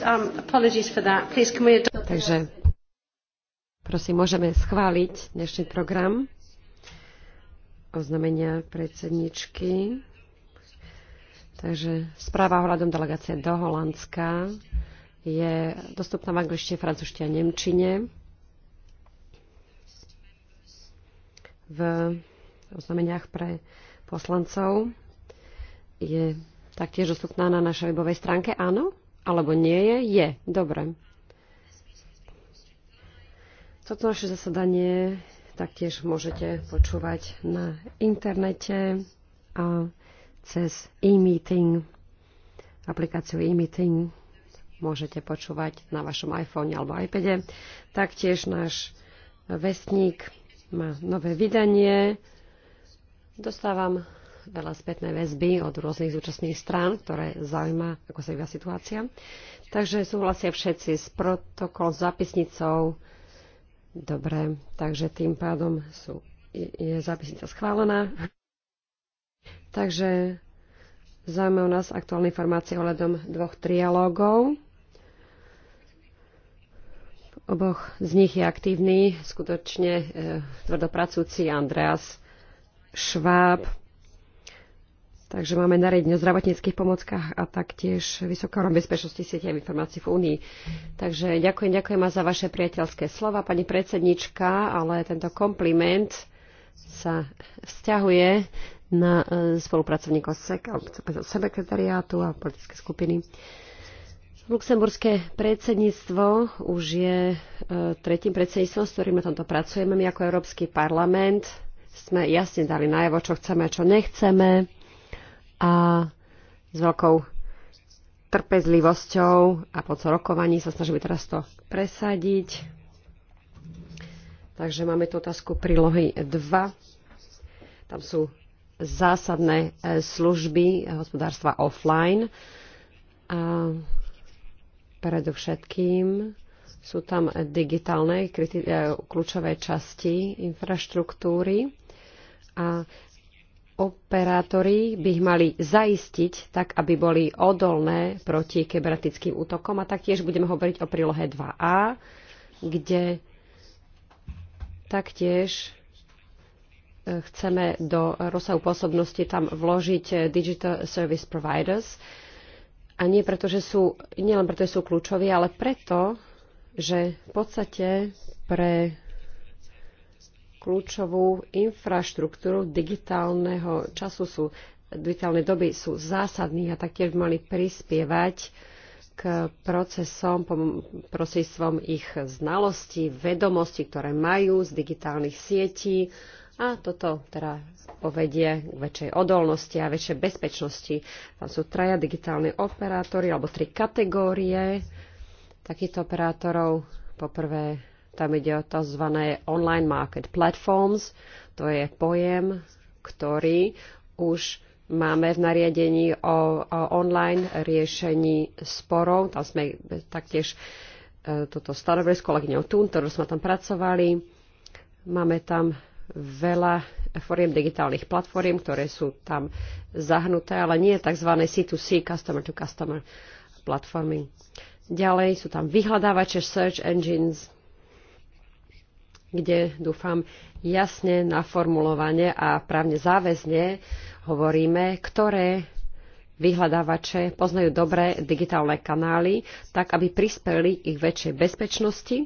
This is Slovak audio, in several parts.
Um, Takže, prosím, môžeme schváliť dnešný program oznamenia predsedničky. Takže správa ohľadom delegácie do Holandska je dostupná v angličtine, francúzštine a nemčine. V oznameniach pre poslancov je taktiež dostupná na našej webovej stránke? Áno? Alebo nie je? Je. Dobre. Toto naše zasadanie taktiež môžete počúvať na internete a cez e-meeting, aplikáciu e-meeting môžete počúvať na vašom iPhone alebo iPade. Taktiež náš vestník má nové vydanie. Dostávam veľa spätnej väzby od rôznych zúčastných strán, ktoré zaujíma, ako sa vyvíja situácia. Takže súhlasia všetci s protokol, s zápisnicou. Dobre, takže tým pádom sú, je, je zápisnica schválená. Takže zaujímajú nás aktuálne informácie ohľadom dvoch trialógov. Oboch z nich je aktívny skutočne e, tvrdopracujúci Andreas Šváb, Takže máme nariadenie o zdravotníckých pomockách a taktiež vysoká úroveň bezpečnosti siete a informácií v Únii. Takže ďakujem, ďakujem za vaše priateľské slova, pani predsednička, ale tento kompliment sa vzťahuje na e, spolupracovníkov sekretariátu a politické skupiny. Luxemburské predsedníctvo už je e, tretím predsedníctvom, s ktorým na tomto pracujeme. My ako Európsky parlament sme jasne dali najavo, čo chceme a čo nechceme a s veľkou trpezlivosťou a po rokovaní sa snažíme teraz to presadiť. Takže máme tu otázku prílohy 2. Tam sú zásadné e, služby hospodárstva offline. A predovšetkým sú tam digitálne e, kľúčové časti infraštruktúry a operátori by ich mali zaistiť tak, aby boli odolné proti kybernetickým útokom. A taktiež budeme hovoriť o prílohe 2a, kde taktiež e, chceme do rozsahu pôsobnosti tam vložiť e, Digital Service Providers. A nie preto, že sú, nielen preto, že sú kľúčoví, ale preto, že v podstate pre kľúčovú infraštruktúru digitálneho času sú, digitálnej doby sú zásadní a taktiež mali prispievať k procesom prostredstvom ich znalostí, vedomostí, ktoré majú z digitálnych sietí a toto teda povedie k väčšej odolnosti a väčšej bezpečnosti. Tam sú traja digitálne operátory alebo tri kategórie takýchto operátorov. Poprvé tam ide o tzv. online market platforms. To je pojem, ktorý už máme v nariadení o, o online riešení sporov. Tam sme taktiež e, toto stanovili s kolegyňou Tún, ktorú sme tam pracovali. Máme tam veľa foriem digitálnych platform, ktoré sú tam zahnuté, ale nie tzv. C2C, customer to customer platformy. Ďalej sú tam vyhľadávače search engines, kde dúfam jasne naformulovane a právne záväzne hovoríme, ktoré vyhľadávače poznajú dobré digitálne kanály, tak aby prispeli ich väčšej bezpečnosti.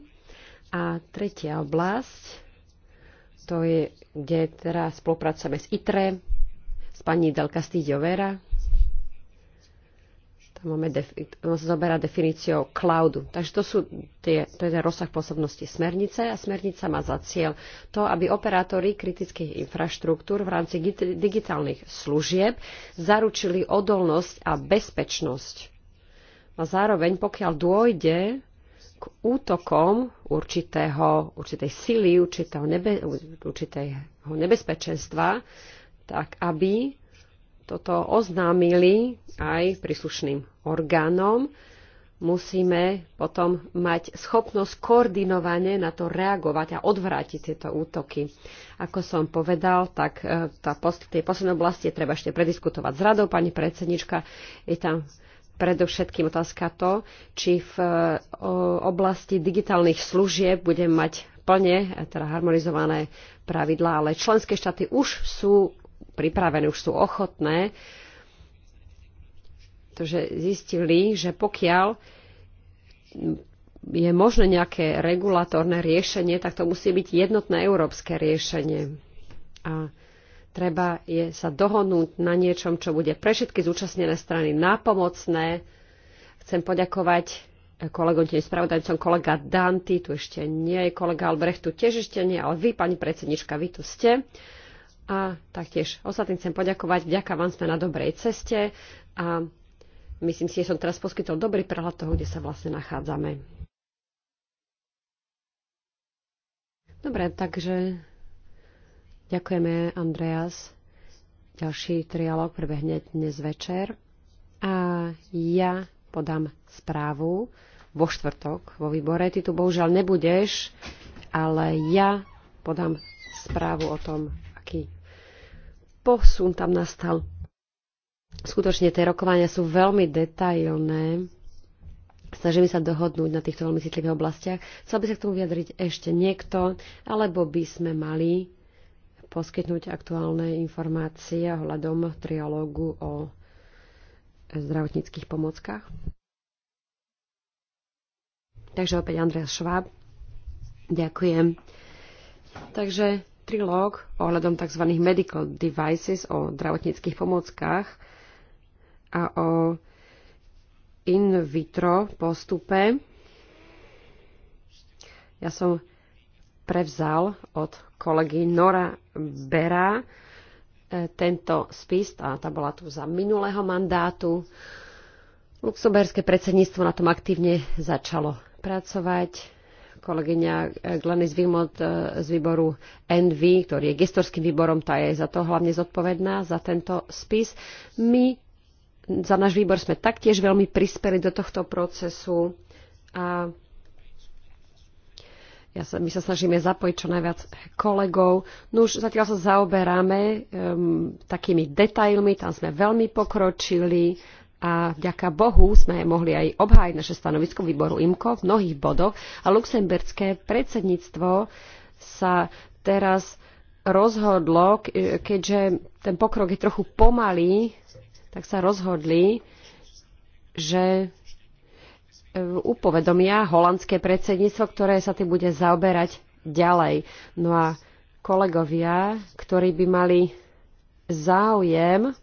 A tretia oblasť, to je, kde teraz spolupracujeme s ITRE, s pani Del Vera, máme sa zoberá definíciou cloudu. Takže to, sú tie, to je ten rozsah pôsobnosti smernice a smernica má za cieľ to, aby operátori kritických infraštruktúr v rámci digitálnych služieb zaručili odolnosť a bezpečnosť. A zároveň, pokiaľ dôjde k útokom určitého, určitej sily, určitého, nebe, určitého nebezpečenstva, tak aby toto oznámili aj príslušným orgánom, musíme potom mať schopnosť koordinovane na to reagovať a odvrátiť tieto útoky. Ako som povedal, tak e, tá post, tej poslednej oblasti treba ešte prediskutovať s radou. Pani predsednička, je tam predovšetkým otázka to, či v e, oblasti digitálnych služieb budem mať plne e, teda harmonizované pravidlá, ale členské štáty už sú pripravené, už sú ochotné, pretože zistili, že pokiaľ je možné nejaké regulatórne riešenie, tak to musí byť jednotné európske riešenie. A treba je sa dohodnúť na niečom, čo bude pre všetky zúčastnené strany nápomocné. Chcem poďakovať kolegom, tým spravodajcom, kolega Danty, tu ešte nie je, kolega Albrecht tu tiež ešte nie, ale vy, pani predsednička, vy tu ste. A taktiež ostatným chcem poďakovať. Vďaka vám sme na dobrej ceste a myslím si, že som teraz poskytol dobrý prehľad toho, kde sa vlastne nachádzame. Dobre, takže ďakujeme, Andreas. Ďalší trialog prebehne dnes večer. A ja podám správu vo štvrtok vo výbore. Ty tu bohužiaľ nebudeš, ale ja podám správu o tom, aký posun tam nastal. Skutočne tie rokovania sú veľmi detailné. Snažíme sa dohodnúť na týchto veľmi citlivých oblastiach. Chcel by sa k tomu vyjadriť ešte niekto, alebo by sme mali poskytnúť aktuálne informácie ohľadom trialógu o zdravotníckých pomockách. Takže opäť Andreas Šváb. Ďakujem. Takže trilóg ohľadom tzv. medical devices, o zdravotníckých pomockách a o in vitro postupe. Ja som prevzal od kolegy Nora Bera e, tento spis, a tá bola tu za minulého mandátu. Luxemburské predsedníctvo na tom aktívne začalo pracovať kolegyňa Glenis Vimot e, z výboru NV, ktorý je gestorským výborom, tá je za to hlavne zodpovedná, za tento spis. My za náš výbor sme taktiež veľmi prispeli do tohto procesu a ja sa, my sa snažíme zapojiť čo najviac kolegov. No už zatiaľ sa zaoberáme um, takými detailmi, tam sme veľmi pokročili a vďaka Bohu sme mohli aj obhájiť naše stanovisko výboru IMCO v mnohých bodoch a luxemburské predsedníctvo sa teraz rozhodlo, keďže ten pokrok je trochu pomalý, tak sa rozhodli, že e, upovedomia holandské predsedníctvo, ktoré sa tým bude zaoberať ďalej. No a kolegovia, ktorí by mali záujem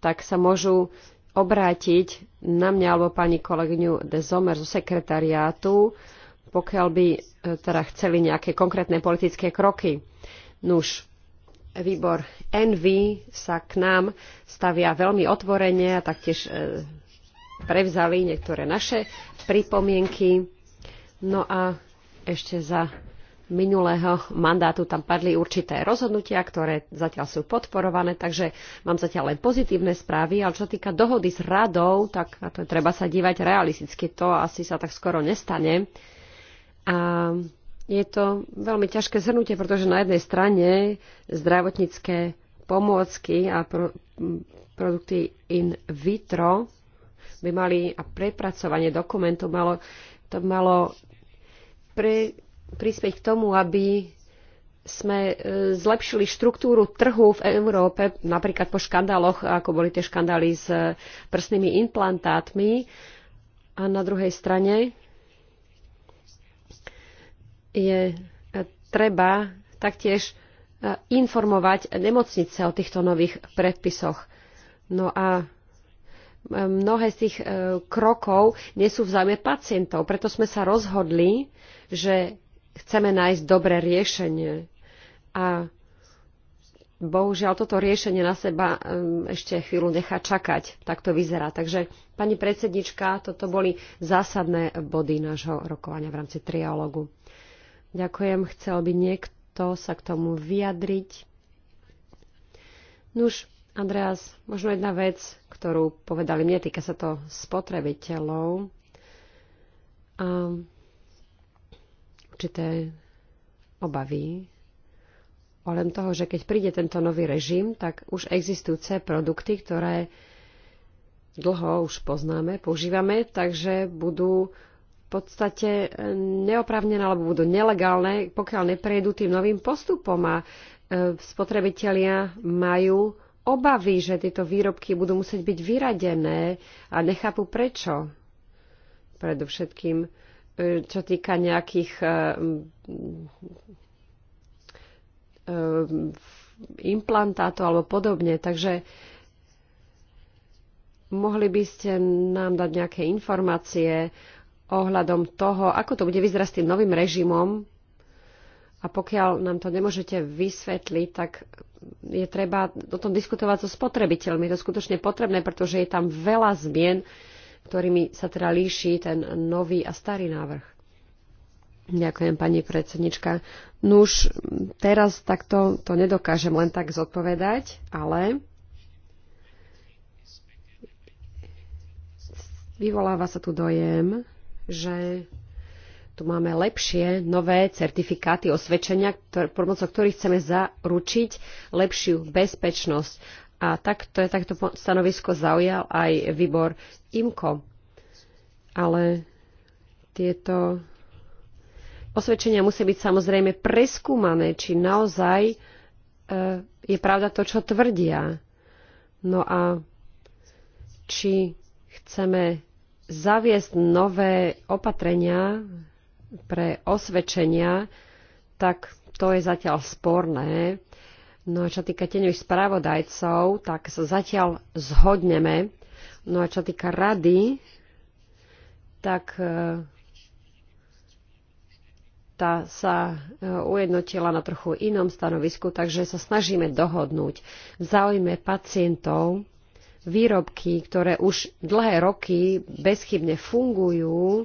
tak sa môžu obrátiť na mňa alebo pani kolegyňu de Zomer zo sekretariátu, pokiaľ by e, teda chceli nejaké konkrétne politické kroky. Nuž, výbor Envy sa k nám stavia veľmi otvorene a taktiež e, prevzali niektoré naše pripomienky. No a ešte za minulého mandátu tam padli určité rozhodnutia, ktoré zatiaľ sú podporované, takže mám zatiaľ len pozitívne správy, ale čo týka dohody s radou, tak na to treba sa dívať realisticky, to asi sa tak skoro nestane. A je to veľmi ťažké zhrnutie, pretože na jednej strane zdravotnícke pomôcky a pro, produkty in vitro by mali a prepracovanie dokumentu malo, to malo pre, prispieť k tomu, aby sme e, zlepšili štruktúru trhu v Európe, napríklad po škandáloch, ako boli tie škandály s e, prsnými implantátmi. A na druhej strane je e, treba taktiež informovať nemocnice o týchto nových predpisoch. No a mnohé z tých krokov nie sú v záujme pacientov. Preto sme sa rozhodli, že Chceme nájsť dobré riešenie. A bohužiaľ toto riešenie na seba ehm, ešte chvíľu nechá čakať. Tak to vyzerá. Takže, pani predsednička, toto boli zásadné body nášho rokovania v rámci triálogu. Ďakujem. Chcel by niekto sa k tomu vyjadriť? Nuž, Andreas, možno jedna vec, ktorú povedali mne, týka sa to spotrebiteľov. A určité obavy ohľadom toho, že keď príde tento nový režim, tak už existujúce produkty, ktoré dlho už poznáme, používame, takže budú v podstate neoprávnené alebo budú nelegálne, pokiaľ neprejdú tým novým postupom a e, spotrebitelia majú obavy, že tieto výrobky budú musieť byť vyradené a nechápu prečo. Predovšetkým čo týka nejakých eh, eh, eh, implantátov alebo podobne. Takže mohli by ste nám dať nejaké informácie ohľadom toho, ako to bude vyzerať s tým novým režimom. A pokiaľ nám to nemôžete vysvetliť, tak je treba o tom diskutovať so spotrebiteľmi. Je to skutočne potrebné, pretože je tam veľa zmien, ktorými sa teda líši ten nový a starý návrh. Ďakujem, pani predsednička. Nuž, teraz takto to nedokážem len tak zodpovedať, ale vyvoláva sa tu dojem, že tu máme lepšie nové certifikáty, osvedčenia, ktor- pomocou ktorých chceme zaručiť lepšiu bezpečnosť. A takto, je, takto stanovisko zaujal aj výbor IMKO. Ale tieto osvedčenia musia byť samozrejme preskúmané, či naozaj e, je pravda to, čo tvrdia. No a či chceme zaviesť nové opatrenia pre osvedčenia, tak to je zatiaľ sporné. No a čo týka teňových spravodajcov, tak sa zatiaľ zhodneme. No a čo týka rady, tak e, tá sa e, ujednotila na trochu inom stanovisku, takže sa snažíme dohodnúť v záujme pacientov výrobky, ktoré už dlhé roky bezchybne fungujú, e,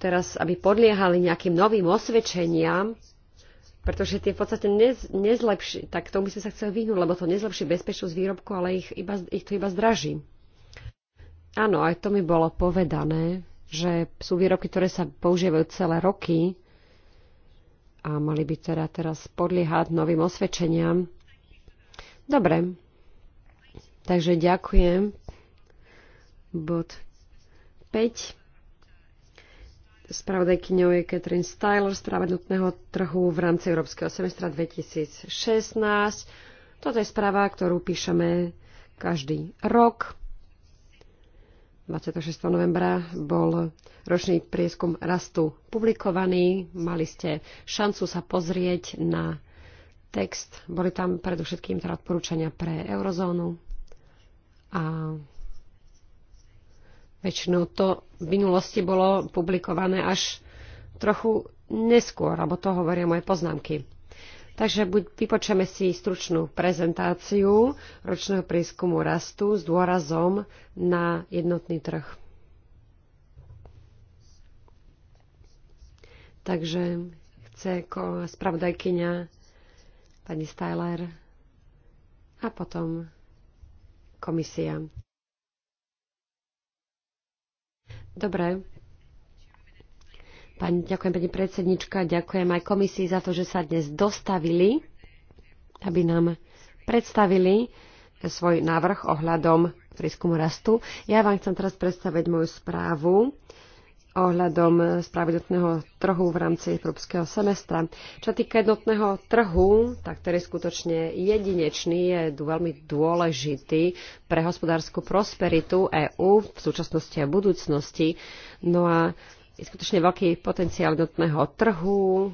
teraz aby podliehali nejakým novým osvedčeniam, pretože tie v podstate nez, nezlepší, tak tomu by sme sa chceli vyhnúť, lebo to nezlepší bezpečnosť výrobku, ale ich, iba, ich to iba zdraží. Áno, aj to mi bolo povedané, že sú výrobky, ktoré sa používajú celé roky a mali by teda teraz podliehať novým osvedčeniam. Dobre, takže ďakujem. Bod 5. Spravodajkyňou je Catherine Styler z právednutného trhu v rámci Európskeho semestra 2016. Toto je správa, ktorú píšeme každý rok. 26. novembra bol ročný prieskum rastu publikovaný. Mali ste šancu sa pozrieť na text. Boli tam predovšetkým teda odporúčania pre eurozónu a Väčšinou to v minulosti bolo publikované až trochu neskôr, alebo to hovoria moje poznámky. Takže vypočujeme si stručnú prezentáciu ročného prieskumu rastu s dôrazom na jednotný trh. Takže chce ako spravodajkyňa pani Styler a potom komisia. Dobre. Pani, ďakujem pani predsednička, ďakujem aj komisii za to, že sa dnes dostavili, aby nám predstavili svoj návrh ohľadom prískumu rastu. Ja vám chcem teraz predstaviť moju správu ohľadom správy trhu v rámci európskeho semestra. Čo týka jednotného trhu, tak ktorý je skutočne jedinečný, je veľmi dôležitý pre hospodárskú prosperitu EÚ v súčasnosti a budúcnosti. No a je skutočne veľký potenciál jednotného trhu,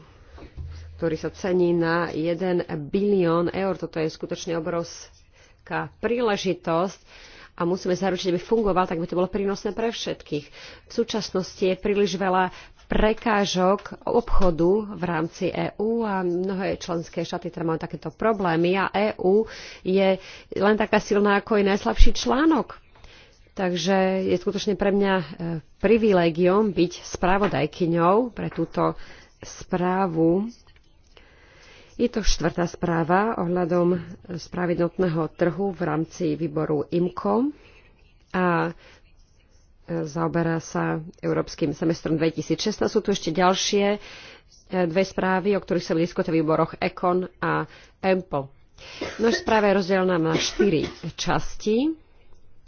ktorý sa cení na 1 bilión eur. Toto je skutočne obrovská príležitosť a musíme zaručiť, aby fungoval, tak by to bolo prínosné pre všetkých. V súčasnosti je príliš veľa prekážok obchodu v rámci EÚ a mnohé členské štáty teda majú takéto problémy a EÚ je len taká silná, ako je najslabší článok. Takže je skutočne pre mňa e, privilégiom byť spravodajkyňou pre túto správu je to štvrtá správa ohľadom správy trhu v rámci výboru IMCO a e, zaoberá sa Európskym semestrom 2016. Sú tu ešte ďalšie e, dve správy, o ktorých sa blízko v výboroch ECON a EMPO. Naša správa je rozdelená na štyri časti.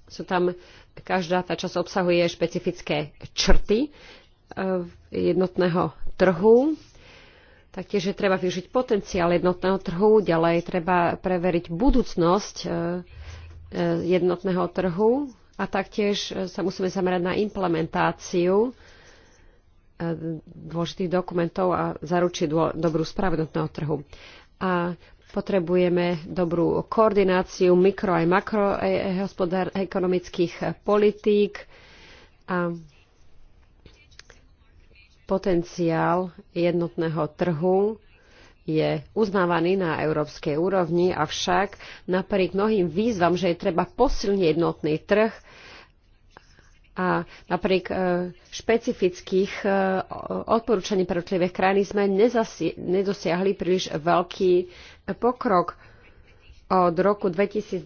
Sú tam, každá tá časť obsahuje špecifické črty e, jednotného trhu Taktiež je treba využiť potenciál jednotného trhu, ďalej treba preveriť budúcnosť e, e, jednotného trhu a taktiež e, sa musíme zamerať na implementáciu dôležitých dokumentov a zaručiť dobrú správu jednotného trhu. A potrebujeme dobrú koordináciu mikro aj makroekonomických politík a Potenciál jednotného trhu je uznávaný na európskej úrovni, avšak napriek mnohým výzvam, že je treba posilniť jednotný trh a napriek e, špecifických e, odporúčaní pre krajiny sme nedosiahli príliš veľký pokrok od roku 2012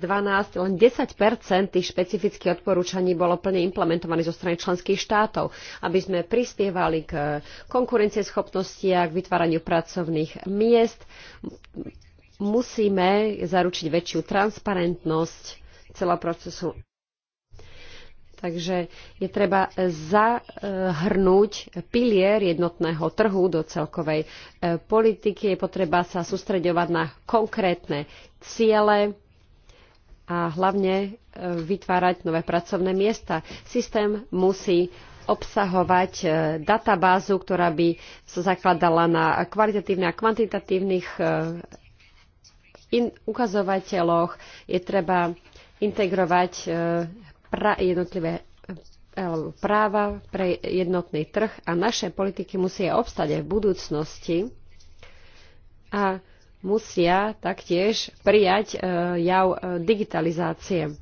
len 10 tých špecifických odporúčaní bolo plne implementovaných zo strany členských štátov, aby sme prispievali k konkurencieschopnosti a k vytváraniu pracovných miest. Musíme zaručiť väčšiu transparentnosť celého procesu Takže je treba zahrnúť pilier jednotného trhu do celkovej e, politiky. Je potreba sa sústreďovať na konkrétne ciele a hlavne e, vytvárať nové pracovné miesta. Systém musí obsahovať e, databázu, ktorá by sa zakladala na kvalitatívnych a kvantitatívnych ukazovateľoch. Je treba integrovať pra, jednotlivé eh, práva pre jednotný trh a naše politiky musia obstať aj v budúcnosti a musia taktiež prijať eh, jav eh, digitalizácie.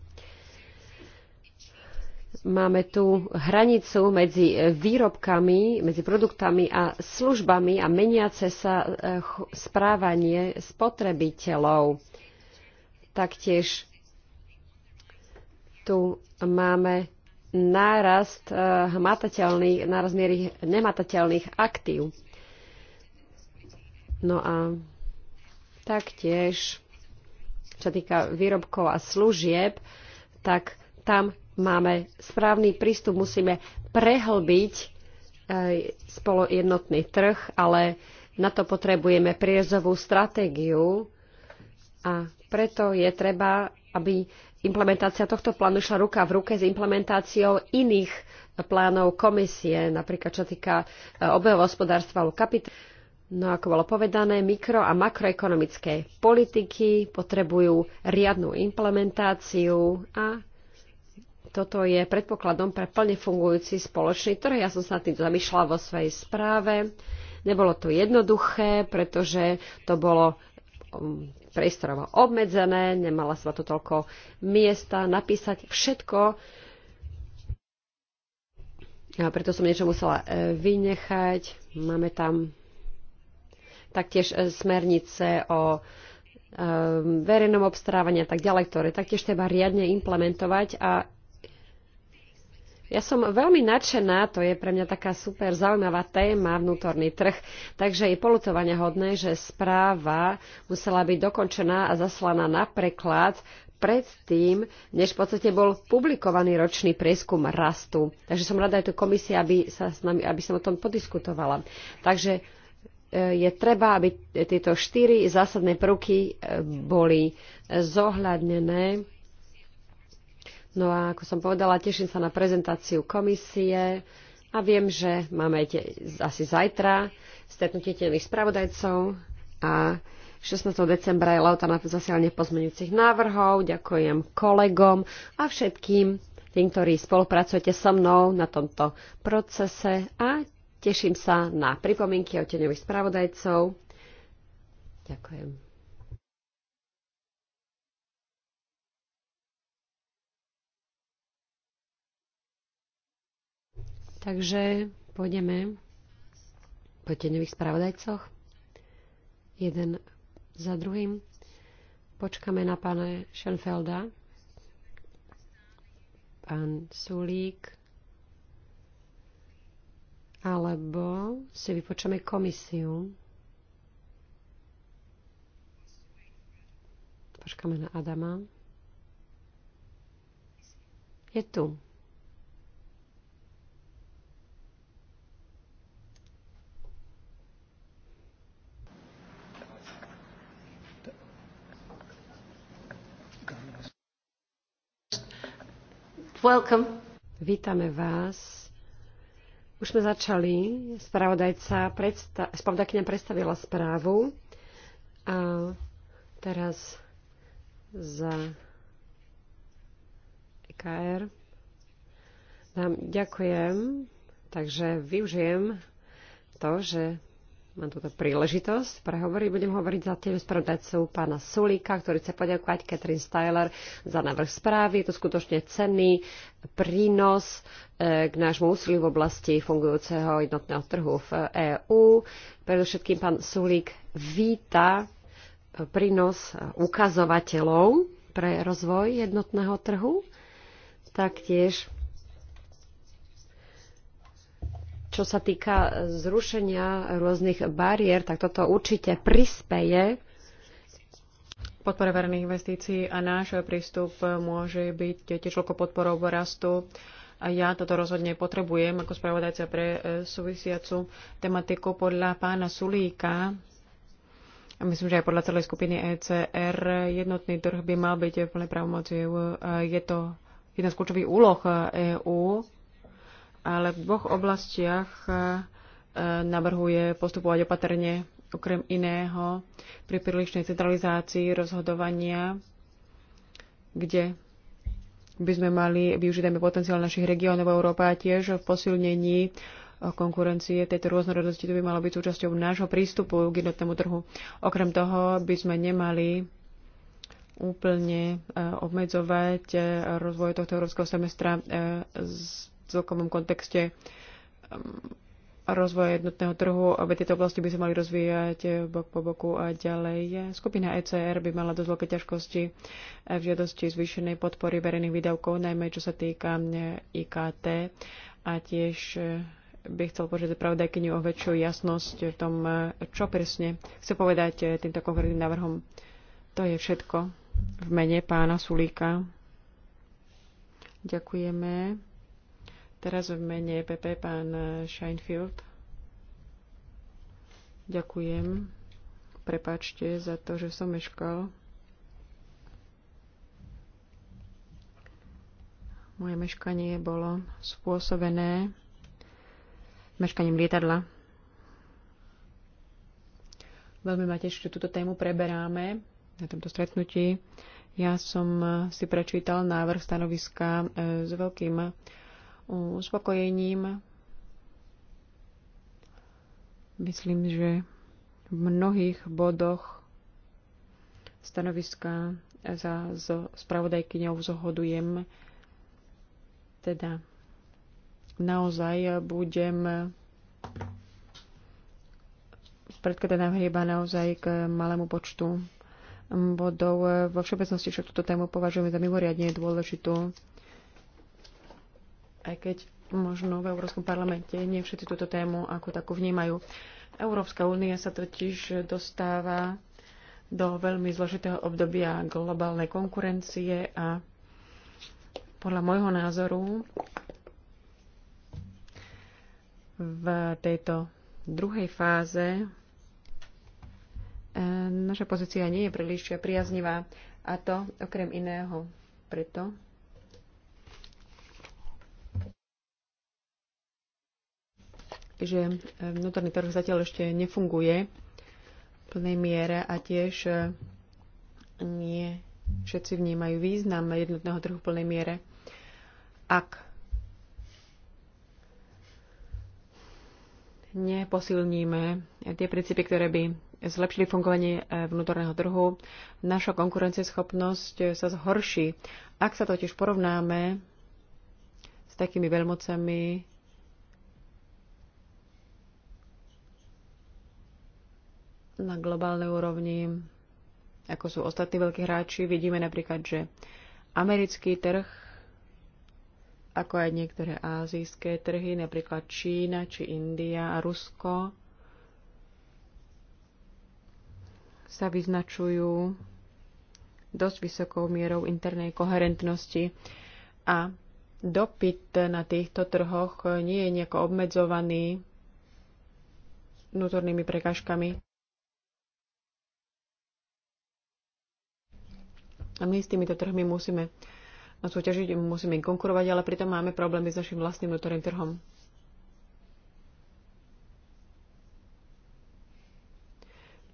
Máme tu hranicu medzi výrobkami, medzi produktami a službami a meniace sa správanie spotrebiteľov. Taktiež tu máme nárast eh, hmatateľných, nárast miery nematateľných aktív. No a taktiež, čo týka výrobkov a služieb, tak tam máme správny prístup, musíme prehlbiť eh, spolo jednotný trh, ale na to potrebujeme priezovú stratégiu a preto je treba, aby implementácia tohto plánu šla ruka v ruke s implementáciou iných plánov komisie, napríklad čo týka e, obehového hospodárstva alebo kapitálu. No ako bolo povedané, mikro- a makroekonomické politiky potrebujú riadnu implementáciu a toto je predpokladom pre plne fungujúci spoločný trh. Ja som sa tým zamýšľala vo svojej správe. Nebolo to jednoduché, pretože to bolo um, priestorovo obmedzené, nemala sa tu toľko miesta napísať všetko. A preto som niečo musela e, vynechať. Máme tam taktiež e, smernice o e, verejnom obstarávaní a tak ďalej, ktoré taktiež treba riadne implementovať a ja som veľmi nadšená, to je pre mňa taká super zaujímavá téma, vnútorný trh, takže je polutovania hodné, že správa musela byť dokončená a zaslaná na preklad predtým, než v podstate bol publikovaný ročný prieskum rastu. Takže som rada aj tu komisia, aby, sa s nami, aby som o tom podiskutovala. Takže e, je treba, aby tieto štyri zásadné prvky e, boli zohľadnené No a ako som povedala, teším sa na prezentáciu komisie a viem, že máme te, asi zajtra stretnutie tených spravodajcov a 16. decembra je lauta na zasiaľne pozmeňujúcich návrhov. Ďakujem kolegom a všetkým tým, ktorí spolupracujete so mnou na tomto procese a teším sa na pripomienky o teňových spravodajcov. Ďakujem. Takže pôjdeme po tenových spravodajcoch. Jeden za druhým. Počkáme na pána Schoenfelda. Pán Sulík. Alebo si vypočujeme komisiu. Počkáme na Adama. Je tu. Welcome. Vítame vás. Už sme začali. Spravodajca predsta- predstavila správu. A teraz za EKR. Dám, ďakujem. Takže využijem to, že mám túto príležitosť prehovoriť. Budem hovoriť za tým spravodajcu pána Sulíka, ktorý chce poďakovať Katrin Styler za návrh správy. Je to skutočne cenný prínos e, k nášmu úsiliu v oblasti fungujúceho jednotného trhu v EÚ. Predovšetkým pán Sulík víta prínos ukazovateľov pre rozvoj jednotného trhu. Taktiež Čo sa týka zrušenia rôznych bariér, tak toto určite prispeje podpore verejných investícií a náš prístup môže byť tiež veľkou podporou rastu. A ja toto rozhodne potrebujem ako spravodajca pre e, súvisiacu tematiku podľa pána Sulíka. A myslím, že aj podľa celej skupiny ECR jednotný trh by mal byť v plnej pravomoci. Je to jedna z kľúčových úloh EÚ ale v dvoch oblastiach e, navrhuje postupovať opatrne, okrem iného, pri prílišnej centralizácii rozhodovania, kde by sme mali využiť aj potenciál našich regiónov Európa a tiež v posilnení e, konkurencie tejto rôznorodosti. To by malo byť súčasťou nášho prístupu k jednotnému trhu. Okrem toho by sme nemali úplne e, obmedzovať rozvoj tohto európskeho semestra z celkovom kontexte um, rozvoja jednotného trhu, aby tieto oblasti by sa mali rozvíjať eh, bok po boku a ďalej. Skupina ECR by mala dosť veľké ťažkosti eh, v žiadosti zvýšenej podpory verejných výdavkov, najmä čo sa týka eh, IKT a tiež by chcel požiadať pravdajkyniu o väčšiu jasnosť v tom, čo presne chce povedať týmto konkrétnym návrhom. To je všetko v mene pána Sulíka. Ďakujeme. Teraz v mene EPP pán Scheinfield. Ďakujem. Prepačte za to, že som meškal. Moje meškanie bolo spôsobené meškaním lietadla. Veľmi ma teší, že túto tému preberáme na tomto stretnutí. Ja som si prečítal návrh stanoviska e, s veľkým uspokojením. Myslím, že v mnohých bodoch stanoviska za, so spravodajkyňou zohodujem. Teda naozaj budem predkladať hrieba naozaj k malému počtu bodov. Vo všeobecnosti však túto tému považujeme za mimoriadne dôležitú aj keď možno v Európskom parlamente nie všetci túto tému ako takú vnímajú. Európska únia sa totiž dostáva do veľmi zložitého obdobia globálnej konkurencie a podľa môjho názoru v tejto druhej fáze e, naša pozícia nie je príliš priaznivá a to okrem iného preto, že e, vnútorný trh zatiaľ ešte nefunguje v plnej miere a tiež e, nie všetci vnímajú význam jednotného trhu v plnej miere. Ak neposilníme tie princípy, ktoré by zlepšili fungovanie e, vnútorného trhu, naša konkurencieschopnosť sa zhorší. Ak sa totiž porovnáme s takými veľmocami, na globálnej úrovni, ako sú ostatní veľkí hráči. Vidíme napríklad, že americký trh, ako aj niektoré azijské trhy, napríklad Čína či India a Rusko, sa vyznačujú dosť vysokou mierou internej koherentnosti a dopyt na týchto trhoch nie je nejako obmedzovaný vnútornými prekážkami. A my s týmito trhmi musíme súťažiť, musíme im konkurovať, ale pritom máme problémy s našim vlastným vnútorným trhom.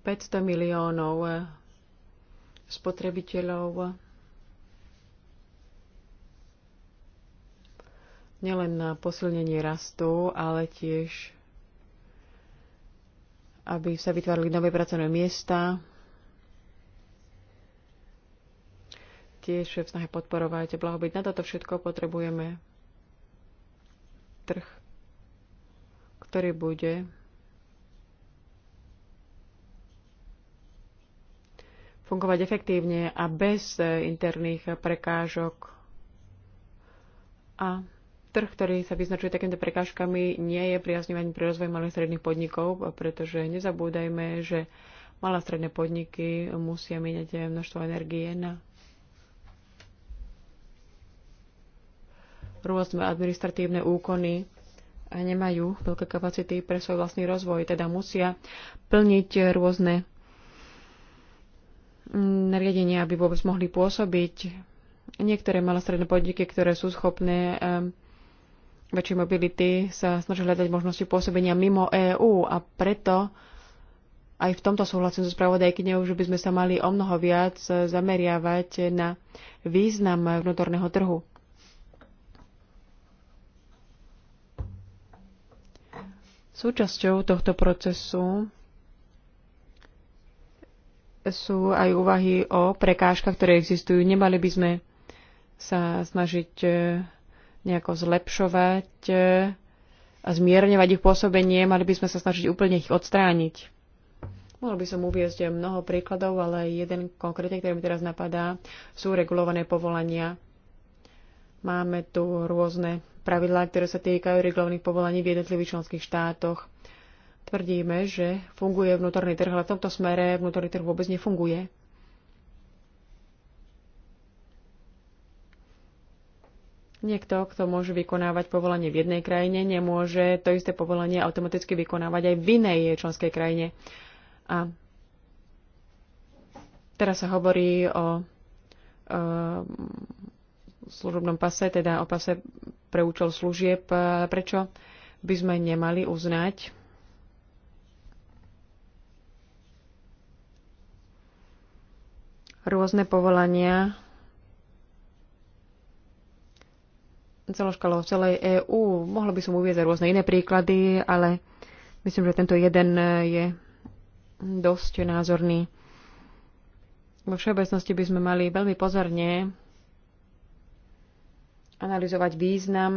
Päťsto miliónov eh, spotrebiteľov nielen na posilnenie rastu, ale tiež aby sa vytvárali nové pracovné miesta, tiež v snahe podporovať blahobyt. Na toto všetko potrebujeme trh, ktorý bude fungovať efektívne a bez interných prekážok. A trh, ktorý sa vyznačuje takýmto prekážkami, nie je priaznivý pri rozvoji malých stredných podnikov, pretože nezabúdajme, že malé stredné podniky musia míňať množstvo energie na rôzne administratívne úkony a nemajú veľké kapacity pre svoj vlastný rozvoj, teda musia plniť rôzne nariadenia, aby vôbec mohli pôsobiť. Niektoré malé stredné podniky, ktoré sú schopné väčšej mobility, sa snažia hľadať možnosti pôsobenia mimo EÚ a preto aj v tomto súhlasím so spravodajkyňou, že by sme sa mali o mnoho viac zameriavať na význam vnútorného trhu. Súčasťou tohto procesu sú aj úvahy o prekážkach, ktoré existujú. Nemali by sme sa snažiť e, nejako zlepšovať e, a zmierňovať ich pôsobenie, mali by sme sa snažiť úplne ich odstrániť. Mohol by som uviezť e, mnoho príkladov, ale jeden konkrétne, ktorý mi teraz napadá, sú regulované povolania. Máme tu rôzne pravidlá, ktoré sa týkajú regulovných povolaní v jednotlivých členských štátoch. Tvrdíme, že funguje vnútorný trh, ale v tomto smere vnútorný trh vôbec nefunguje. Niekto, kto môže vykonávať povolanie v jednej krajine, nemôže to isté povolanie automaticky vykonávať aj v inej členskej krajine. A teraz sa hovorí o, o služobnom pase, teda o pase pre účel služieb. E, prečo by sme nemali uznať rôzne povolania celoškalo v celej EÚ. Mohlo by som uvieť rôzne iné príklady, ale myslím, že tento jeden e, je dosť názorný. Vo všeobecnosti by sme mali veľmi pozorne analyzovať význam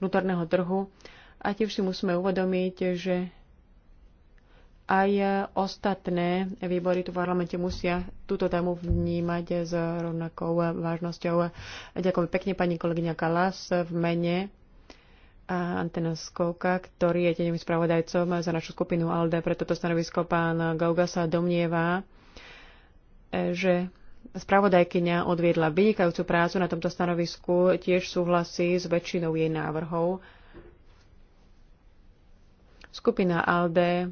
vnútorného trhu a tiež si musíme uvedomiť, že aj ostatné výbory tu v parlamente musia túto tému vnímať s rovnakou vážnosťou. Ďakujem pekne pani kolegyňa Kalas v mene Antena Skovka, ktorý je tenevým spravodajcom za našu skupinu ALDE. Pre toto stanovisko pán Gauga sa domnieva, že Spravodajkyňa odviedla vynikajúcu prácu na tomto stanovisku, tiež súhlasí s väčšinou jej návrhov. Skupina ALDE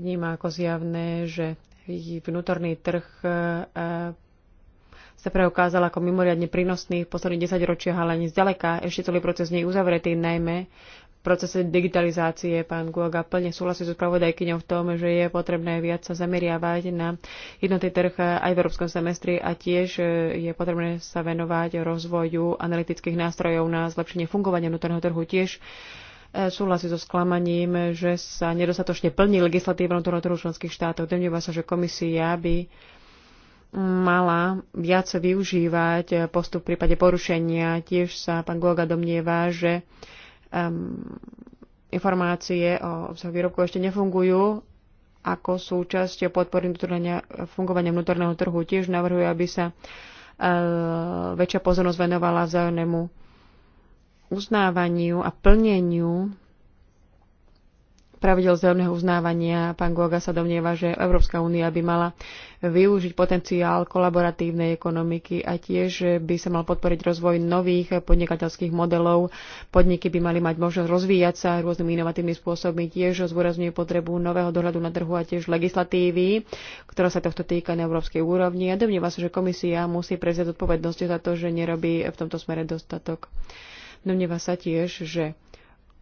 vníma ako zjavné, že vnútorný trh e, sa preukázal ako mimoriadne prínosný v posledných 10 ročiach, ale ani zďaleka ešte celý proces nie je uzavretý, najmä procese digitalizácie. Pán Guoga plne súhlasí so spravodajkyňou v tom, že je potrebné viac sa zameriavať na jednotný trh aj v európskom semestri a tiež e, je potrebné sa venovať rozvoju analytických nástrojov na zlepšenie fungovania vnútorného trhu tiež e, súhlasí so sklamaním, že sa nedostatočne plní legislatíva vnútorného trhu členských štátov. Domnieva sa, že komisia by mala viac využívať postup v prípade porušenia. Tiež sa pán Goga domnieva, že um, informácie o obsahu výrobku ešte nefungujú ako súčasť podpory fungovania vnútorného trhu. Tiež navrhuje, aby sa uh, väčšia pozornosť venovala vzájomnému uznávaniu a plneniu pravidel vzájomného uznávania. Pán Goga sa domnieva, že Európska únia by mala využiť potenciál kolaboratívnej ekonomiky a tiež by sa mal podporiť rozvoj nových podnikateľských modelov. Podniky by mali mať možnosť rozvíjať sa rôznymi inovatívnymi spôsobmi. Tiež zdôrazňuje potrebu nového dohľadu na trhu a tiež legislatívy, ktorá sa tohto týka na európskej úrovni. A domnieva sa, že komisia musí prevziať odpovednosť za to, že nerobí v tomto smere dostatok. Domnieva sa tiež, že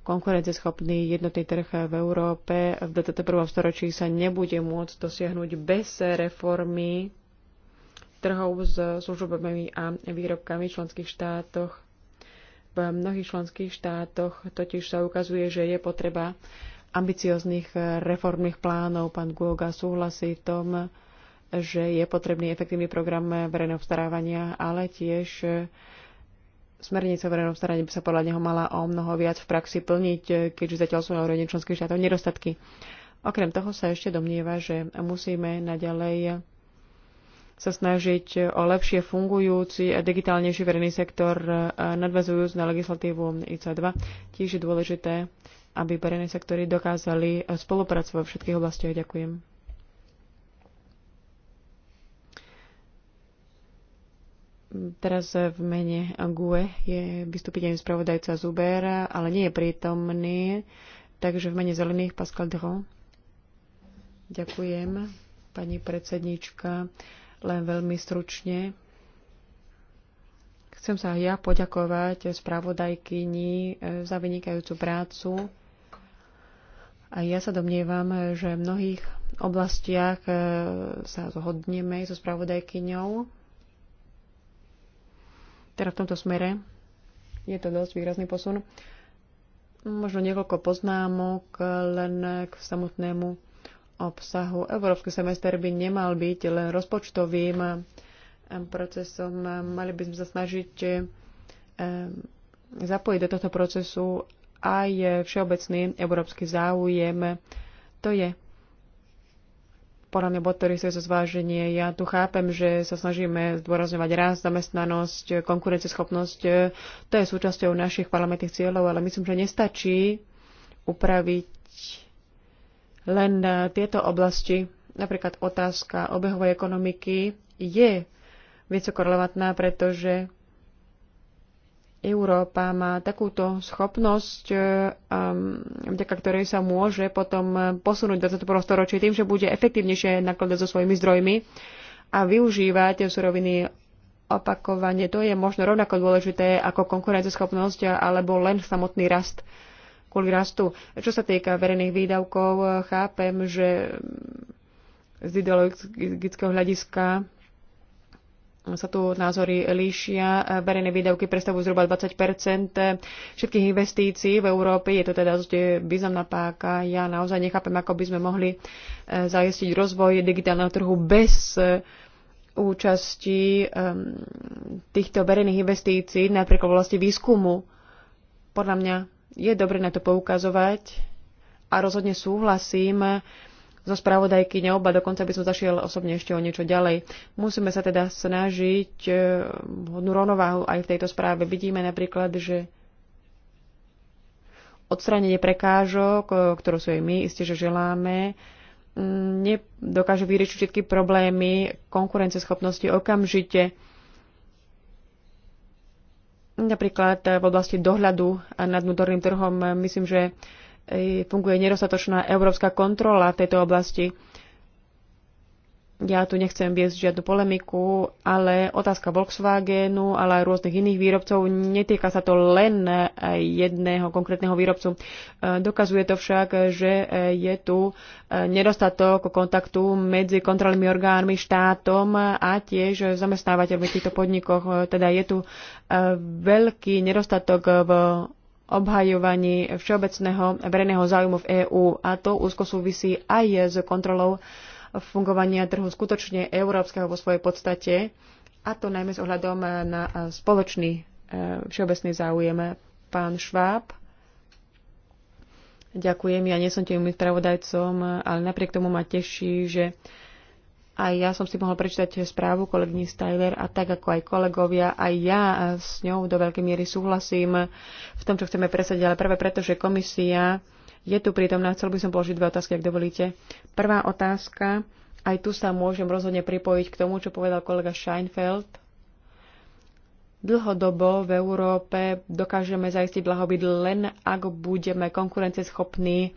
konkurenceschopný jednotný trh v Európe v 21. storočí sa nebude môcť dosiahnuť bez reformy trhov s službami a výrobkami v členských štátoch. V mnohých členských štátoch totiž sa ukazuje, že je potreba ambicioznych reformných plánov. Pán Guoga súhlasí v tom, že je potrebný efektívny program verejného starávania, ale tiež Smernica o verejnom staraní by sa podľa neho mala o mnoho viac v praxi plniť, keďže zatiaľ sú na úrovni členských štátov nedostatky. Okrem toho sa ešte domnieva, že musíme naďalej sa snažiť o lepšie fungujúci a digitálnejší verejný sektor e, nadvezujúc na legislatívu IC2. Tiež je dôležité, aby verejné sektory dokázali e, spolupracovať v všetkých oblastiach. Ďakujem. Teraz v mene GUE je vystúpiteľný spravodajca Zuber, ale nie je prítomný, takže v mene zelených Pascal Dron. Ďakujem, pani predsednička. Len veľmi stručne. Chcem sa ja poďakovať spravodajkyni eh, za vynikajúcu prácu. A ja sa domnievam, že v mnohých oblastiach eh, sa zhodneme so spravodajkyňou teda v tomto smere je to dosť výrazný posun. Možno niekoľko poznámok len k samotnému obsahu. Európsky semester by nemal byť len rozpočtovým eh, procesom. Mali by sme sa snažiť eh, zapojiť do tohto procesu aj všeobecný európsky záujem. To je podľa mňa bod, ktorý zváženie. Ja tu chápem, že sa snažíme zdôrazňovať rast, zamestnanosť, konkurenceschopnosť. To je súčasťou našich parlamentných cieľov, ale myslím, že nestačí upraviť len tieto oblasti. Napríklad otázka obehovej ekonomiky je vysoko relevantná, pretože Európa má takúto schopnosť, eh, um, vďaka ktorej sa môže potom posunúť 21. prostoročie tým, že bude efektívnejšie nakladať so svojimi zdrojmi a využívať suroviny opakovane. To je možno rovnako dôležité ako konkurenceschopnosť alebo len samotný rast kvôli rastu. Čo sa týka verejných výdavkov, eh, chápem, že z ideologického hľadiska sa tu názory líšia. Verejné výdavky predstavujú zhruba 20 všetkých investícií v Európe. Je to teda významná páka. Ja naozaj nechápem, ako by sme mohli eh, zajistiť rozvoj digitálneho trhu bez eh, účasti ehm, týchto verejných investícií, napríklad v oblasti výskumu. Podľa mňa je dobre na to poukazovať a rozhodne súhlasím zo spravodajky neoba, dokonca by som zašiel osobne ešte o niečo ďalej. Musíme sa teda snažiť e, hodnú rovnováhu aj v tejto správe. Vidíme napríklad, že odstránenie prekážok, e, ktorú sú aj my, isté, že želáme, nedokáže vyriešiť všetky problémy konkurenceschopnosti okamžite. Napríklad v oblasti dohľadu nad vnútorným trhom myslím, že E, funguje nedostatočná európska kontrola v tejto oblasti. Ja tu nechcem viesť žiadnu polemiku, ale otázka Volkswagenu, ale aj rôznych iných výrobcov, netýka sa to len e, jedného konkrétneho výrobcu. E, dokazuje to však, že je tu nedostatok kontaktu medzi kontrolnými orgánmi, štátom a tiež zamestnávateľmi v týchto podnikoch. Teda je tu veľký nedostatok v obhajovaní všeobecného verejného záujmu v EÚ a to úzko súvisí aj s kontrolou fungovania trhu skutočne európskeho vo svojej podstate a to najmä s ohľadom na spoločný e, všeobecný záujem. Pán Šváb, ďakujem, ja nie som tým spravodajcom, ale napriek tomu ma teší, že aj ja som si mohol prečítať správu kolegyni Styler a tak ako aj kolegovia, aj ja s ňou do veľkej miery súhlasím v tom, čo chceme presadiť, ale práve preto, že komisia je tu prítomná, chcel by som položiť dve otázky, ak dovolíte. Prvá otázka, aj tu sa môžem rozhodne pripojiť k tomu, čo povedal kolega Scheinfeld, Dlhodobo v Európe dokážeme zaistiť blahobyt len, ak budeme konkurenceschopní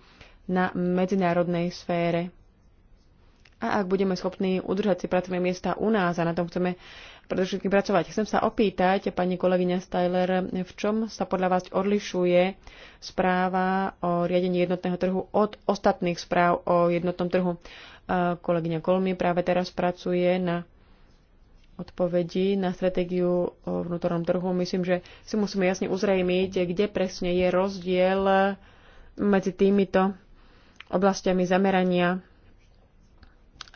na medzinárodnej sfére a ak budeme schopní udržať si pracovné miesta u nás a na tom chceme predovšetkým pracovať. Chcem sa opýtať, pani kolegyňa Styler, v čom sa podľa vás odlišuje správa o riadení jednotného trhu od ostatných správ o jednotnom trhu? Kolegyňa Kolmy práve teraz pracuje na odpovedí na stratégiu o vnútornom trhu. Myslím, že si musíme jasne uzrejmiť, kde presne je rozdiel medzi týmito oblastiami zamerania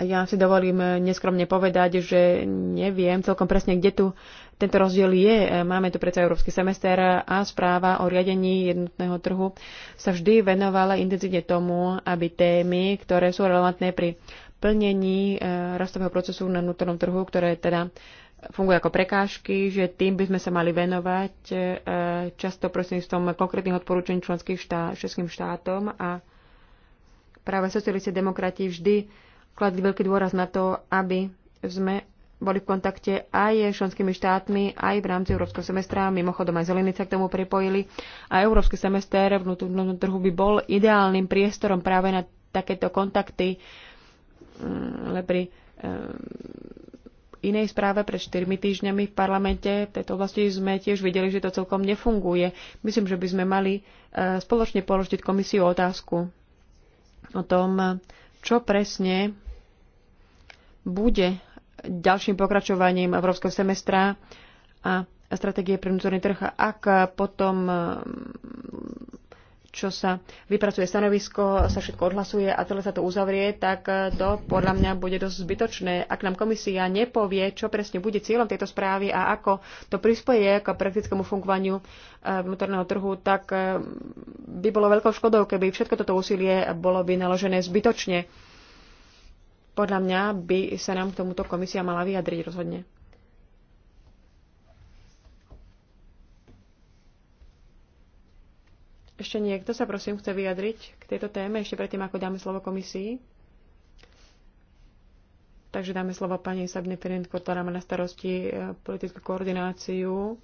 ja si dovolím eh, neskromne povedať, že neviem celkom presne, kde tu tento rozdiel je. Eh, Máme tu predsa Európsky semester a správa o riadení jednotného trhu sa vždy venovala intenzívne tomu, aby témy, ktoré sú relevantné pri plnení eh, rastového procesu na vnútornom trhu, ktoré teda fungujú ako prekážky, že tým by sme sa mali venovať často prostredníctvom konkrétnych odporúčaní členských štát, všetkým štátom a práve socialisti demokrati vždy kladli veľký dôraz na to, aby sme boli v kontakte aj s členskými štátmi, aj v rámci Európskeho semestra. Mimochodom aj Zelení sa k tomu pripojili. A Európsky semester v vnútornom trhu by bol ideálnym priestorom práve na takéto kontakty, mm, ale pri ehm, inej správe pred 4 týždňami v parlamente v tejto oblasti sme tiež videli, že to celkom nefunguje. Myslím, že by sme mali e, spoločne položiť komisiu otázku o tom, čo presne bude ďalším pokračovaním európskeho semestra a stratégie pre vnútorný trh. Ak potom, mm, čo sa vypracuje stanovisko, sa všetko odhlasuje a celé sa to uzavrie, tak to podľa mňa bude dosť zbytočné. Ak nám komisia nepovie, čo presne bude cieľom tejto správy a ako to prispieje k praktickému fungovaniu e, vnútorného trhu, tak e, by bolo veľkou škodou, keby všetko toto úsilie bolo by naložené zbytočne podľa mňa by sa nám k tomuto komisia mala vyjadriť rozhodne. Ešte niekto sa prosím chce vyjadriť k tejto téme, ešte predtým, ako dáme slovo komisii. Takže dáme slovo pani Sabine Pirintko, ktorá má na starosti e, politickú koordináciu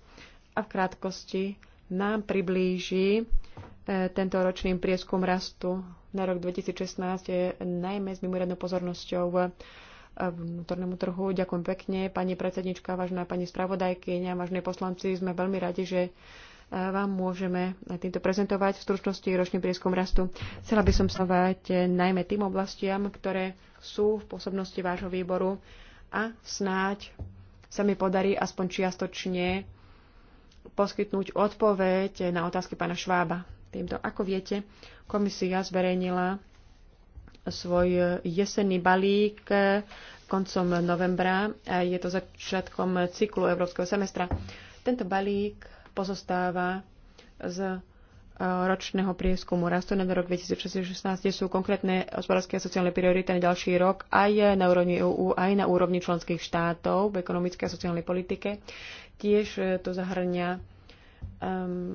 a v krátkosti nám priblíži e, tento ročný prieskum rastu na rok 2016 je najmä s mimoriadnou pozornosťou eh, vnútornému trhu. Ďakujem pekne, pani predsednička, vážená pani spravodajkyňa, vážení poslanci, sme veľmi radi, že eh, vám môžeme týmto prezentovať v stručnosti ročný prieskum rastu. Chcela by som snovať najmä tým oblastiam, ktoré sú v pôsobnosti vášho výboru a snáď sa mi podarí aspoň čiastočne poskytnúť odpoveď na otázky pána Švába týmto. Ako viete, komisia zverejnila svoj jesenný balík koncom novembra. A je to začiatkom cyklu Európskeho semestra. Tento balík pozostáva z e, ročného prieskumu rastu na rok 2016 sú konkrétne hospodárske a sociálne priority na ďalší rok aj na úrovni EU, aj na úrovni členských štátov v ekonomickej a sociálnej politike. Tiež to zahrňa um,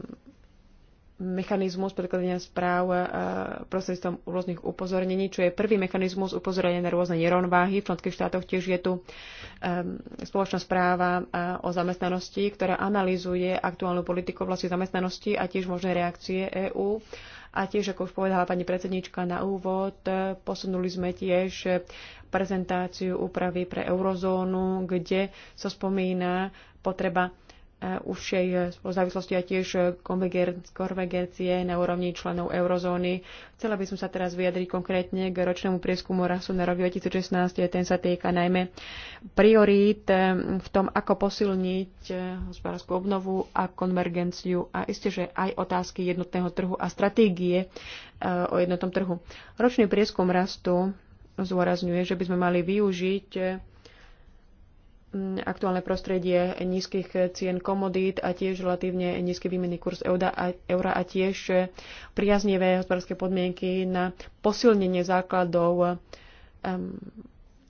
mechanizmus predkladania správ e, prostredstvom rôznych upozornení, čo je prvý mechanizmus upozornenia na rôzne nerovnováhy. V členských štátoch tiež je tu spoločná správa e, o zamestnanosti, ktorá analýzuje aktuálnu politiku vlasti zamestnanosti a tiež možné reakcie EÚ. A tiež, ako už povedala pani predsednička na úvod, e, posunuli sme tiež prezentáciu úpravy pre eurozónu, kde sa spomína potreba užšej spoluzávislosti a e, tiež e, konvergencie na úrovni členov eurozóny. Chcela by som sa teraz vyjadriť konkrétne k ročnému prieskumu rasu na rok 2016. Ten sa týka najmä priorít e, v tom, ako posilniť hospodárskú obnovu a konvergenciu a isté, že aj otázky jednotného trhu a stratégie o jednotnom trhu. Ročný prieskum rastu zúrazňuje, že by sme mali využiť aktuálne prostredie nízkych cien komodít a tiež relatívne nízky výmenný kurz eura a tiež eh, priaznivé hospodárske podmienky na posilnenie základov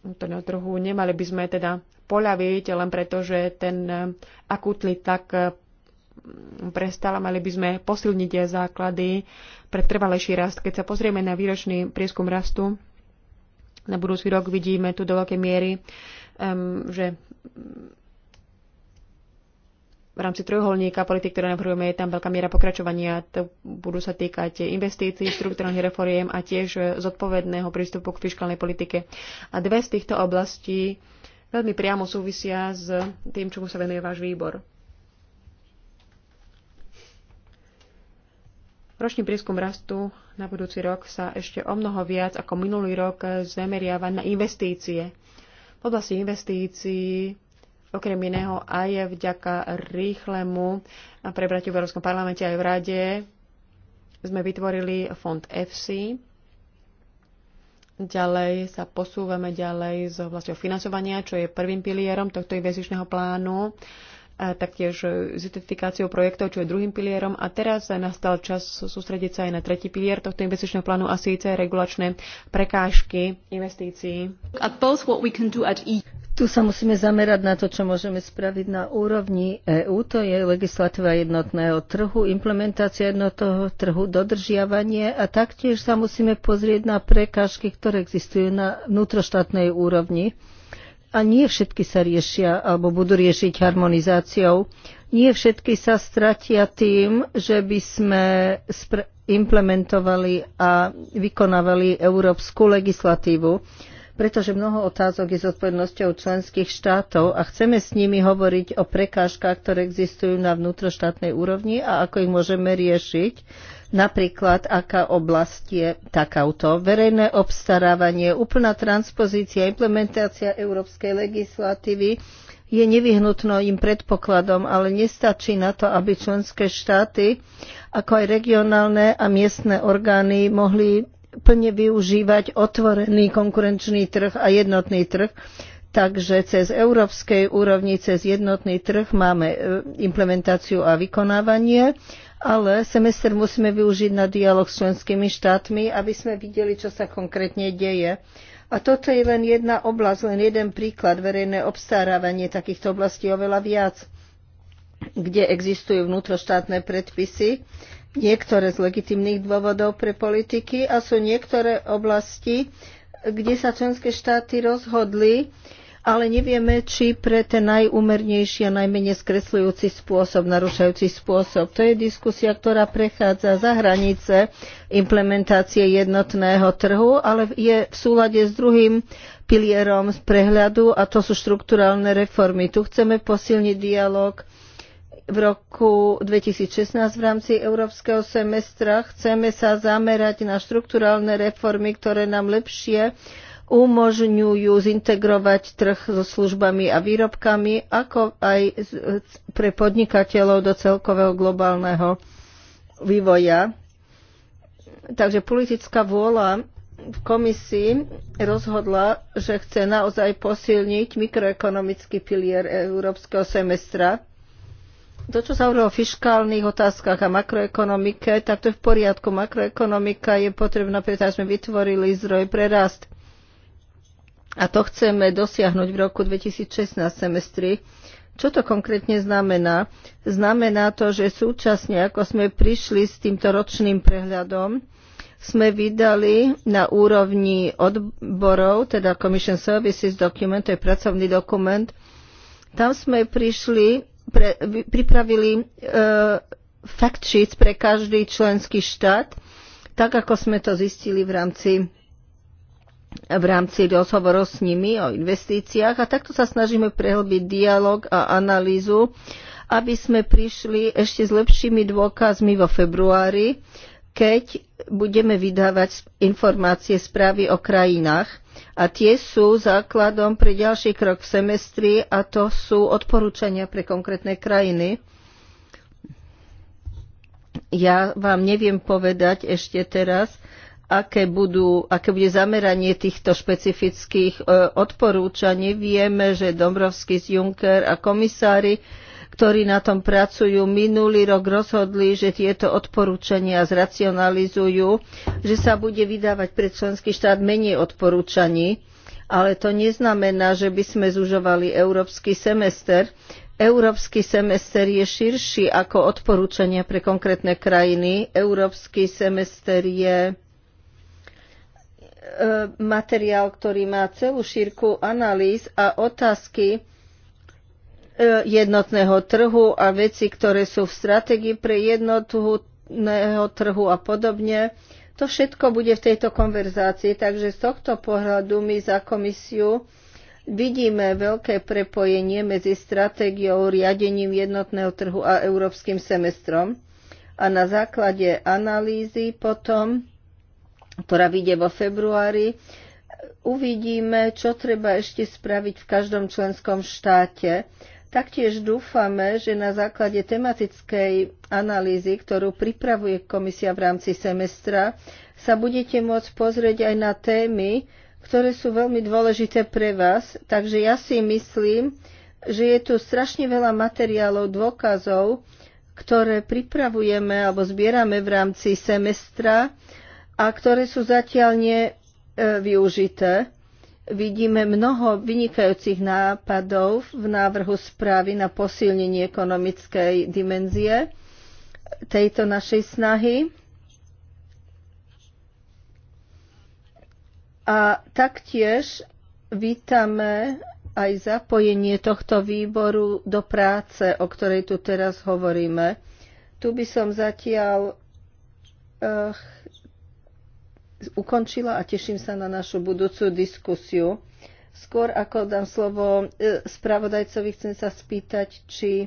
vnútorného trhu. Nemali by sme teda poľaviť len preto, že ten eh, akutný tak eh, prestala, mali by sme posilniť základy pre trvalejší rast. Keď sa pozrieme na výročný prieskum rastu, na budúci rok vidíme tu do veľkej miery že v rámci trojuholníka politik, ktoré navrhujeme, je tam veľká miera pokračovania. To budú sa týkať investícií, štruktúrnych reforiem a tiež zodpovedného prístupu k fiskálnej politike. A dve z týchto oblastí veľmi priamo súvisia s tým, čomu sa venuje váš výbor. Ročný prieskum rastu na budúci rok sa ešte o mnoho viac ako minulý rok zameriava na investície oblasti investícií, okrem iného aj vďaka rýchlemu prebratiu v Európskom parlamente aj v Rade sme vytvorili fond FC. Ďalej sa posúvame ďalej z oblasťou financovania, čo je prvým pilierom tohto investičného plánu. Uh, a taktiež e, s identifikáciou projektov, čo je druhým pilierom. A teraz nastal čas sústrediť sa aj na tretí pilier tohto investičného plánu a síce regulačné prekážky investícií. E tu sa musíme zamerať na to, čo môžeme spraviť na úrovni EÚ, to je legislatíva jednotného trhu, implementácia jednotného trhu, dodržiavanie a taktiež sa musíme pozrieť na prekážky, ktoré existujú na vnútroštátnej úrovni a nie všetky sa riešia alebo budú riešiť harmonizáciou. Nie všetky sa stratia tým, že by sme implementovali a vykonávali európsku legislatívu, pretože mnoho otázok je zodpovednosťou členských štátov a chceme s nimi hovoriť o prekážkach, ktoré existujú na vnútroštátnej úrovni a ako ich môžeme riešiť. Napríklad, aká oblast je takáto Verejné obstarávanie, úplná transpozícia, implementácia európskej legislatívy je nevyhnutno im predpokladom, ale nestačí na to, aby členské štáty, ako aj regionálne a miestne orgány mohli plne využívať otvorený konkurenčný trh a jednotný trh. Takže cez európskej úrovni, cez jednotný trh máme e, implementáciu a vykonávanie ale semester musíme využiť na dialog s členskými štátmi, aby sme videli, čo sa konkrétne deje. A toto je len jedna oblasť, len jeden príklad. Verejné obstarávanie takýchto oblastí oveľa viac, kde existujú vnútroštátne predpisy, niektoré z legitimných dôvodov pre politiky a sú niektoré oblasti, kde sa členské štáty rozhodli, ale nevieme, či pre ten najúmernejší a najmenej skresľujúci spôsob, narušajúci spôsob. To je diskusia, ktorá prechádza za hranice implementácie jednotného trhu, ale je v súlade s druhým pilierom z prehľadu a to sú štrukturálne reformy. Tu chceme posilniť dialog v roku 2016 v rámci európskeho semestra chceme sa zamerať na štrukturálne reformy, ktoré nám lepšie umožňujú zintegrovať trh so službami a výrobkami, ako aj pre podnikateľov do celkového globálneho vývoja. Takže politická vôľa v komisii rozhodla, že chce naozaj posilniť mikroekonomický pilier európskeho semestra. To, čo sa hovorí o fiskálnych otázkach a makroekonomike, tak to je v poriadku. Makroekonomika je potrebná, pretože sme vytvorili zdroj pre rast a to chceme dosiahnuť v roku 2016 semestri. Čo to konkrétne znamená? Znamená to, že súčasne, ako sme prišli s týmto ročným prehľadom, sme vydali na úrovni odborov, teda Commission Services Document, to je pracovný dokument, tam sme prišli, pre, pripravili e, fact sheets pre každý členský štát, tak ako sme to zistili v rámci v rámci rozhovoru s nimi o investíciách a takto sa snažíme prehlbiť dialog a analýzu, aby sme prišli ešte s lepšími dôkazmi vo februári, keď budeme vydávať informácie správy o krajinách. A tie sú základom pre ďalší krok v semestri a to sú odporúčania pre konkrétne krajiny. Ja vám neviem povedať ešte teraz, aké, budú, aké bude zameranie týchto špecifických e, odporúčaní. Vieme, že Dombrovský, Juncker a komisári, ktorí na tom pracujú, minulý rok rozhodli, že tieto odporúčania zracionalizujú, že sa bude vydávať pre členský štát menej odporúčaní, ale to neznamená, že by sme zužovali európsky semester. Európsky semester je širší ako odporúčania pre konkrétne krajiny. Európsky semester je E, materiál, ktorý má celú šírku analýz a otázky e, jednotného trhu a veci, ktoré sú v stratégii pre jednotného trhu a podobne. To všetko bude v tejto konverzácii, takže z tohto pohľadu my za komisiu vidíme veľké prepojenie medzi stratégiou, riadením jednotného trhu a európskym semestrom. A na základe analýzy potom ktorá vyjde vo februári. Uvidíme, čo treba ešte spraviť v každom členskom štáte. Taktiež dúfame, že na základe tematickej analýzy, ktorú pripravuje komisia v rámci semestra, sa budete môcť pozrieť aj na témy, ktoré sú veľmi dôležité pre vás. Takže ja si myslím, že je tu strašne veľa materiálov, dôkazov, ktoré pripravujeme alebo zbierame v rámci semestra a ktoré sú zatiaľ nevyužité. Vidíme mnoho vynikajúcich nápadov v návrhu správy na posilnenie ekonomickej dimenzie tejto našej snahy. A taktiež vítame aj zapojenie tohto výboru do práce, o ktorej tu teraz hovoríme. Tu by som zatiaľ eh, ukončila a teším sa na našu budúcu diskusiu. Skôr ako dám slovo e, spravodajcovi, chcem sa spýtať, či e,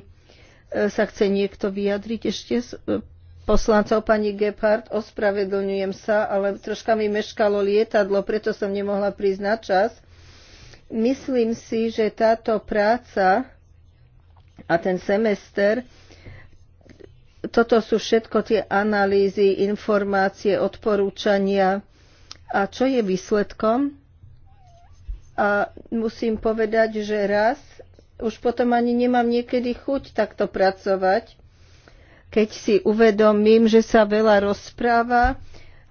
sa chce niekto vyjadriť ešte z e, poslancov pani Gephardt. Ospravedlňujem sa, ale troška mi meškalo lietadlo, preto som nemohla prísť na čas. Myslím si, že táto práca a ten semester, toto sú všetko tie analýzy, informácie, odporúčania, a čo je výsledkom? A musím povedať, že raz už potom ani nemám niekedy chuť takto pracovať, keď si uvedomím, že sa veľa rozpráva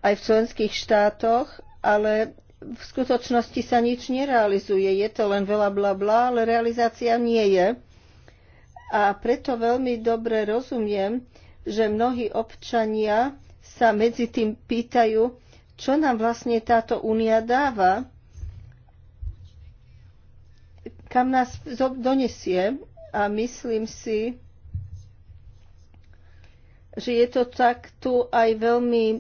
aj v členských štátoch, ale v skutočnosti sa nič nerealizuje. Je to len veľa bla bla, ale realizácia nie je. A preto veľmi dobre rozumiem, že mnohí občania sa medzi tým pýtajú, čo nám vlastne táto únia dáva, kam nás donesie a myslím si, že je to tak tu aj veľmi e,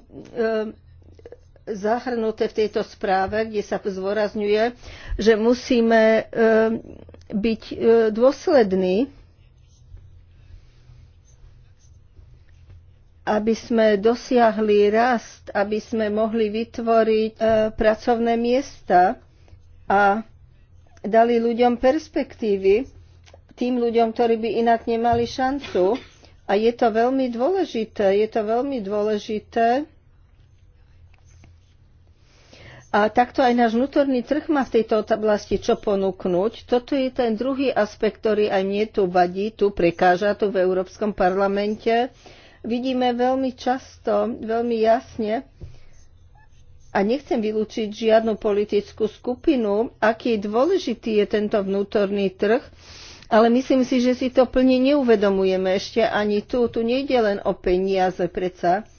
zahrnuté v tejto správe, kde sa zdôrazňuje, že musíme e, byť e, dôslední aby sme dosiahli rast, aby sme mohli vytvoriť e, pracovné miesta a dali ľuďom perspektívy, tým ľuďom, ktorí by inak nemali šancu. A je to veľmi dôležité, je to veľmi dôležité. A takto aj náš vnútorný trh má v tejto oblasti čo ponúknuť. Toto je ten druhý aspekt, ktorý aj mne tu vadí, tu prekáža tu v Európskom parlamente vidíme veľmi často, veľmi jasne, a nechcem vylúčiť žiadnu politickú skupinu, aký dôležitý je tento vnútorný trh, ale myslím si, že si to plne neuvedomujeme ešte ani tu. Tu nejde len o peniaze, predsa.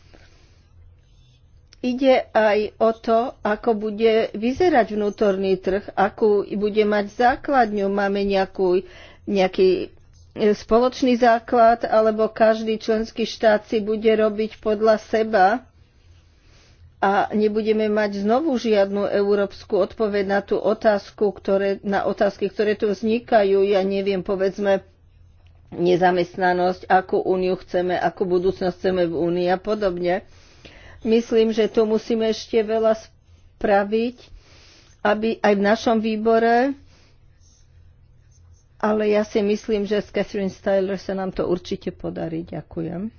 Ide aj o to, ako bude vyzerať vnútorný trh, akú bude mať základňu, máme nejakú, nejaký E, spoločný základ, alebo každý členský štát si bude robiť podľa seba a nebudeme mať znovu žiadnu európsku odpoveď na tú otázku, ktoré, na otázky, ktoré tu vznikajú. Ja neviem, povedzme, nezamestnanosť, akú úniu chceme, akú budúcnosť chceme v únii a podobne. Myslím, že tu musíme ešte veľa spraviť, aby aj v našom výbore ale ja si myslím, že s Catherine Styler sa nám to určite podarí. Ďakujem.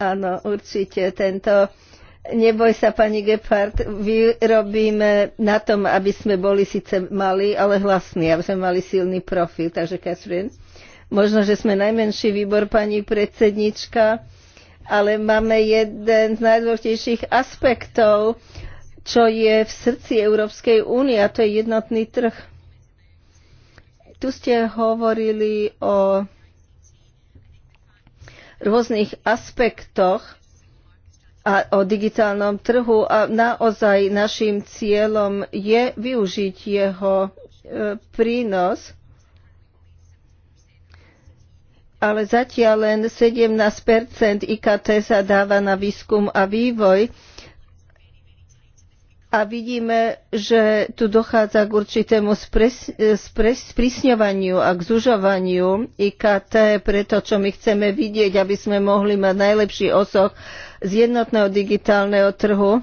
Áno, určite tento. Neboj sa, pani Gepard, vyrobíme na tom, aby sme boli síce mali, ale hlasní, aby sme mali silný profil. Takže, Catherine, možno, že sme najmenší výbor, pani predsednička ale máme jeden z najdôležitejších aspektov, čo je v srdci Európskej únie a to je jednotný trh. Tu ste hovorili o rôznych aspektoch a o digitálnom trhu a naozaj našim cieľom je využiť jeho e, prínos ale zatiaľ len 17 IKT sa dáva na výskum a vývoj. A vidíme, že tu dochádza k určitému sprísňovaniu a k zužovaniu IKT pre to, čo my chceme vidieť, aby sme mohli mať najlepší osoch z jednotného digitálneho trhu.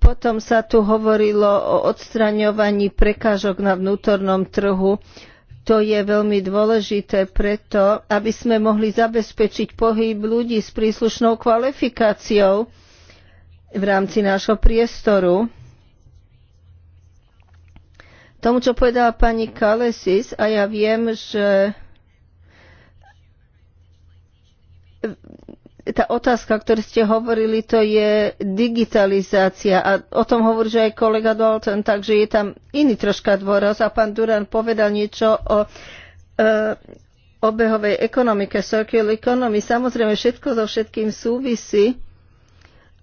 Potom sa tu hovorilo o odstraňovaní prekážok na vnútornom trhu. To je veľmi dôležité preto, aby sme mohli zabezpečiť pohyb ľudí s príslušnou kvalifikáciou v rámci nášho priestoru. Tomu, čo povedala pani Kalesis, a ja viem, že tá otázka, o ktorej ste hovorili, to je digitalizácia a o tom hovorí, že aj kolega Dalton, takže je tam iný troška dôraz a pán Duran povedal niečo o e, obehovej ekonomike, circular economy. Samozrejme, všetko so všetkým súvisí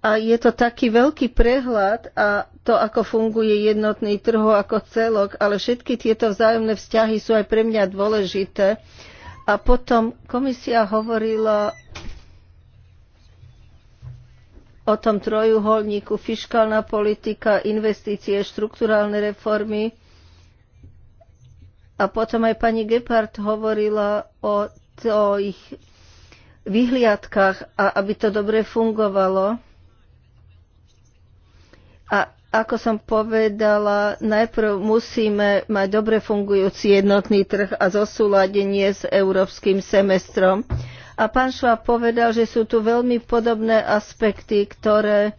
a je to taký veľký prehľad a to, ako funguje jednotný trh ako celok, ale všetky tieto vzájomné vzťahy sú aj pre mňa dôležité. A potom komisia hovorila o tom trojuholníku fiškálna politika, investície, štrukturálne reformy. A potom aj pani Gepard hovorila o, o ich vyhliadkách a aby to dobre fungovalo. A ako som povedala, najprv musíme mať dobre fungujúci jednotný trh a zosúladenie s európskym semestrom. A pán Šváb povedal, že sú tu veľmi podobné aspekty, ktoré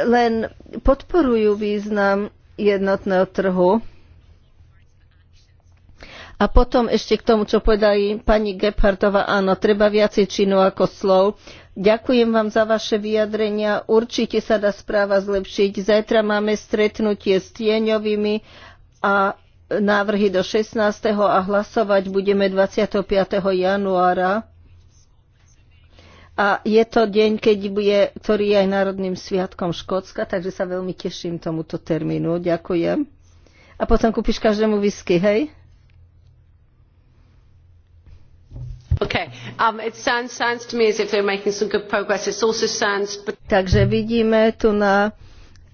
len podporujú význam jednotného trhu. A potom ešte k tomu, čo povedali pani Gebhardová, áno, treba viacej činov ako slov. Ďakujem vám za vaše vyjadrenia. Určite sa dá správa zlepšiť. Zajtra máme stretnutie s tieňovými a návrhy do 16. a hlasovať budeme 25. januára. A je to deň, keď bude, ktorý je aj Národným sviatkom Škótska, takže sa veľmi teším tomuto termínu. Ďakujem. A potom kúpiš každému whisky, hej? Um, takže vidíme tu na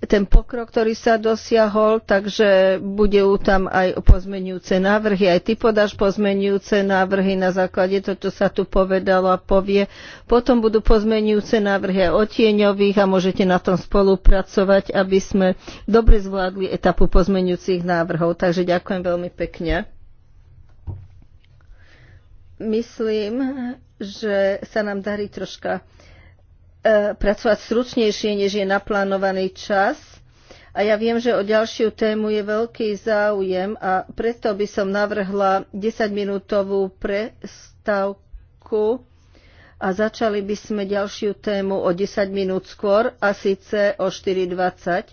ten pokrok, ktorý sa dosiahol, takže budú tam aj pozmenujúce návrhy. Aj ty podáš pozmenujúce návrhy na základe toho, čo sa tu povedalo a povie. Potom budú pozmenujúce návrhy aj o tieňových a môžete na tom spolupracovať, aby sme dobre zvládli etapu pozmenujúcich návrhov. Takže ďakujem veľmi pekne. Myslím, že sa nám darí troška E, pracovať stručnejšie, než je naplánovaný čas. A ja viem, že o ďalšiu tému je veľký záujem a preto by som navrhla 10-minútovú prestávku a začali by sme ďalšiu tému o 10 minút skôr a síce o 4.20.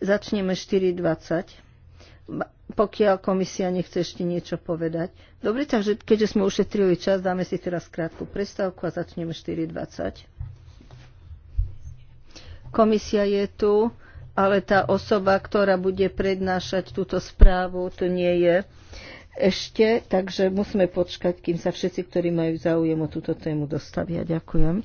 Začneme 4.20 pokiaľ komisia nechce ešte niečo povedať. Dobre, takže keďže sme ušetrili čas, dáme si teraz krátku prestávku a začneme 4.20. Komisia je tu, ale tá osoba, ktorá bude prednášať túto správu, tu nie je ešte, takže musíme počkať, kým sa všetci, ktorí majú záujem o túto tému, dostavia. Ďakujem.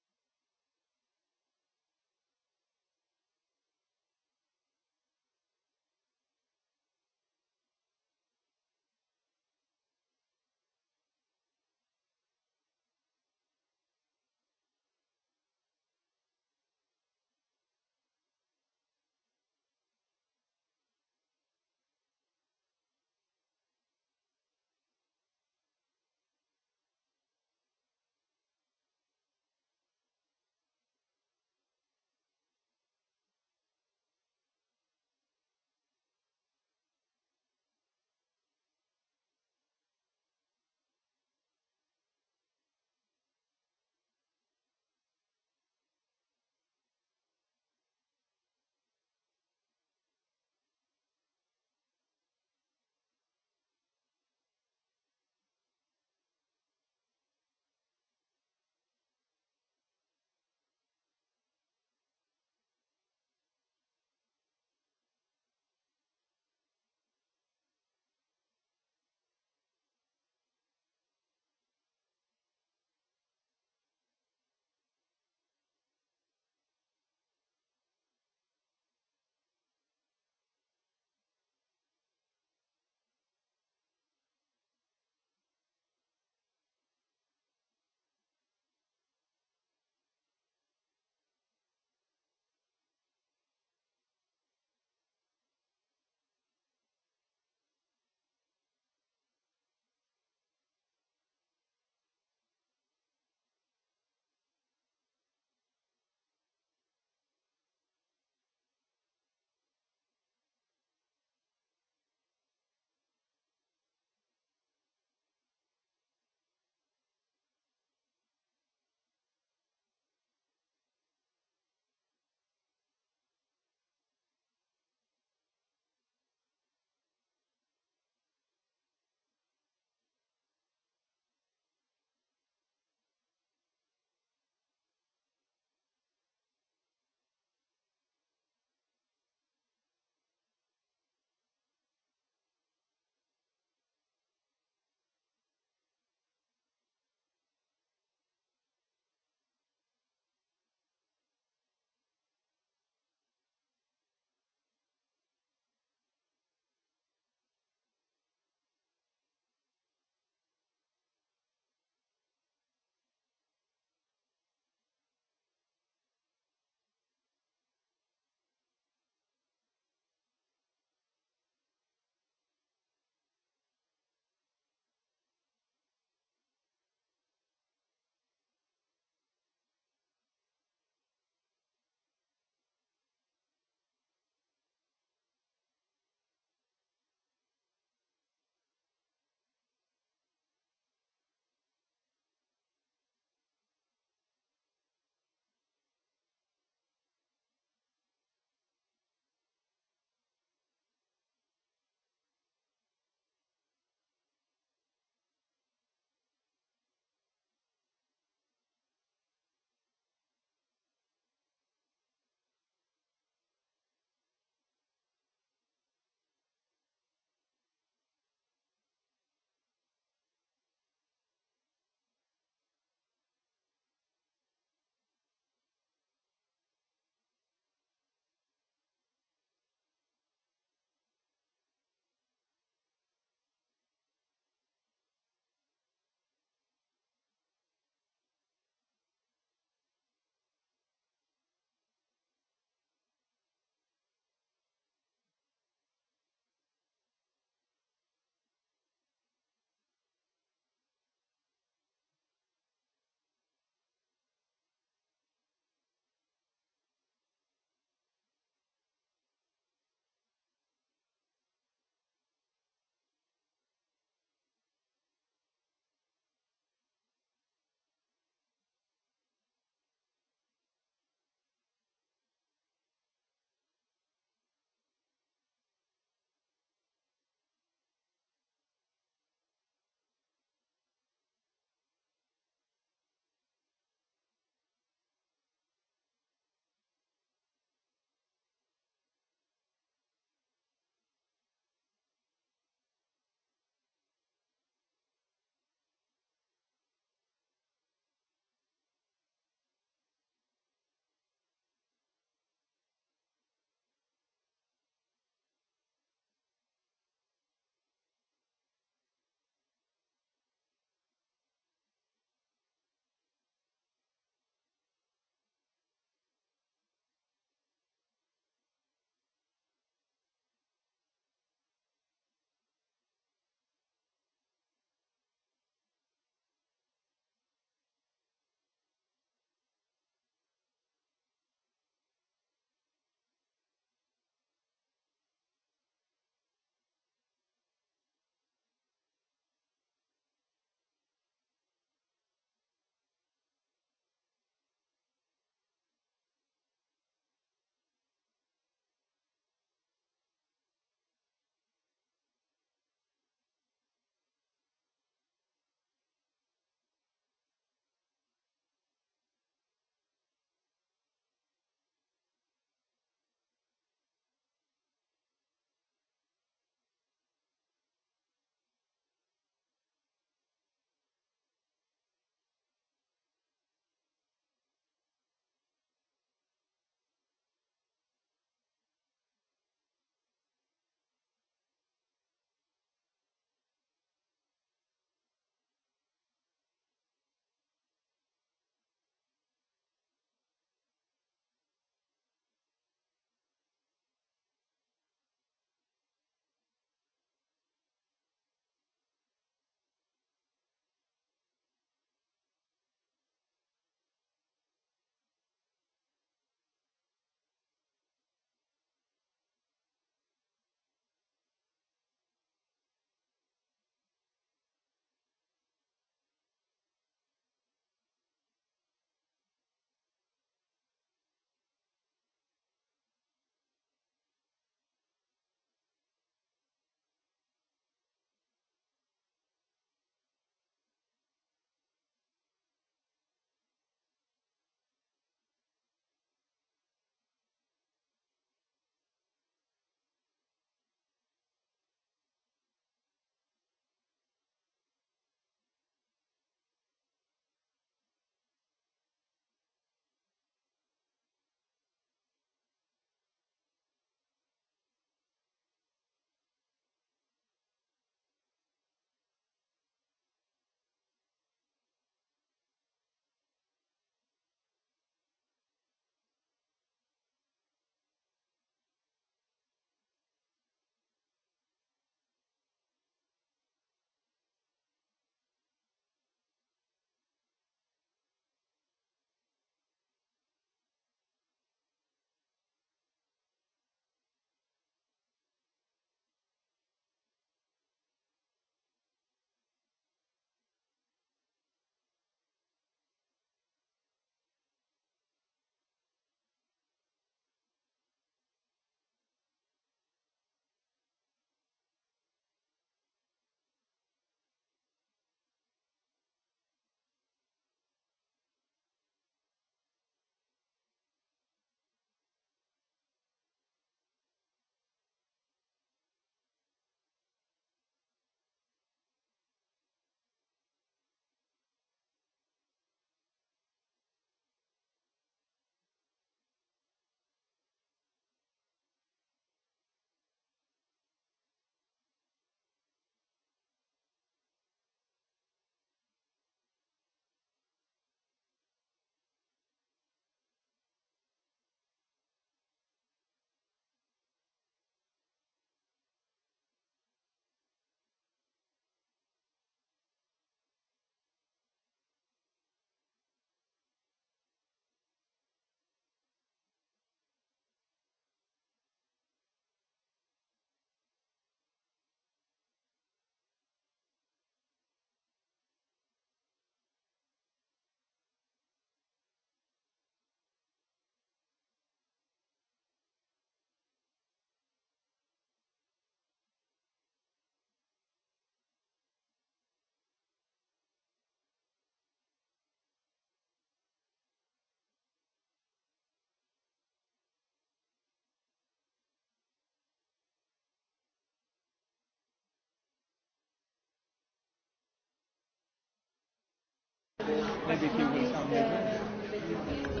Maybe he will come with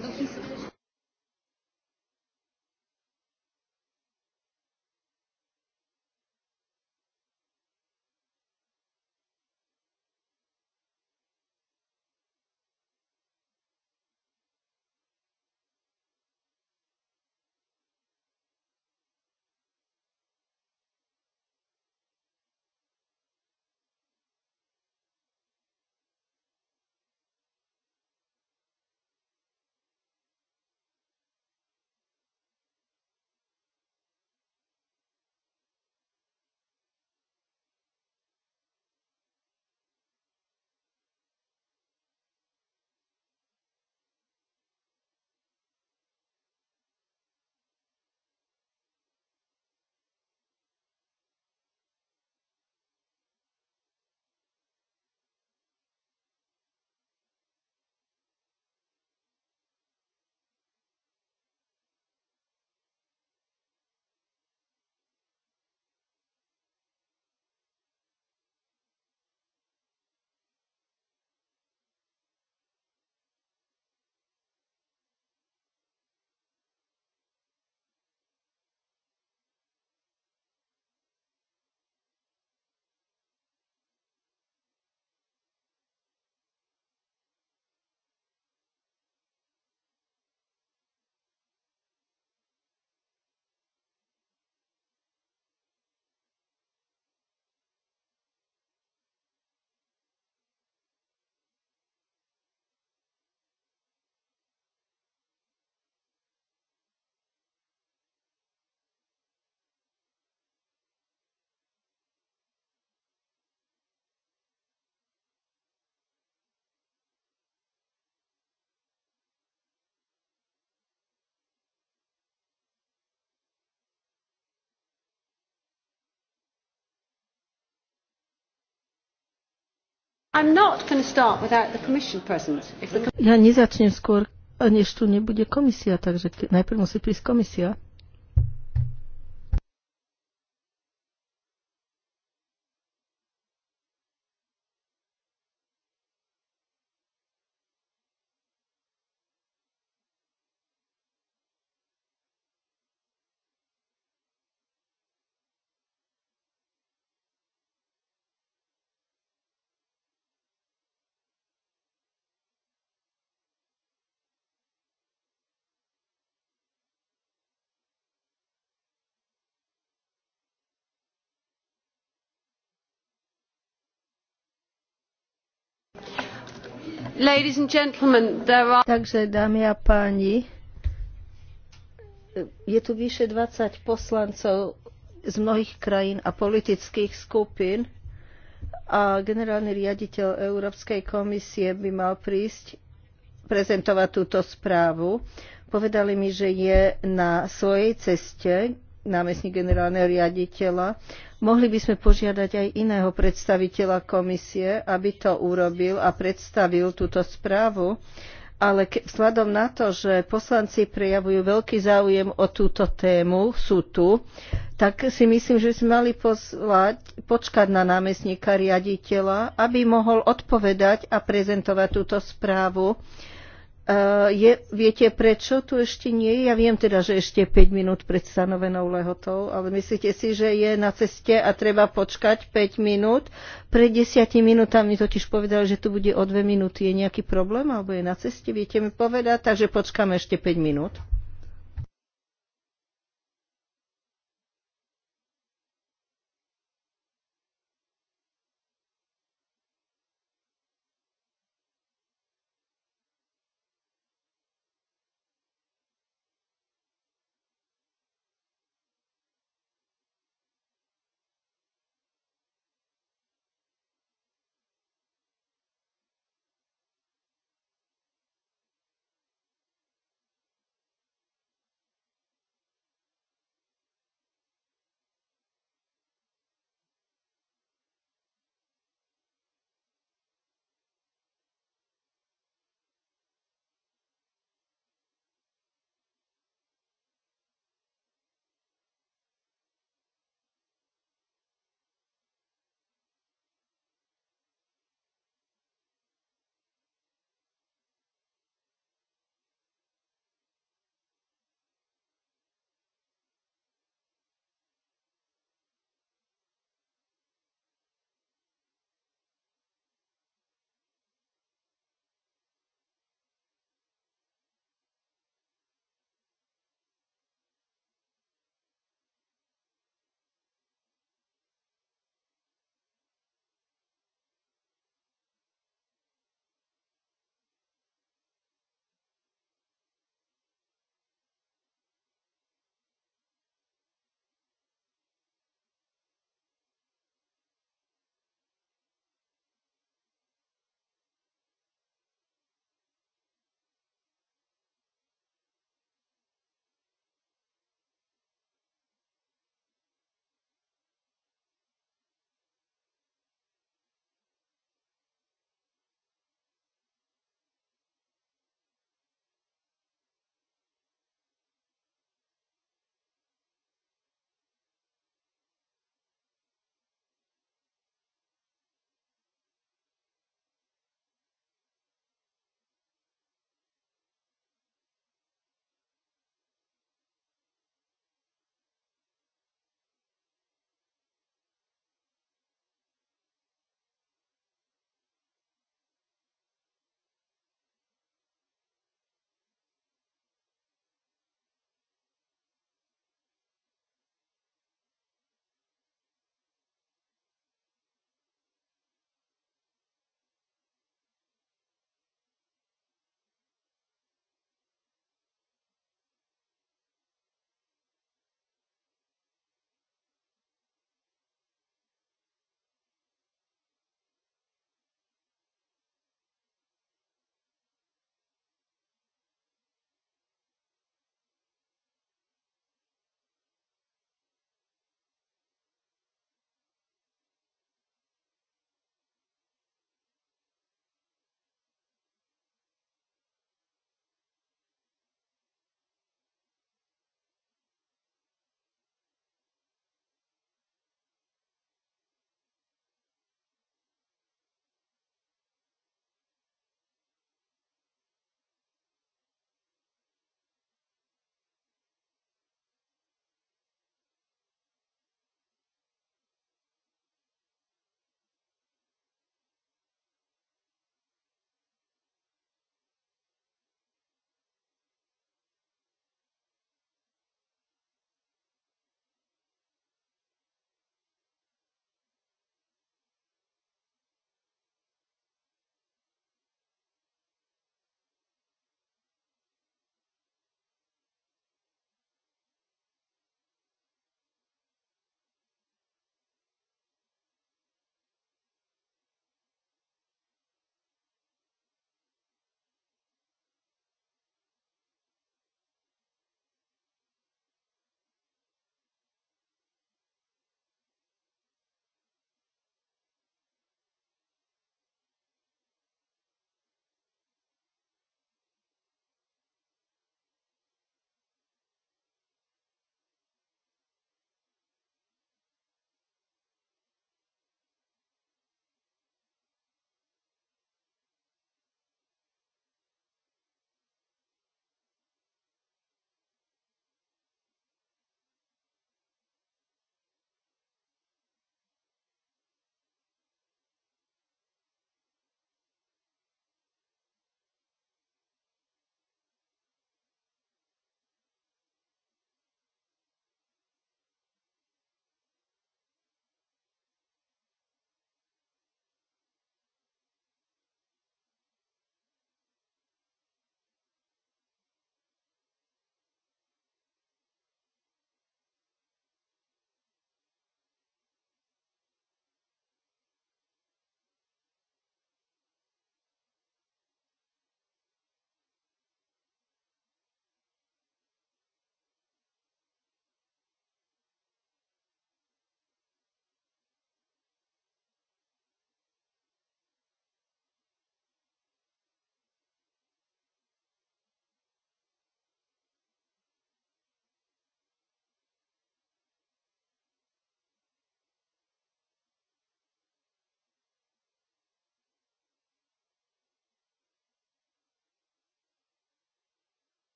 us. Ja nezačnem skôr, než tu nebude komisia, takže najprv musí prísť komisia. Takže, dámy a páni, je tu vyše 20 poslancov z mnohých krajín a politických skupín a generálny riaditeľ Európskej komisie by mal prísť prezentovať túto správu. Povedali mi, že je na svojej ceste námestník generálneho riaditeľa. Mohli by sme požiadať aj iného predstaviteľa komisie, aby to urobil a predstavil túto správu, ale ke, vzhľadom na to, že poslanci prejavujú veľký záujem o túto tému, sú tu, tak si myslím, že sme mali poslať, počkať na námestníka riaditeľa, aby mohol odpovedať a prezentovať túto správu Eh, je, viete prečo tu ešte nie je? Ja viem teda, že ešte 5 minút pred stanovenou lehotou, ale myslíte si, že je na ceste a treba počkať 5 minút? Pred 10 minútami totiž povedali, že tu bude o 2 minúty. Je nejaký problém alebo je na ceste? Viete mi povedať? Takže počkáme ešte 5 minút.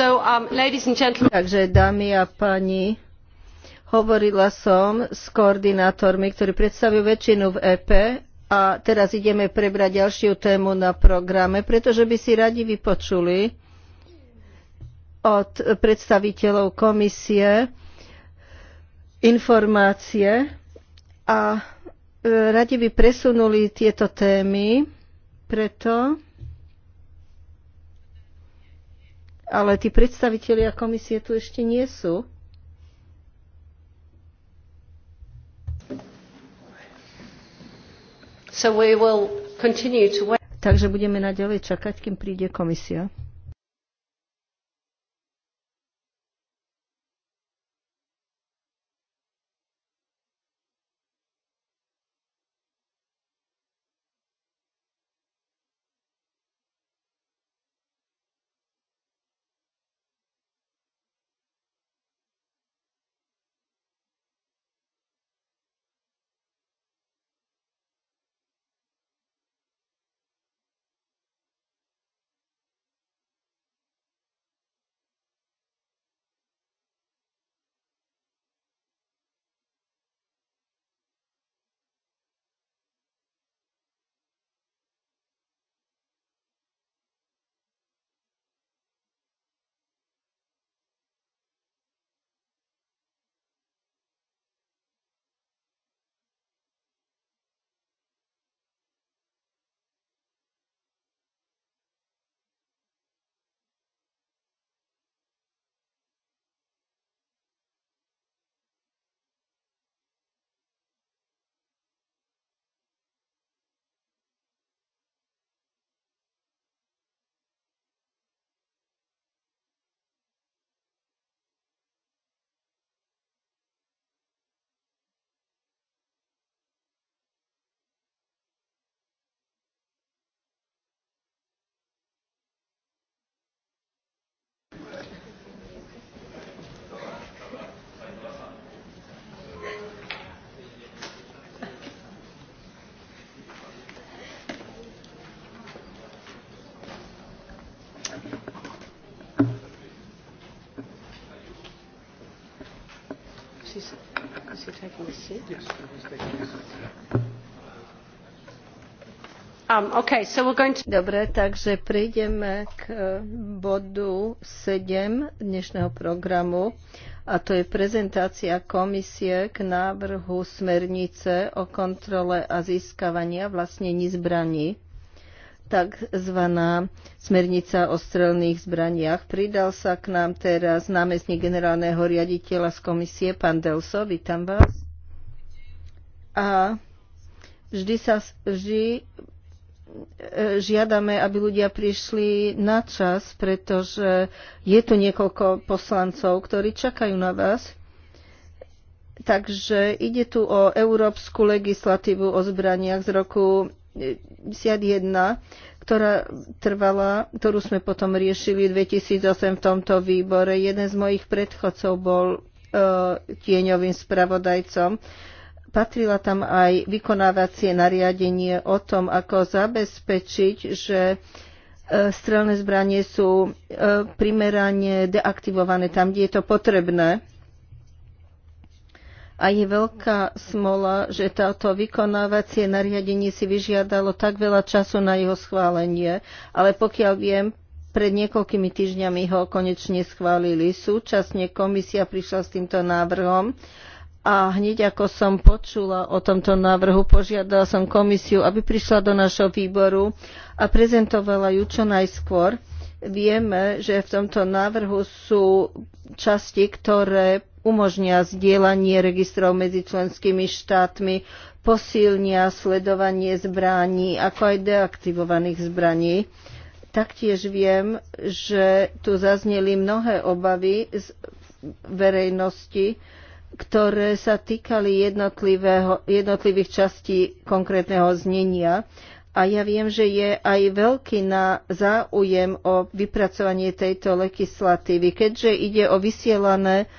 Um, Takže, dámy a páni, hovorila som s koordinátormi, ktorí predstavujú väčšinu v EP a teraz ideme prebrať ďalšiu tému na programe, pretože by si radi vypočuli od predstaviteľov komisie informácie a e, radi by presunuli tieto témy, preto ale tí predstavitelia komisie tu ešte nie sú. So we will continue to wait. Takže budeme naďalej čakať, kým príde komisia. Is, is he taking a seat? Yes, he's taking a seat. Um, okay, so we're going to... Dobre, takže prejdeme k eh, bodu 7 dnešného programu a to je prezentácia komisie k návrhu smernice o kontrole a získavania vlastnení zbraní tzv. smernica o strelných zbraniach. Pridal sa k nám teraz námestník generálneho riaditeľa z komisie, pán Delso, vítam vás. A vždy sa vždy e, žiadame, aby ľudia prišli na čas, pretože je tu niekoľko poslancov, ktorí čakajú na vás. Takže ide tu o európsku legislatívu o zbraniach z roku ktorá trvala, ktorú sme potom riešili v 2008 v tomto výbore. Jeden z mojich predchodcov bol e, tieňovým spravodajcom. Patrila tam aj vykonávacie nariadenie o tom, ako zabezpečiť, že e, strelné zbranie sú e, primerane deaktivované tam, kde je to potrebné. A je veľká smola, že táto vykonávacie nariadenie si vyžiadalo tak veľa času na jeho schválenie, ale pokiaľ viem, pred niekoľkými týždňami ho konečne schválili. Súčasne komisia prišla s týmto návrhom a hneď ako som počula o tomto návrhu, požiadala som komisiu, aby prišla do našho výboru a prezentovala ju čo najskôr. Vieme, že v tomto návrhu sú časti, ktoré umožnia zdieľanie registrov medzi členskými štátmi, posilnia sledovanie zbraní, ako aj deaktivovaných zbraní. Taktiež viem, že tu zazneli mnohé obavy z verejnosti, ktoré sa týkali jednotlivých častí konkrétneho znenia. A ja viem, že je aj veľký na záujem o vypracovanie tejto legislatívy, keďže ide o vysielané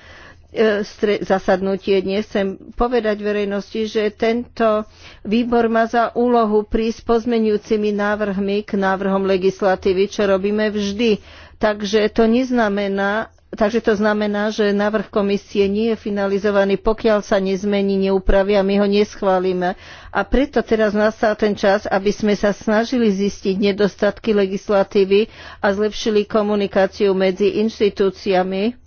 E, zasadnutie dnes chcem povedať verejnosti, že tento výbor má za úlohu prísť pozmenujúcimi návrhmi k návrhom legislatívy, čo robíme vždy. Takže to neznamená, takže to znamená, že návrh komisie nie je finalizovaný, pokiaľ sa nezmení, neupravia, my ho neschválime. A preto teraz nastal ten čas, aby sme sa snažili zistiť nedostatky legislatívy a zlepšili komunikáciu medzi inštitúciami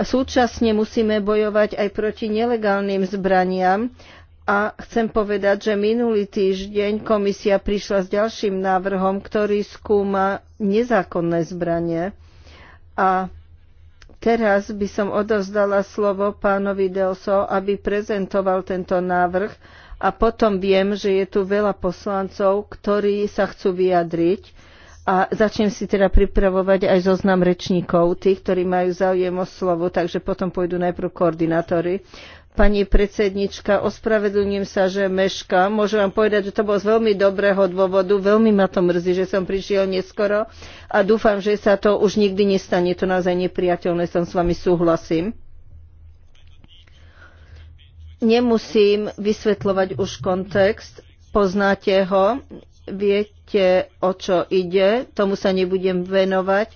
Súčasne musíme bojovať aj proti nelegálnym zbraniam a chcem povedať, že minulý týždeň komisia prišla s ďalším návrhom, ktorý skúma nezákonné zbranie. A teraz by som odovzdala slovo pánovi Delso, aby prezentoval tento návrh a potom viem, že je tu veľa poslancov, ktorí sa chcú vyjadriť a začnem si teda pripravovať aj zoznam rečníkov, tých, ktorí majú záujem o slovo, takže potom pôjdu najprv koordinátory. Pani predsednička, ospravedlňujem sa, že meška. Môžem vám povedať, že to bolo z veľmi dobrého dôvodu. Veľmi ma to mrzí, že som prišiel neskoro a dúfam, že sa to už nikdy nestane. To naozaj nepriateľné, som s vami súhlasím. Nemusím vysvetľovať už kontext, poznáte ho viete, o čo ide, tomu sa nebudem venovať,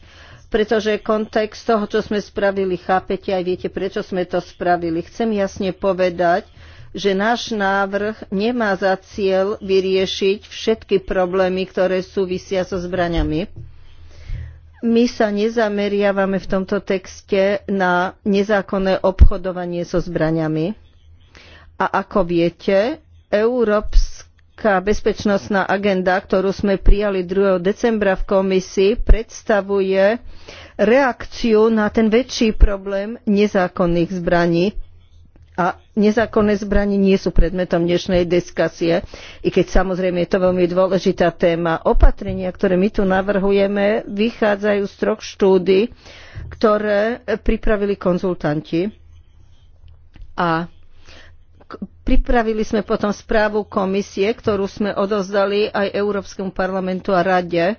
pretože kontext toho, čo sme spravili, chápete aj viete, prečo sme to spravili. Chcem jasne povedať, že náš návrh nemá za cieľ vyriešiť všetky problémy, ktoré súvisia so zbraňami. My sa nezameriavame v tomto texte na nezákonné obchodovanie so zbraňami. A ako viete, Európs veľká bezpečnostná agenda, ktorú sme prijali 2. decembra v komisii, predstavuje reakciu na ten väčší problém nezákonných zbraní. A nezákonné zbraní nie sú predmetom dnešnej diskusie, i keď samozrejme je to veľmi dôležitá téma. Opatrenia, ktoré my tu navrhujeme, vychádzajú z troch štúdí, ktoré pripravili konzultanti. A pripravili sme potom správu komisie, ktorú sme odozdali aj Európskemu parlamentu a rade.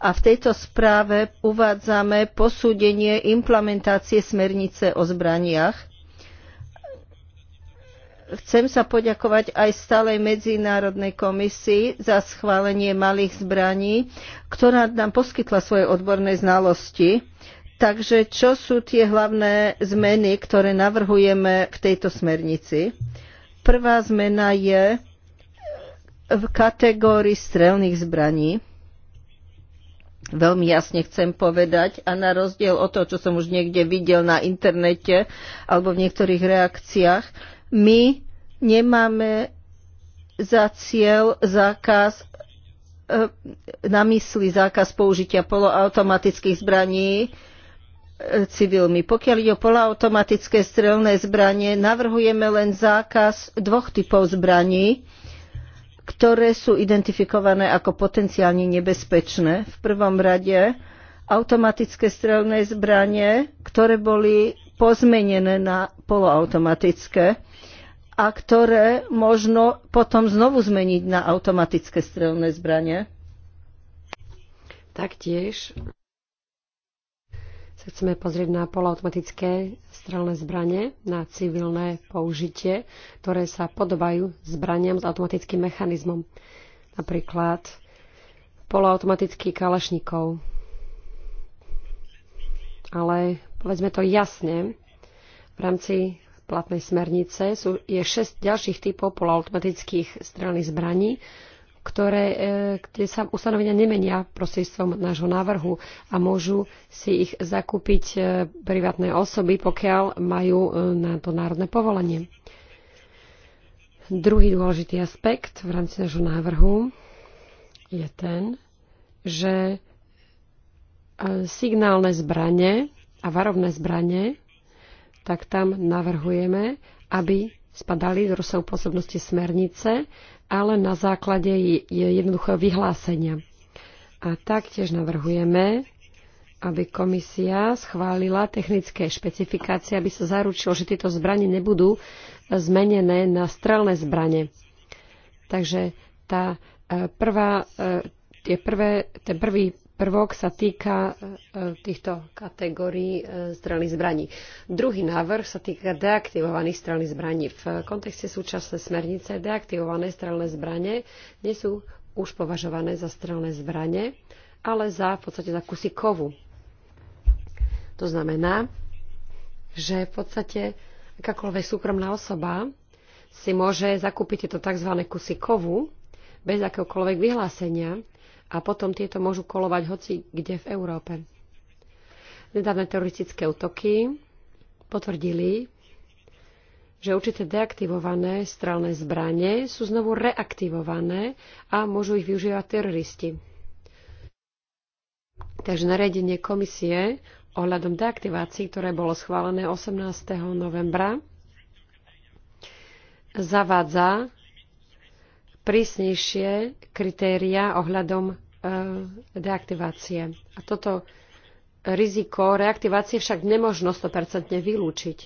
A v tejto správe uvádzame posúdenie implementácie smernice o zbraniach. Chcem sa poďakovať aj stálej medzinárodnej komisii za schválenie malých zbraní, ktorá nám poskytla svoje odborné znalosti. Takže čo sú tie hlavné zmeny, ktoré navrhujeme v tejto smernici? Prvá zmena je v kategórii strelných zbraní. Veľmi jasne chcem povedať a na rozdiel od toho, čo som už niekde videl na internete alebo v niektorých reakciách, my nemáme za cieľ zákaz e, na mysli zákaz použitia poloautomatických zbraní civilmi. Pokiaľ ide o polautomatické strelné zbranie, navrhujeme len zákaz dvoch typov zbraní, ktoré sú identifikované ako potenciálne nebezpečné. V prvom rade automatické strelné zbranie, ktoré boli pozmenené na poloautomatické a ktoré možno potom znovu zmeniť na automatické strelné zbranie. Taktiež sa chceme pozrieť na polautomatické strelné zbranie, na civilné použitie, ktoré sa podobajú zbraniam s automatickým mechanizmom. Napríklad poloautomatický kalašníkov. Ale povedzme to jasne, v rámci platnej smernice sú, je 6 ďalších typov poloautomatických strelných zbraní, ktoré, e, kde sa ustanovenia nemenia prostredstvom nášho návrhu a môžu si ich zakúpiť e, privátne osoby, pokiaľ majú e, na to národné povolenie. Druhý dôležitý aspekt v rámci nášho návrhu je ten, že signálne zbranie a varovné zbranie, tak tam navrhujeme, aby spadali do rozsahu pôsobnosti smernice ale na základe jednoduchého vyhlásenia. A taktiež navrhujeme, aby komisia schválila technické špecifikácie, aby sa zaručilo, že tieto zbranie nebudú zmenené na strelné zbranie. Takže tá e, prvá, e, tie prvé, ten prvý prvok sa týka e, týchto kategórií e, strelných zbraní. Druhý návrh sa týka deaktivovaných strelných zbraní. V kontexte súčasnej smernice deaktivované strelné zbranie nie sú už považované za strelné zbranie, ale za v podstate za kusy kovu. To znamená, že v podstate akákoľvek súkromná osoba si môže zakúpiť tieto tzv. kusy kovu bez akéhokoľvek vyhlásenia a potom tieto môžu kolovať hoci kde v Európe. Nedávne teroristické útoky potvrdili, že určité deaktivované strelné zbranie sú znovu reaktivované a môžu ich využívať teroristi. Takže nariadenie komisie ohľadom deaktivácií, ktoré bolo schválené 18. novembra, zavádza prísnejšie kritéria ohľadom e, deaktivácie. A toto riziko reaktivácie však nemožno 100% vylúčiť.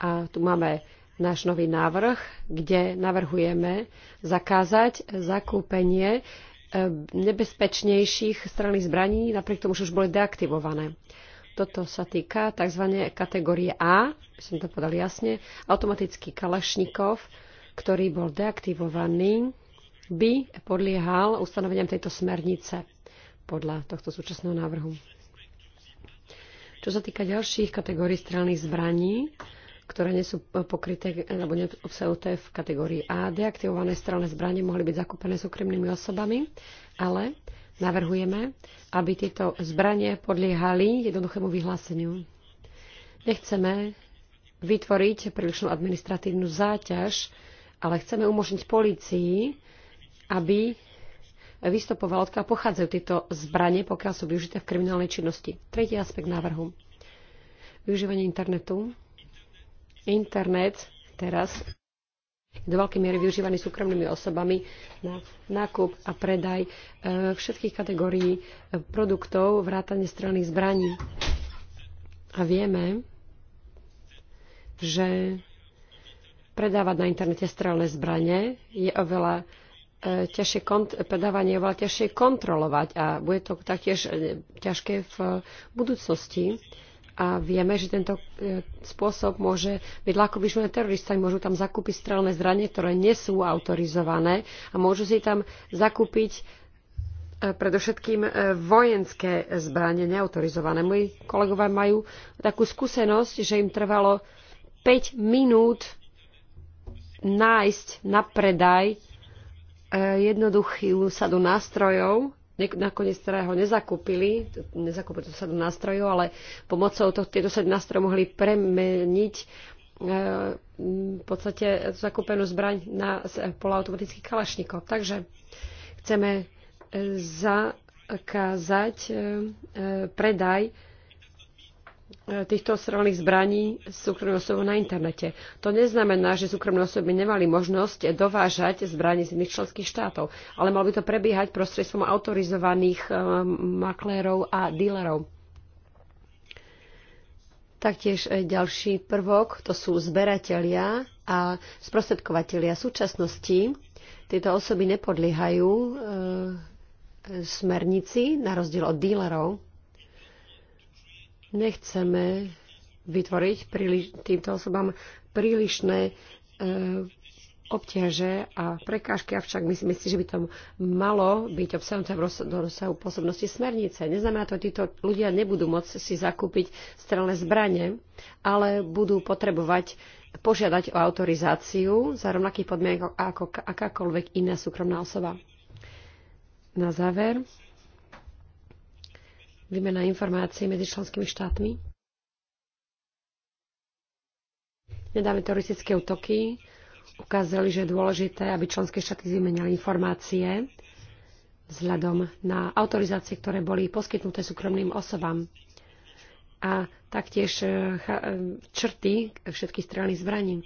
A tu máme náš nový návrh, kde navrhujeme zakázať zakúpenie e, nebezpečnejších strelných zbraní, napriek tomu, že už boli deaktivované. Toto sa týka tzv. kategórie A, by som to podal jasne, automatický kalašnikov, ktorý bol deaktivovaný by podliehal ustanoveniam tejto smernice podľa tohto súčasného návrhu. Čo sa týka ďalších kategórií strelných zbraní, ktoré nie sú pokryté alebo neobsahnuté v kategórii A, deaktivované strelné zbranie mohli byť zakúpené okremnými osobami, ale navrhujeme, aby tieto zbranie podliehali jednoduchému vyhláseniu. Nechceme vytvoriť prílišnú administratívnu záťaž, ale chceme umožniť polícii aby vystupoval, odkiaľ pochádzajú tieto zbranie, pokiaľ sú využité v kriminálnej činnosti. Tretí aspekt návrhu. Využívanie internetu. Internet teraz je do veľkej miery využívaný súkromnými osobami na nákup a predaj eh, všetkých kategórií eh, produktov, vrátane strelných zbraní. A vieme, že predávať na internete strelné zbranie je oveľa ťažšie predávanie je oveľa ťažšie kontrolovať a bude to taktiež e, ťažké v budúcnosti. A vieme, že tento e, spôsob môže byť ľahko vyšlené teroristami. Môžu tam zakúpiť strelné zranie, ktoré nie sú autorizované a môžu si tam zakúpiť e, predovšetkým vojenské zbranie neautorizované. Moji kolegovia majú takú skúsenosť, že im trvalo 5 minút nájsť na predaj E, jednoduchú sadu nástrojov, nakoniec teda ho nezakúpili, nezakúpili tú sadu nástrojov, ale pomocou to, tieto sady nástrojov mohli premeniť e, v podstate zakúpenú zbraň na polautomatický kalašníkov. Takže chceme e, zakázať predaj E, týchto strelných zbraní súkromnú osobu na internete. To neznamená, že súkromné osoby nemali možnosť dovážať zbraní z iných členských štátov, ale malo by to prebiehať prostredstvom autorizovaných e, maklérov a dílerov. Taktiež e, ďalší prvok, to sú zberatelia a sprostredkovateľia súčasnosti. Tieto osoby nepodliehajú e, smernici, na rozdiel od dílerov. Nechceme vytvoriť príliš, týmto osobám prílišné e, obťaže a prekážky, avšak myslím si, že by to malo byť obsahnuté v rozsahu pôsobnosti smernice. Neznamená to, že títo ľudia nebudú môcť si zakúpiť strelné zbranie, ale budú potrebovať požiadať o autorizáciu za rovnakých podmienok ako akákoľvek iná súkromná osoba. Na záver, výmena informácií medzi členskými štátmi. Nedávne teroristické útoky ukázali, že je dôležité, aby členské štáty vymenili informácie vzhľadom na autorizácie, ktoré boli poskytnuté súkromným osobám a taktiež eh, eh, črty všetkých strelných zbraní.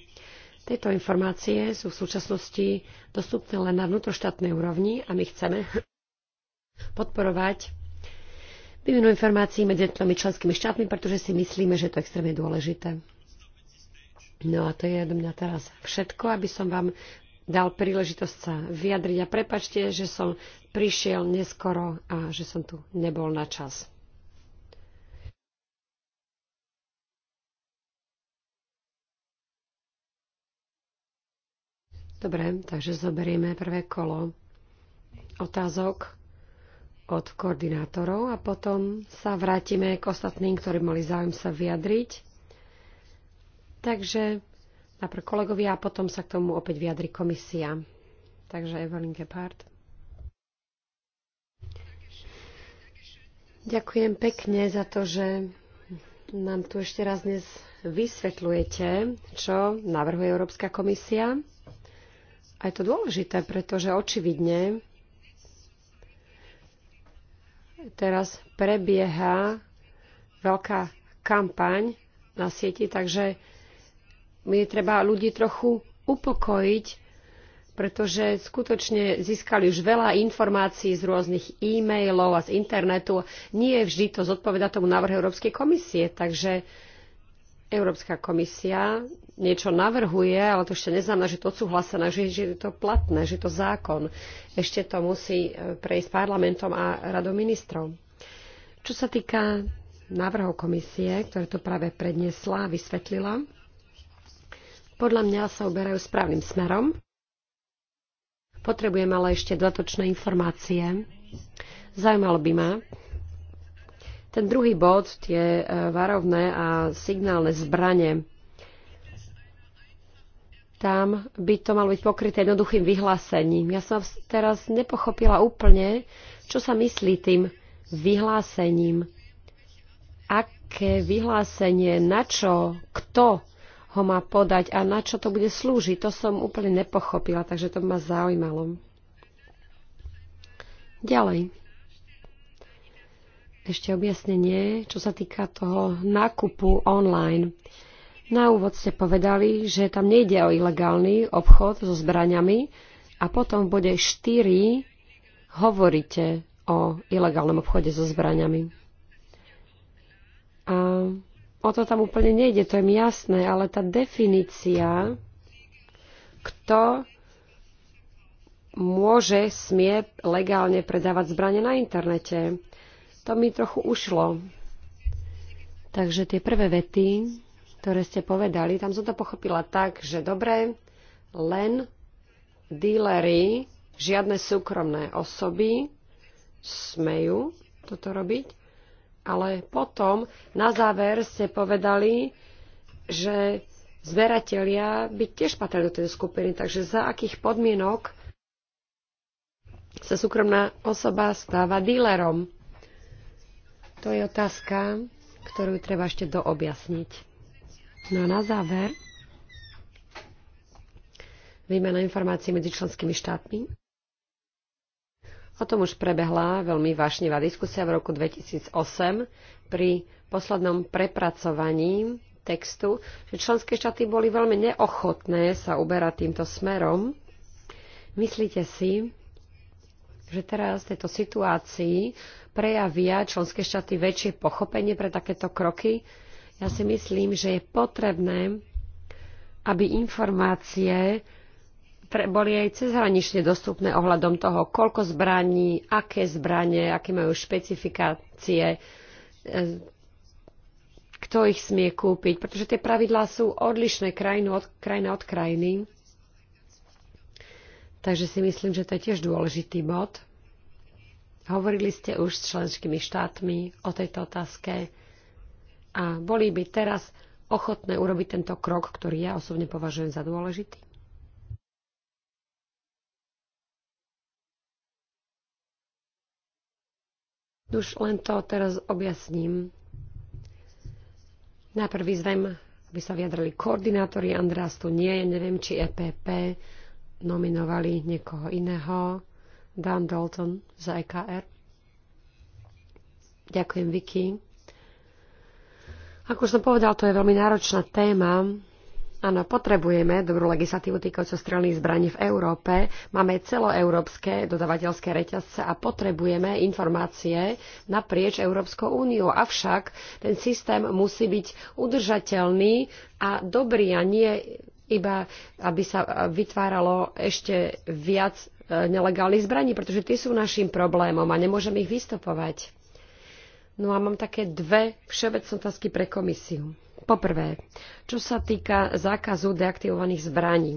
Tieto informácie sú v súčasnosti dostupné len na vnútroštátnej úrovni a my chceme podporovať vyvinú informácií medzi jednotlivými členskými štátmi, pretože si myslíme, že je to extrémne dôležité. No a to je do mňa teraz všetko, aby som vám dal príležitosť sa vyjadriť a prepačte, že som prišiel neskoro a že som tu nebol na čas. Dobre, takže zoberieme prvé kolo otázok od koordinátorov a potom sa vrátime k ostatným, ktorí mali záujem sa vyjadriť. Takže najprv kolegovia a potom sa k tomu opäť vyjadri komisia. Takže Evelyn Gephardt. Ďakujem pekne za to, že nám tu ešte raz dnes vysvetľujete, čo navrhuje Európska komisia. A je to dôležité, pretože očividne teraz prebieha veľká kampaň na sieti, takže mi treba ľudí trochu upokojiť, pretože skutočne získali už veľa informácií z rôznych e-mailov a z internetu. Nie vždy to zodpoveda tomu návrhu Európskej komisie, takže Európska komisia niečo navrhuje, ale to ešte neznamená, že to odsúhlasené, že, že je to platné, že je to zákon. Ešte to musí e, prejsť parlamentom a radou ministrov. Čo sa týka návrhov komisie, ktoré to práve predniesla a vysvetlila, podľa mňa sa uberajú správnym smerom. Potrebujem ale ešte dodatočné informácie. Zaujímalo by ma, ten druhý bod, tie e, varovné a signálne zbranie, tam by to malo byť pokryté jednoduchým vyhlásením. Ja som teraz nepochopila úplne, čo sa myslí tým vyhlásením. Aké vyhlásenie, na čo, kto ho má podať a na čo to bude slúžiť, to som úplne nepochopila, takže to ma zaujímalo. Ďalej ešte objasnenie, čo sa týka toho nákupu online. Na úvod ste povedali, že tam nejde o ilegálny obchod so zbraniami a potom v bode 4 hovoríte o ilegálnom obchode so zbraniami. A o to tam úplne nejde, to je mi jasné, ale tá definícia, kto môže, smie legálne predávať zbranie na internete to mi trochu ušlo. Takže tie prvé vety, ktoré ste povedali, tam som to pochopila tak, že dobre, len dílery, žiadne súkromné osoby smejú toto robiť, ale potom na záver ste povedali, že zberatelia by tiež patrili do tej skupiny, takže za akých podmienok sa súkromná osoba stáva dílerom. To je otázka, ktorú treba ešte doobjasniť. No a na záver, výmena informácií medzi členskými štátmi. O tom už prebehla veľmi vášnevá diskusia v roku 2008 pri poslednom prepracovaní textu, že členské štáty boli veľmi neochotné sa uberať týmto smerom. Myslíte si, že teraz v tejto situácii prejavia členské štáty väčšie pochopenie pre takéto kroky. Ja si myslím, že je potrebné, aby informácie boli aj cezhranične dostupné ohľadom toho, koľko zbraní, aké zbranie, aké majú špecifikácie, e, kto ich smie kúpiť, pretože tie pravidlá sú odlišné krajinu od, krajina od krajiny. Takže si myslím, že to je tiež dôležitý bod. Hovorili ste už s členskými štátmi o tejto otázke a boli by teraz ochotné urobiť tento krok, ktorý ja osobne považujem za dôležitý? Už len to teraz objasním. Najprv vyzvem, aby sa vyjadrali koordinátori. András tu nie je, neviem, či EPP nominovali niekoho iného, Dan Dalton z EKR. Ďakujem, Vicky. Ako už som povedal, to je veľmi náročná téma. Áno, potrebujeme dobrú legislatívu týkajúcu strelných zbraní v Európe. Máme celoeurópske dodavateľské reťazce a potrebujeme informácie naprieč Európskou úniu. Avšak ten systém musí byť udržateľný a dobrý a nie iba aby sa vytváralo ešte viac e, nelegálnych zbraní, pretože tie sú našim problémom a nemôžeme ich vystopovať. No a mám také dve všeobecné otázky pre komisiu. Poprvé, čo sa týka zákazu deaktivovaných zbraní.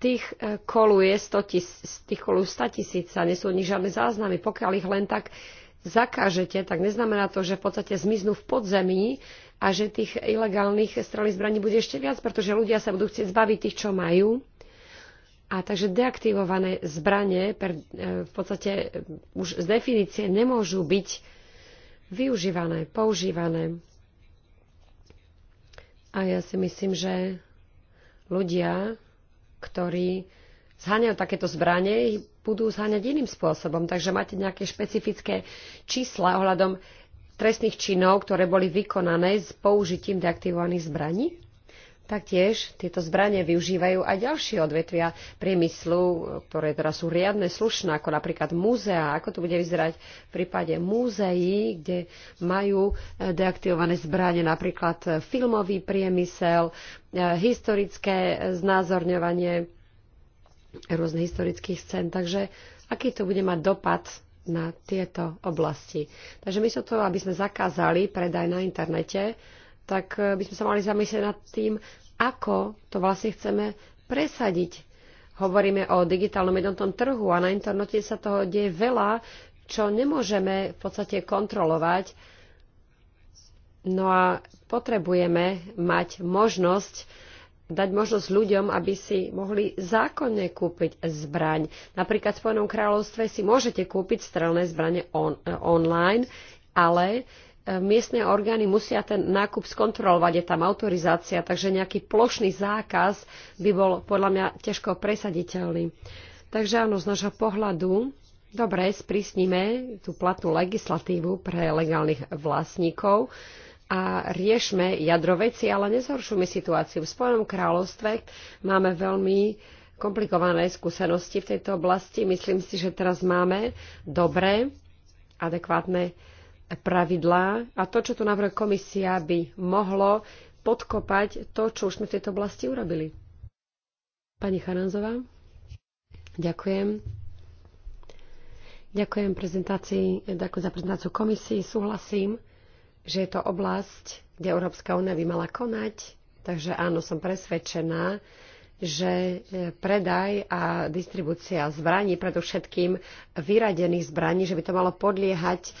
Tých e, koluje 100 tisíc, tých kolujú 100 tisíc a od nich žiadne záznamy. Pokiaľ ich len tak zakážete, tak neznamená to, že v podstate zmiznú v podzemí, a že tých ilegálnych strelných zbraní bude ešte viac, pretože ľudia sa budú chcieť zbaviť tých, čo majú. A takže deaktivované zbranie per, e, v podstate e, už z definície nemôžu byť využívané, používané. A ja si myslím, že ľudia, ktorí zháňajú takéto zbranie, budú zháňať iným spôsobom. Takže máte nejaké špecifické čísla ohľadom trestných činov, ktoré boli vykonané s použitím deaktivovaných zbraní? Taktiež tieto zbranie využívajú aj ďalšie odvetvia priemyslu, ktoré teraz sú riadne slušné, ako napríklad múzea. Ako to bude vyzerať v prípade múzeí, kde majú e, deaktivované zbranie napríklad e, filmový priemysel, e, historické znázorňovanie rôznych historických scén. Takže aký to bude mať dopad na tieto oblasti. Takže my to, aby sme zakázali predaj na internete, tak eh, by sme sa mali zamyslieť nad tým, ako to vlastne chceme presadiť. Hovoríme o digitálnom jednotnom trhu a na internete sa toho deje veľa, čo nemôžeme v podstate kontrolovať. No a potrebujeme mať možnosť dať možnosť ľuďom, aby si mohli zákonne kúpiť zbraň. Napríklad v Spojenom kráľovstve si môžete kúpiť strelné zbranie on, e, online, ale e, miestne orgány musia ten nákup skontrolovať, je tam autorizácia, takže nejaký plošný zákaz by bol podľa mňa ťažko presaditeľný. Takže áno, z nášho pohľadu, dobre, sprísnime tú platnú legislatívu pre legálnych vlastníkov, a riešme jadroveci, ale nezhoršujme situáciu. V Spojenom kráľovstve máme veľmi komplikované skúsenosti v tejto oblasti. Myslím si, že teraz máme dobré, adekvátne pravidlá a to, čo tu navrhuje komisia, by mohlo podkopať to, čo už sme v tejto oblasti urobili. Pani Charanzová, ďakujem. Ďakujem prezentácii, ďakujem za prezentáciu komisii, súhlasím že je to oblasť, kde Európska únia by mala konať. Takže áno, som presvedčená, že e, predaj a distribúcia zbraní, predovšetkým vyradených zbraní, že by to malo podliehať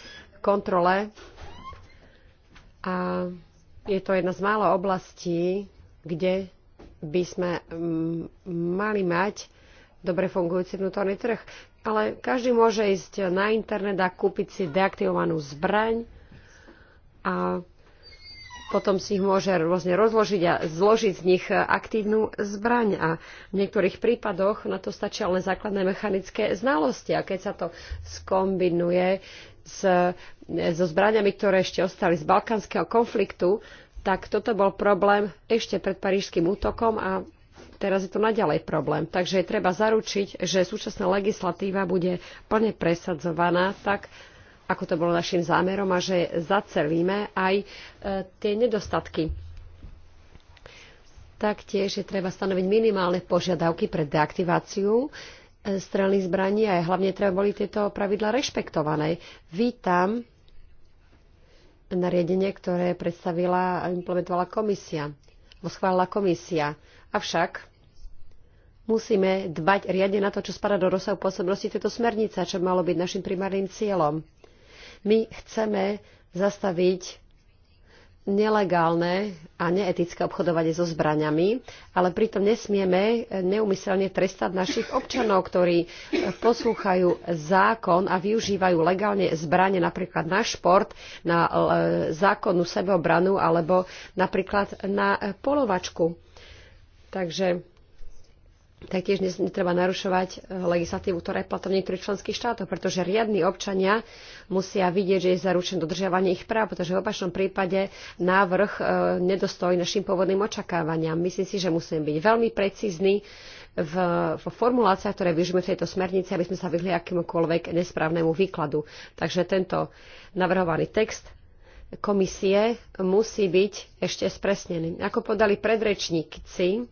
kontrole. A je to jedna z mála oblastí, kde by sme mm, mali mať dobre fungujúci vnútorný trh. Ale každý môže ísť na internet a kúpiť si deaktivovanú zbraň, a potom si ich môže rôzne rozložiť a zložiť z nich aktívnu zbraň. A v niektorých prípadoch na to stačia len základné mechanické znalosti. A keď sa to skombinuje s, so zbraňami, ktoré ešte ostali z balkánskeho konfliktu, tak toto bol problém ešte pred parížským útokom a teraz je to naďalej problém. Takže je treba zaručiť, že súčasná legislatíva bude plne presadzovaná tak, ako to bolo našim zámerom a že zacelíme aj e, tie nedostatky. Taktiež je treba stanoviť minimálne požiadavky pre deaktiváciu e, strelných zbraní a hlavne treba boli tieto pravidla rešpektované. Vítam nariadenie, ktoré predstavila a implementovala komisia, oschválila schválila komisia. Avšak musíme dbať riadne na to, čo spada do rozsahu pôsobnosti tejto smernice, čo malo byť našim primárnym cieľom. My chceme zastaviť nelegálne a neetické obchodovanie so zbraniami, ale pritom nesmieme neumyselne trestať našich občanov, ktorí poslúchajú zákon a využívajú legálne zbranie napríklad na šport, na e, zákonnú sebeobranu alebo napríklad na e, polovačku. Takže taktiež netreba narušovať e, legislatívu, ktorá je platná v niektorých členských štátoch, pretože riadni občania musia vidieť, že je zaručené dodržiavanie ich práv, pretože v opačnom prípade návrh e, nedostojí našim pôvodným očakávaniam. Myslím si, že musíme byť veľmi precízni v, v formuláciách, ktoré využijeme v tejto smernici, aby sme sa vyhli akémukoľvek nesprávnemu výkladu. Takže tento navrhovaný text komisie musí byť ešte spresnený. Ako podali predrečníci,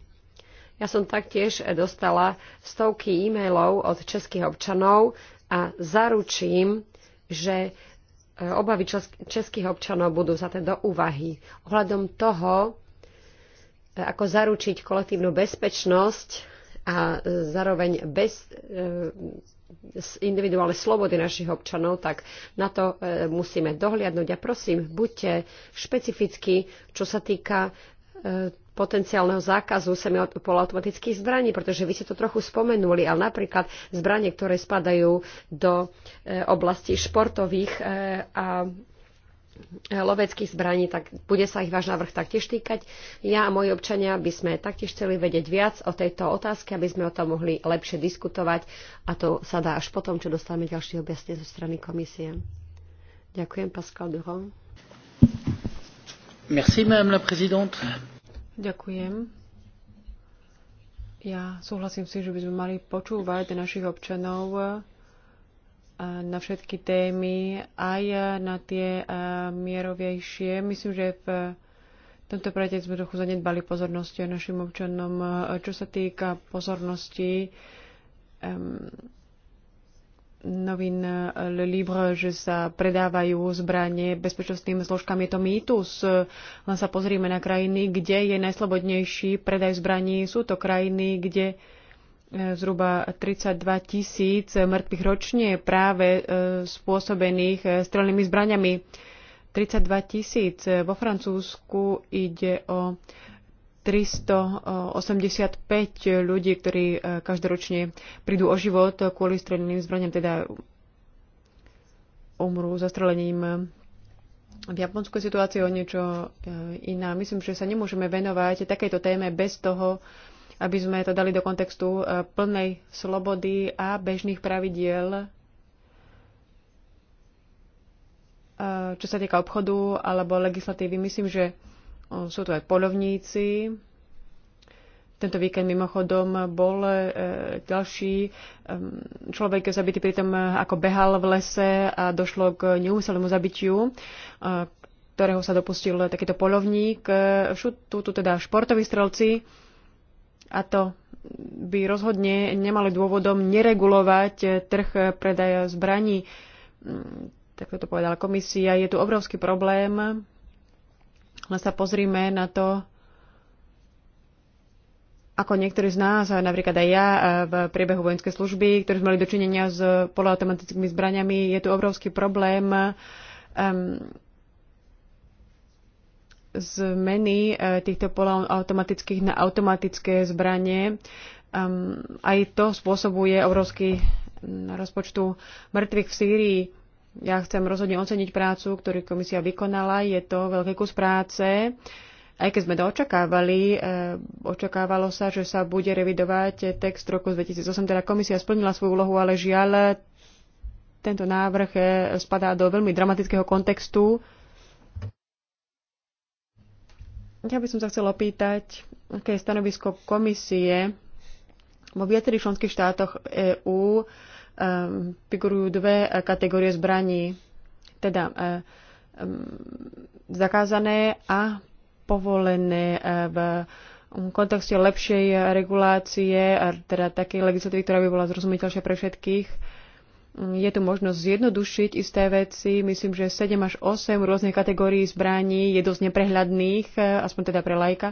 ja som taktiež dostala stovky e-mailov od českých občanov a zaručím, že e, obavy českých občanov budú za do úvahy. Ohľadom toho, e, ako zaručiť kolektívnu bezpečnosť a zároveň bez e, individuálne slobody našich občanov, tak na to musíme dohliadnúť. A prosím, buďte špecificky, čo sa týka potenciálneho zákazu semiautomatických zbraní, pretože vy ste to trochu spomenuli, ale napríklad zbranie, ktoré spadajú do eh, oblasti športových eh, a loveckých zbraní, tak bude sa ich váš návrh taktiež týkať. Ja a moji občania by sme taktiež chceli vedieť viac o tejto otázke, aby sme o tom mohli lepšie diskutovať a to sa dá až potom, čo dostávame ďalšie objasne zo strany komisie. Ďakujem, Pascal Duhon. Merci, madame la présidente. Ďakujem. Ja súhlasím si, že by sme mali počúvať našich občanov eh, na všetky témy, aj eh, na tie eh, mierovejšie. Myslím, že v tomto projekte sme trochu zanedbali pozornosti našim občanom. Čo sa týka pozornosti, novín Le Libre, že sa predávajú zbranie bezpečnostným zložkám. Je to mýtus. Len sa pozrieme na krajiny, kde je najslobodnejší predaj zbraní. Sú to krajiny, kde e, zhruba 32 tisíc mŕtvych ročne práve e, spôsobených e, strelnými zbraniami. 32 tisíc. Vo Francúzsku ide o 385 ľudí, ktorí e, každoročne prídu o život kvôli streleným zbraniam, teda umrú zastrelením. V Japonsku situácia je o niečo e, iná. Myslím, že sa nemôžeme venovať takejto téme bez toho, aby sme to dali do kontextu e, plnej slobody a bežných pravidiel, čo sa týka obchodu alebo legislatívy. Myslím, že sú tu aj polovníci. Tento víkend mimochodom bol e, ďalší e, človek zabitý pri tom, ako behal v lese a došlo k neúmyselnému zabitiu, e, ktorého sa dopustil takýto polovník. Sú tu teda športoví strelci a to by rozhodne nemali dôvodom neregulovať trh predaja zbraní. Mm, tak to povedala komisia. Je tu obrovský problém len sa pozrime na to, ako niektorí z nás, napríklad aj ja v priebehu vojenskej služby, ktorí sme mali dočinenia s poloautomatickými zbraniami, je tu obrovský problém um, zmeny e, týchto poloautomatických na automatické zbranie. Um, aj to spôsobuje obrovský mm, rozpočtu mŕtvych v Sýrii. Ja chcem rozhodne oceniť prácu, ktorú komisia vykonala. Je to veľký kus práce. Aj keď sme to očakávali, eh, očakávalo sa, že sa bude revidovať text roku 2008, teda komisia splnila svoju úlohu, ale žiaľ, tento návrh eh, spadá do veľmi dramatického kontextu. Ja by som sa chcela opýtať, aké je stanovisko komisie vo viacerých členských štátoch EÚ. Ehm, figurujú dve e, kategórie zbraní, teda e, ehm, zakázané a povolené e, v mm, kontexte lepšej regulácie, teda takej legislatívy, ktorá by bola zrozumiteľšia pre všetkých. Mm, je tu možnosť zjednodušiť isté veci. Myslím, že 7 až 8 rôznych kategórií zbraní je dosť neprehľadných, aspoň teda pre lajka.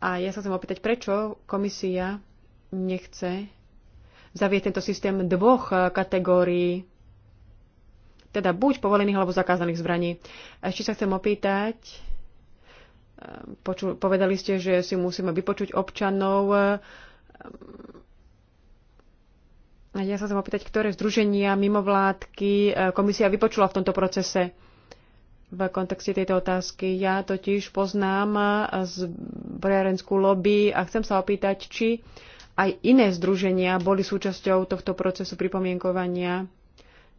A ja sa chcem opýtať, prečo komisia nechce zavie tento systém dvoch eh, kategórií, teda buď povolených alebo zakázaných zbraní. A ešte sa chcem opýtať, eh, poču, povedali ste, že si musíme vypočuť občanov. Eh, a ja sa chcem opýtať, ktoré združenia, mimovládky komisia vypočula v tomto procese v kontexte tejto otázky. Ja totiž poznám z zbrojárenskú lobby a chcem sa opýtať, či aj iné združenia boli súčasťou tohto procesu pripomienkovania.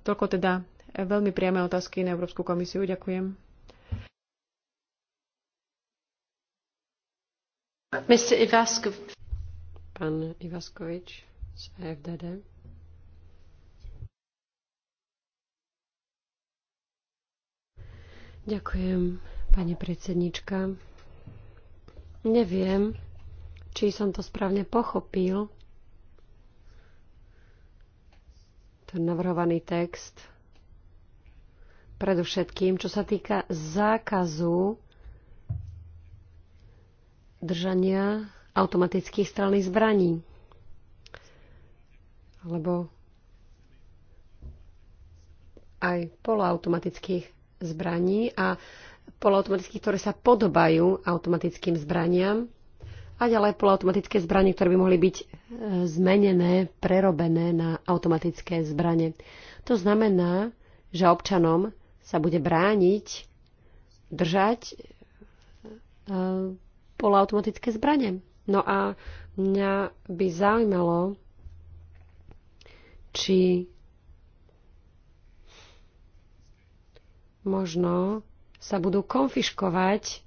Toľko teda veľmi priame otázky na Európsku komisiu. Ďakujem. Mr. Ivasko. Pán Ivaskovič z FDD. Ďakujem, pani predsednička. Neviem, či som to správne pochopil, ten navrhovaný text, predovšetkým, čo sa týka zákazu držania automatických strelných zbraní. Alebo aj poloautomatických zbraní a poloautomatických, ktoré sa podobajú automatickým zbraniam a ďalej polautomatické zbranie, ktoré by mohli byť e, zmenené, prerobené na automatické zbranie. To znamená, že občanom sa bude brániť držať e, polautomatické zbranie. No a mňa by zaujímalo, či možno sa budú konfiškovať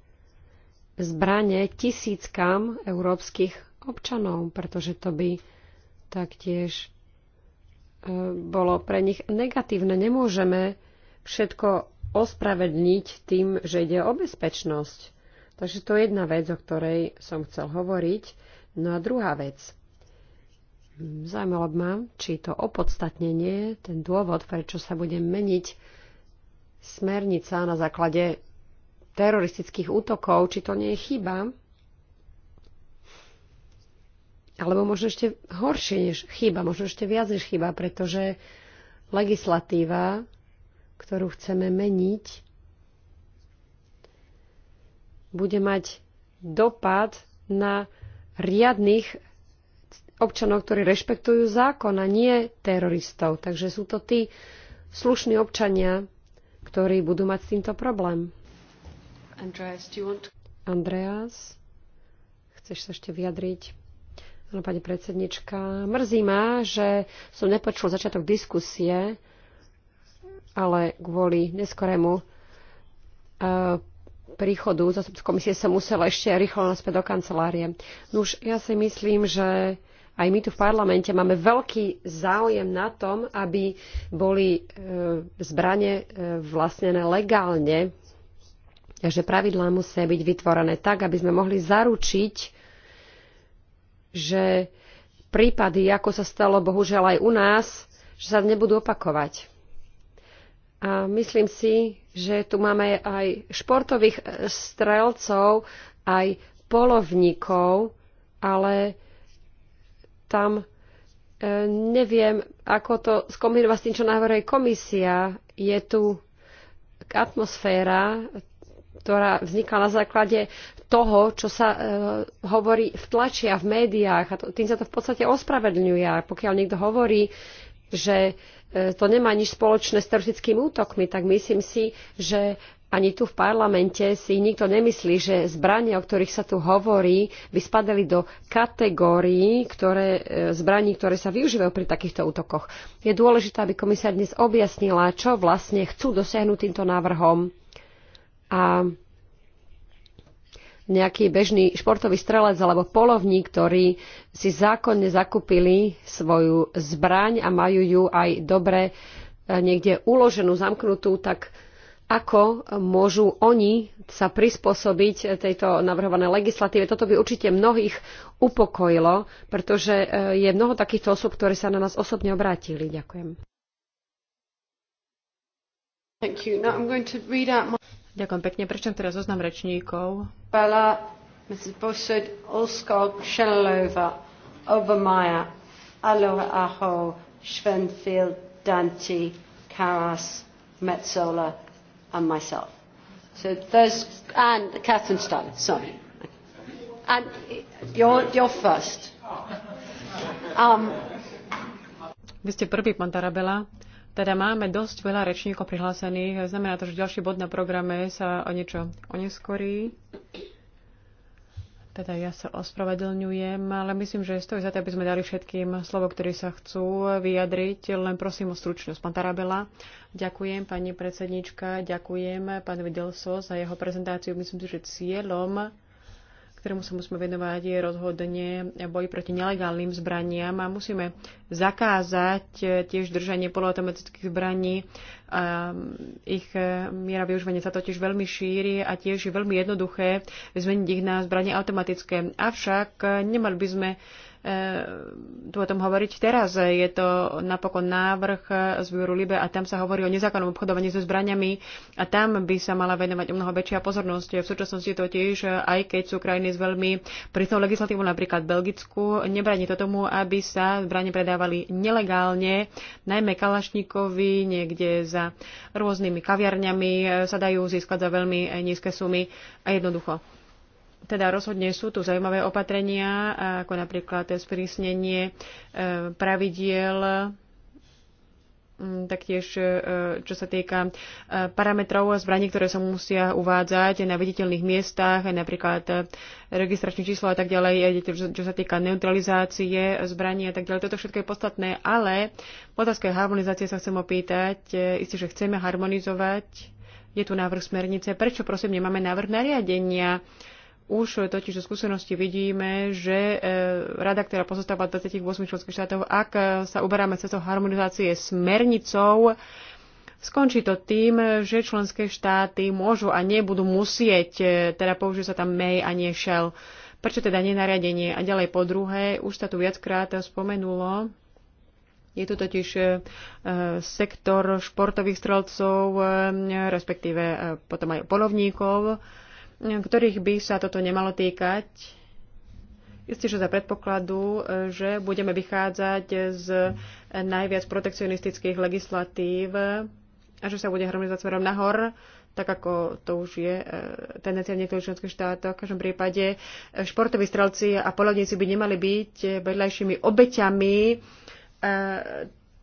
zbranie tisíckam európskych občanov, pretože to by taktiež e, bolo pre nich negatívne. Nemôžeme všetko ospravedniť tým, že ide o bezpečnosť. Takže to je jedna vec, o ktorej som chcel hovoriť. No a druhá vec. Zaujímalo by ma, či to opodstatnenie, ten dôvod, prečo sa bude meniť smernica na základe teroristických útokov, či to nie je chyba, alebo možno ešte horšie než chyba, možno ešte viac než chyba, pretože legislatíva, ktorú chceme meniť, bude mať dopad na riadných občanov, ktorí rešpektujú zákon a nie teroristov. Takže sú to tí slušní občania, ktorí budú mať s týmto problém. Andreas, do you want... Andreas, chceš sa ešte vyjadriť? Áno, pani predsednička. Mrzí ma, že som nepočul začiatok diskusie, ale kvôli neskorému uh, príchodu zástupcu komisie som musela ešte rýchlo naspäť do kancelárie. No už ja si myslím, že aj my tu v parlamente máme veľký záujem na tom, aby boli e, zbranie e, vlastnené legálne. Takže pravidlá musia byť vytvorené tak, aby sme mohli zaručiť, že prípady, ako sa stalo bohužiaľ aj u nás, že sa nebudú opakovať. A myslím si, že tu máme aj športových e, strelcov, aj polovníkov, ale tam e, neviem, ako to skombinovať s tým, čo navrhuje komisia. Je tu atmosféra ktorá vzniká na základe toho, čo sa e, hovorí v tlači a v médiách. A to, tým sa to v podstate ospravedlňuje. pokiaľ niekto hovorí, že e, to nemá nič spoločné s teroristickými útokmi, tak myslím si, že ani tu v parlamente si nikto nemyslí, že zbranie, o ktorých sa tu hovorí, by spadali do kategórií ktoré, e, zbraní, ktoré sa využívajú pri takýchto útokoch. Je dôležité, aby komisár dnes objasnila, čo vlastne chcú dosiahnuť týmto návrhom a nejaký bežný športový strelec alebo polovník, ktorí si zákonne zakúpili svoju zbraň a majú ju aj dobre e, niekde uloženú, zamknutú, tak ako môžu oni sa prispôsobiť tejto navrhovanej legislatíve. Toto by určite mnohých upokojilo, pretože e, je mnoho takýchto osôb, ktoré sa na nás osobne obrátili. Ďakujem. My... Ďakujem pekne. Prečo teraz zoznam rečníkov? Bella, Mrs. Bushard, Olskog, Shenlova, Obermeyer, Aloha Aho, Schwenfield, Dante, Karas, Metzola and myself. So there's, and Catherine Stein, sorry. And you're, you're first. Um, Vy ste prvý, pán Tarabela. Teda máme dosť veľa rečníkov prihlásených. Znamená to, že ďalší bod na programe sa o niečo oneskorí. Teda ja sa ospravedlňujem, ale myslím, že stojí za to, aby sme dali všetkým slovo, ktorí sa chcú vyjadriť. Len prosím o stručnosť. Pán Tarabela, ďakujem pani predsednička, ďakujem pánovi Delso za jeho prezentáciu. Myslím si, že cieľom ktorému sa musíme venovať, je rozhodne boj proti nelegálnym zbraniam a musíme zakázať tiež držanie poloautomatických zbraní Ehm, ich e, miera využívania sa totiž veľmi šíri a tiež je veľmi jednoduché zmeniť ich na zbranie automatické. Avšak e, nemali by sme e, tu o tom hovoriť teraz. Je to napokon návrh z výboru Libe a tam sa hovorí o nezákonnom obchodovaní so zbraniami a tam by sa mala venovať o mnoho väčšia pozornosť. V súčasnosti totiž, aj keď sú krajiny s veľmi prísnou legislatívou, napríklad Belgicku, nebráni to tomu, aby sa zbranie predávali nelegálne, najmä Kalašníkovi niekde z za rôznymi kaviarňami e, sa dajú získať za veľmi e, nízke sumy a jednoducho. Teda rozhodne sú tu zaujímavé opatrenia, ako napríklad sprísnenie e, pravidiel Mm, taktiež e, čo sa týka e, parametrov a zbraní, ktoré sa musia uvádzať na viditeľných miestach, napríklad e, registračné číslo a tak ďalej, čo sa týka neutralizácie zbraní a tak ďalej. Toto všetko je podstatné, ale v otázke harmonizácie sa chcem opýtať, isté, že chceme harmonizovať, je tu návrh smernice, prečo prosím nemáme návrh nariadenia, už totiž zo skúsenosti vidíme, že e, rada, ktorá pozostáva 28 členských štátov, ak e, sa uberáme cestou harmonizácie smernicou, skončí to tým, že členské štáty môžu a nebudú musieť, e, teda použiť sa tam may a nie shall. Prečo teda nenariadenie? A ďalej po druhé, už sa tu viackrát spomenulo, je tu totiž sektor športových strelcov, respektíve potom aj polovníkov, ktorých by sa toto nemalo týkať. Isté, že za predpokladu, že budeme vychádzať z najviac protekcionistických legislatív a že sa bude harmonizovať smerom nahor, tak ako to už je e, tendencia v niektorých členských štátoch. V každom prípade e, športoví strelci a polovníci by nemali byť e, vedľajšími obeťami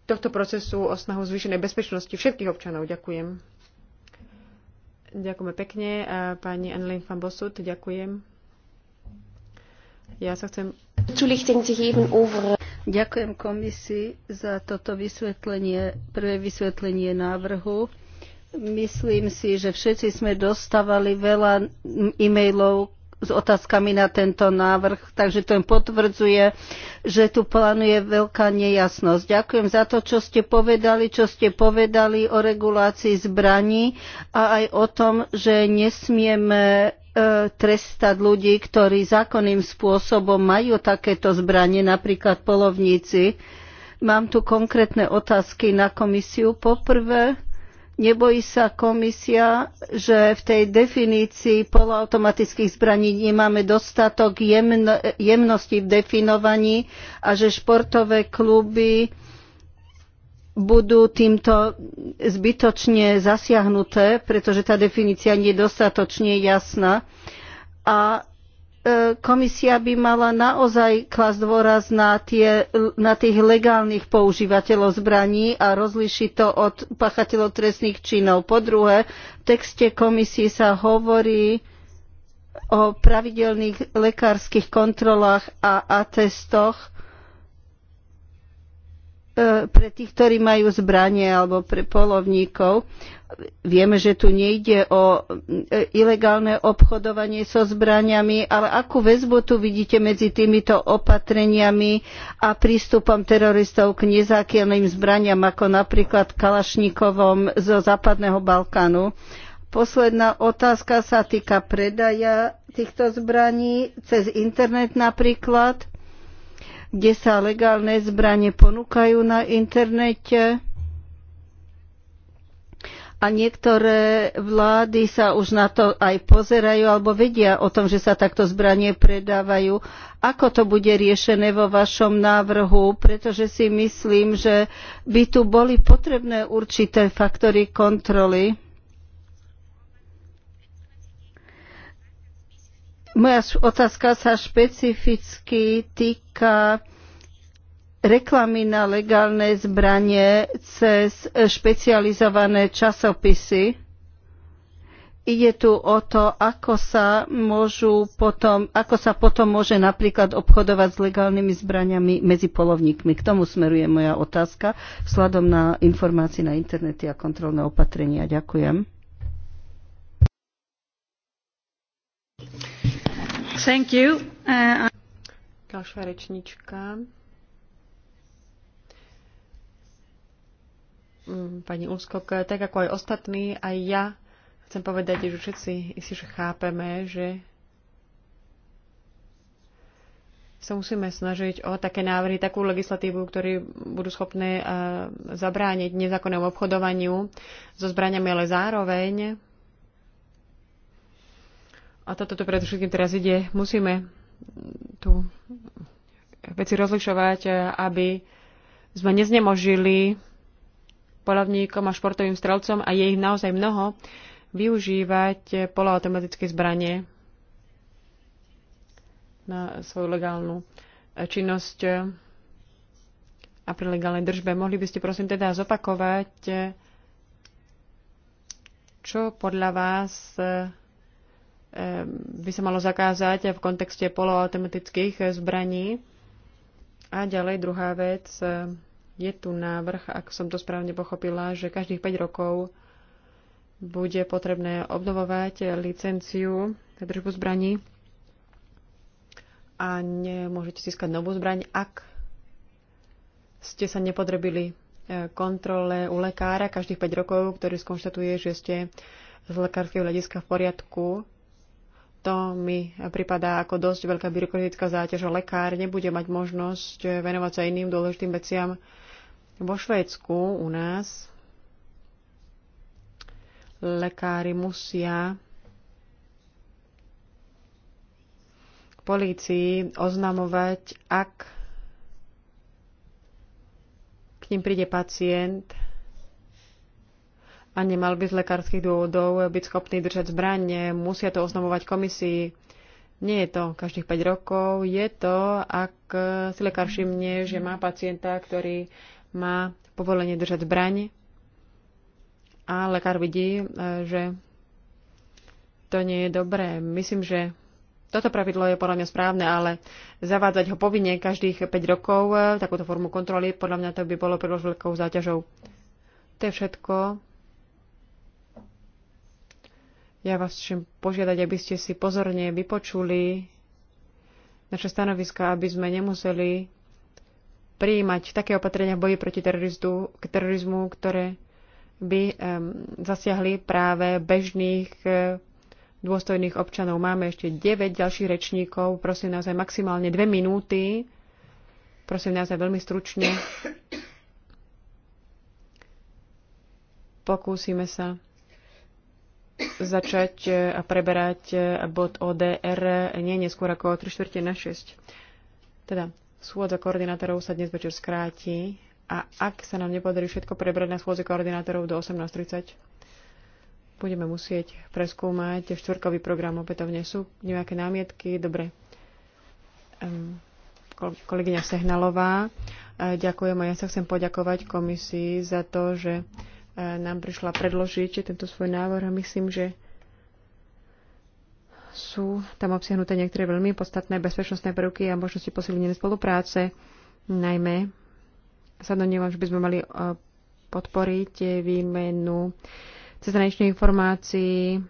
tohto procesu o snahu zvýšenej bezpečnosti všetkých občanov. Ďakujem. Ďakujeme pekne. Pani Annelien van Bossut, ďakujem. Ja sa chcem... Ďakujem komisii za toto vysvetlenie, prvé vysvetlenie návrhu. Myslím si, že všetci sme dostávali veľa e-mailov s otázkami na tento návrh, takže to im potvrdzuje, že tu plánuje veľká nejasnosť. Ďakujem za to, čo ste povedali, čo ste povedali o regulácii zbraní a aj o tom, že nesmieme e, trestať ľudí, ktorí zákonným spôsobom majú takéto zbranie, napríklad polovníci. Mám tu konkrétne otázky na komisiu. Poprvé, Nebojí sa komisia, že v tej definícii poloautomatických zbraní nemáme dostatok jemnosti v definovaní a že športové kluby budú týmto zbytočne zasiahnuté, pretože tá definícia nie je dostatočne jasná. A E, komisia by mala naozaj klas dôraz na, tie, na tých legálnych používateľov zbraní a rozlišiť to od pachateľov trestných činov. Po druhé, v texte komisie sa hovorí o pravidelných lekárskych kontrolách a atestoch E, pre tých, ktorí majú zbranie alebo pre polovníkov. Vieme, že tu nejde o e, ilegálne obchodovanie so zbraniami, ale akú väzbu tu vidíte medzi týmito opatreniami a prístupom teroristov k nezákonným zbraniam, ako napríklad Kalašnikovom zo západného Balkánu? Posledná otázka sa týka predaja týchto zbraní cez internet napríklad kde sa legálne zbranie ponúkajú na internete a niektoré vlády sa už na to aj pozerajú alebo vedia o tom, že sa takto zbranie predávajú. Ako to bude riešené vo vašom návrhu? Pretože si myslím, že by tu boli potrebné určité faktory kontroly. Moja otázka sa špecificky týka týka reklamy na legálne zbranie cez špecializované časopisy. Ide tu o to, ako sa, môžu potom, ako sa potom môže napríklad obchodovať s legálnymi zbraniami medzi polovníkmi. K tomu smeruje moja otázka, vzhľadom na informácie na internety a kontrolné opatrenia. Ďakujem. Thank you. Uh, Ďalšia rečnička. Mm, pani Úskok, tak ako aj ostatní, aj ja chcem povedať, že všetci si že chápeme, že sa musíme snažiť o také návrhy, takú legislatívu, ktorí budú schopné eh, zabrániť nezákonnému obchodovaniu so zbraniami, ale zároveň a toto tu predovšetkým teraz ide, musíme tu veci rozlišovať, e, aby sme neznemožili polovníkom a športovým strelcom, a je ich naozaj mnoho, využívať e, poloautomatické zbranie na svoju legálnu e, činnosť a pri legálnej držbe. Mohli by ste prosím teda zopakovať, čo podľa vás by sa malo zakázať v kontexte poloautomatických zbraní. A ďalej druhá vec, je tu návrh, ak som to správne pochopila, že každých 5 rokov bude potrebné obnovovať licenciu na držbu zbraní a nemôžete získať novú zbraň, ak ste sa nepodrebili e, kontrole u lekára každých 5 rokov, ktorý skonštatuje, že ste z lekárskeho hľadiska v poriadku to mi pripadá ako dosť veľká byrokratická záťaž a lekár nebude mať možnosť venovať sa iným dôležitým veciam. Vo Švédsku u nás lekári musia polícii oznamovať, ak k ním príde pacient a nemal by z lekárskych dôvodov byť schopný držať zbranie, musia to oznamovať komisii. Nie je to každých 5 rokov, je to, ak si lekár všimne, že má pacienta, ktorý má povolenie držať zbraň a lekár vidí, e, že to nie je dobré. Myslím, že toto pravidlo je podľa mňa správne, ale zavádzať ho povinne každých 5 rokov, e, takúto formu kontroly, podľa mňa to by bolo príliš veľkou záťažou. To je všetko ja vás chcem požiadať, aby ste si pozorne vypočuli naše stanoviska, aby sme nemuseli prijímať také opatrenia v boji proti terorizmu, ktoré by um, zasiahli práve bežných uh, dôstojných občanov. Máme ešte 9 ďalších rečníkov. Prosím naozaj maximálne 2 minúty. Prosím naozaj veľmi stručne. Pokúsime sa začať e, a preberať e, bod ODR nie neskôr ako o 3 čtvrte na 6. Teda schôdza koordinátorov sa dnes večer skráti a ak sa nám nepodarí všetko prebrať na schôdze koordinátorov do 18.30, budeme musieť preskúmať štvrkový program opätovne. Sú nejaké námietky? Dobre. Um, kolegyňa Sehnalová. E, ďakujem a ja sa chcem poďakovať komisii za to, že nám prišla predložiť tento svoj návrh a myslím, že sú tam obsiahnuté niektoré veľmi podstatné bezpečnostné prvky a možnosti posilnenej spolupráce. Najmä sa domnievam, že by sme mali e, podporiť výmenu cezhraničných informácií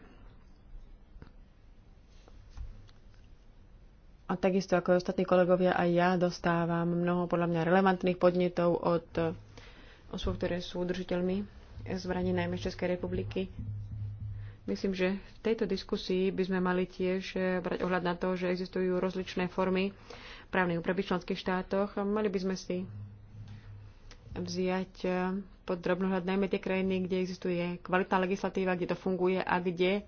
a takisto ako ostatní kolegovia aj ja dostávam mnoho podľa mňa relevantných podnetov od osôb, ktoré sú udržiteľmi zbraní najmä z Českej republiky. Myslím, že v tejto diskusii by sme mali tiež eh, brať ohľad na to, že existujú rozličné formy právnej úpravy v členských štátoch. Mali by sme si vziať eh, pod drobnohľad najmä tie krajiny, kde existuje kvalitná legislatíva, kde to funguje a kde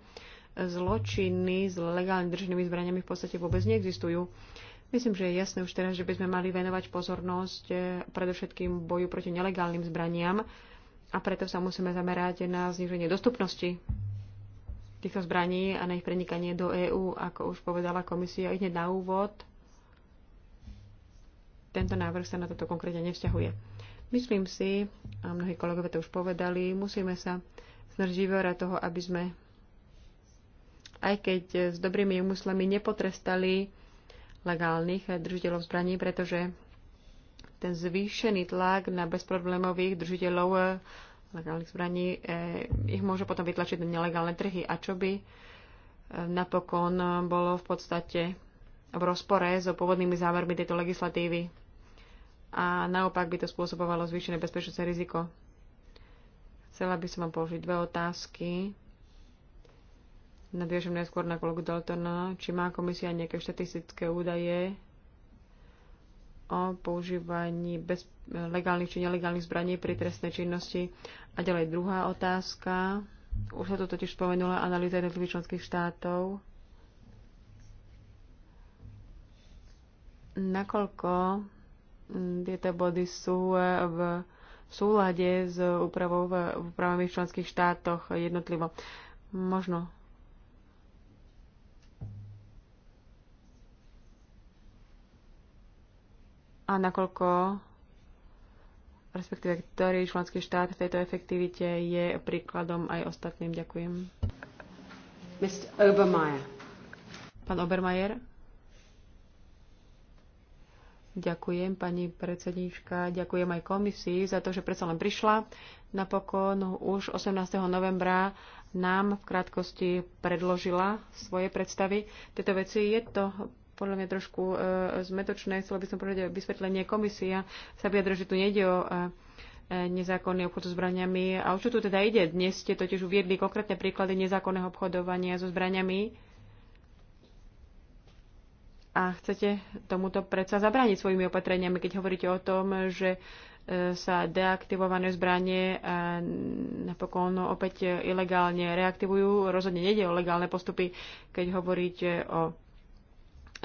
zločiny s legálne drženými zbraniami v podstate vôbec neexistujú. Myslím, že je jasné už teraz, že by sme mali venovať pozornosť eh, predovšetkým boju proti nelegálnym zbraniam, a preto sa musíme zamerať na zniženie dostupnosti týchto zbraní a na ich prenikanie do EÚ, ako už povedala komisia hneď na úvod. Tento návrh sa na toto konkrétne nevzťahuje. Myslím si, a mnohí kolegovia to už povedali, musíme sa snažiť vyvarať toho, aby sme, aj keď s dobrými úmyslami nepotrestali legálnych držiteľov zbraní, pretože ten zvýšený tlak na bezproblémových držiteľov eh, legálnych zbraní, eh, ich môže potom vytlačiť na nelegálne trhy. A čo by eh, napokon bolo v podstate v rozpore so pôvodnými závermi tejto legislatívy. A naopak by to spôsobovalo zvýšené bezpečnostné riziko. Chcela by som vám položiť dve otázky. Nadviežem najskôr na kolegu Daltona. Či má komisia nejaké štatistické údaje o používaní bez, legálnych či nelegálnych zbraní pri trestnej činnosti. A ďalej druhá otázka. Už sa to totiž spomenula analýza jednotlivých členských štátov. Nakoľko mm, tieto body sú e, v súlade s úpravou v, v členských štátoch jednotlivo. Možno a nakoľko respektíve ktorý členský štát v tejto efektivite je príkladom aj ostatným. Ďakujem. Mr. Obermeier. Pán Obermeier. Ďakujem, pani predsedníčka. Ďakujem aj komisii za to, že predsa len prišla. Napokon už 18. novembra nám v krátkosti predložila svoje predstavy. Tieto veci je to podľa mňa trošku e, zmetočné. Chcela by som povedať vysvetlenie. Komisia sa vyjadra, že tu nejde o e, e, nezákonný obchod so zbraniami. A o čo tu teda ide? Dnes ste totiž uviedli konkrétne príklady nezákonného obchodovania so zbraniami. A chcete tomuto predsa zabrániť svojimi opatreniami, keď hovoríte o tom, že e, sa deaktivované zbranie e, napokon opäť ilegálne reaktivujú. Rozhodne nejde o legálne postupy, keď hovoríte o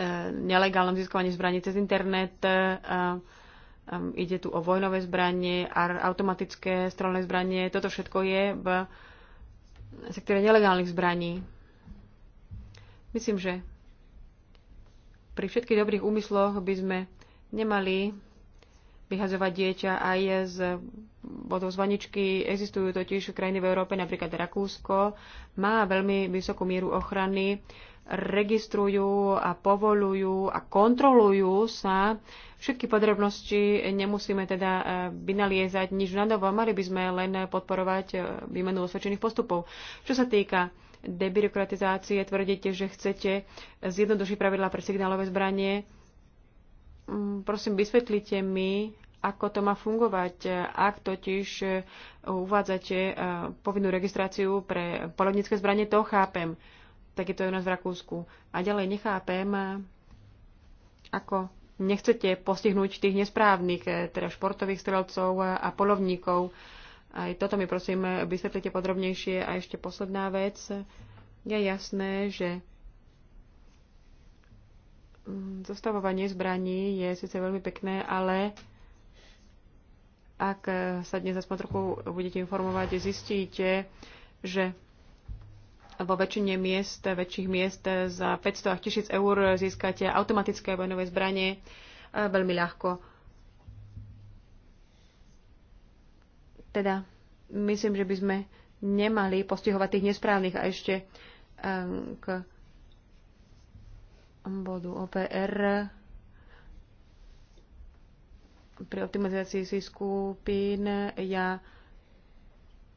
E, nelegálnom získovaní zbraní cez internet. E, ide tu o vojnové zbranie, automatické strelné zbranie. Toto všetko je v sektore nelegálnych zbraní. Myslím, že pri všetkých dobrých úmysloch by sme nemali vyhazovať dieťa aj z bodov zvaničky. Existujú totiž krajiny v Európe, napríklad Rakúsko, má veľmi vysokú mieru ochrany registrujú a povolujú a kontrolujú sa. Všetky podrobnosti nemusíme teda e, vynaliezať nič na novo, mali by sme len podporovať e, výmenu osvedčených postupov. Čo sa týka debirokratizácie, tvrdíte, že chcete zjednodušiť pravidlá pre signálové zbranie. Mm, prosím, vysvetlite mi, ako to má fungovať, ak totiž e, uvádzate povinnú registráciu pre polovnícke zbranie, to chápem tak je to u nás v Rakúsku. A ďalej nechápem, ako nechcete postihnúť tých nesprávnych, eh, teda športových strelcov a polovníkov. Aj toto mi prosím vysvetlite podrobnejšie. A ešte posledná vec. Je jasné, že mm, zostavovanie zbraní je síce veľmi pekné, ale ak eh, sa dnes aspoň trochu budete informovať, zistíte, že vo väčšine miest, väčších miest za 500 až 1000 eur získate automatické vojnové zbranie e, veľmi ľahko. Teda myslím, že by sme nemali postihovať tých nesprávnych a ešte e, k bodu OPR pri optimizácii skupín ja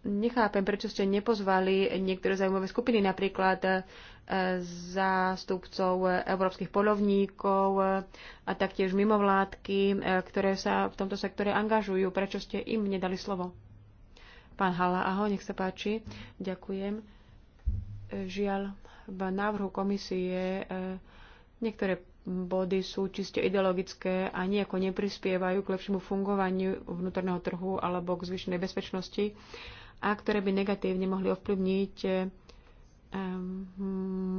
nechápem, prečo ste nepozvali niektoré zaujímavé skupiny, napríklad e, zástupcov európskych polovníkov e, a taktiež mimovládky, e, ktoré sa v tomto sektore angažujú. Prečo ste im nedali slovo? Pán Hala, aho, nech sa páči. Ďakujem. Žiaľ, v návrhu komisie niektoré body sú čiste ideologické a nejako neprispievajú k lepšiemu fungovaniu vnútorného trhu alebo k zvyšenej bezpečnosti a ktoré by negatívne mohli ovplyvniť eh,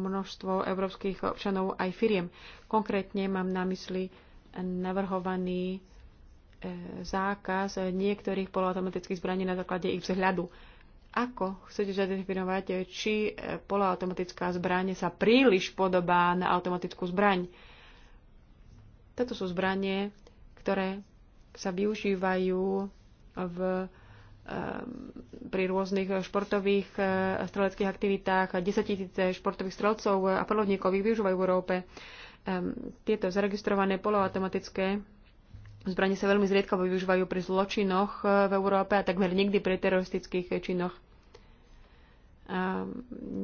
množstvo európskych občanov aj firiem. Konkrétne mám na mysli navrhovaný eh, zákaz niektorých poloautomatických zbraní na základe ich vzhľadu. Ako chcete zadefinovať, eh, či poloautomatická zbraň sa príliš podobá na automatickú zbraň? Toto sú zbranie, ktoré sa využívajú v pri rôznych športových e, streleckých aktivitách. 10 tisíce športových strelcov a polovníkov ich využívajú v Európe. Tieto zaregistrované poloautomatické zbranie sa veľmi zriedkavo využívajú pri zločinoch e, v Európe a takmer nikdy pri teroristických činoch. A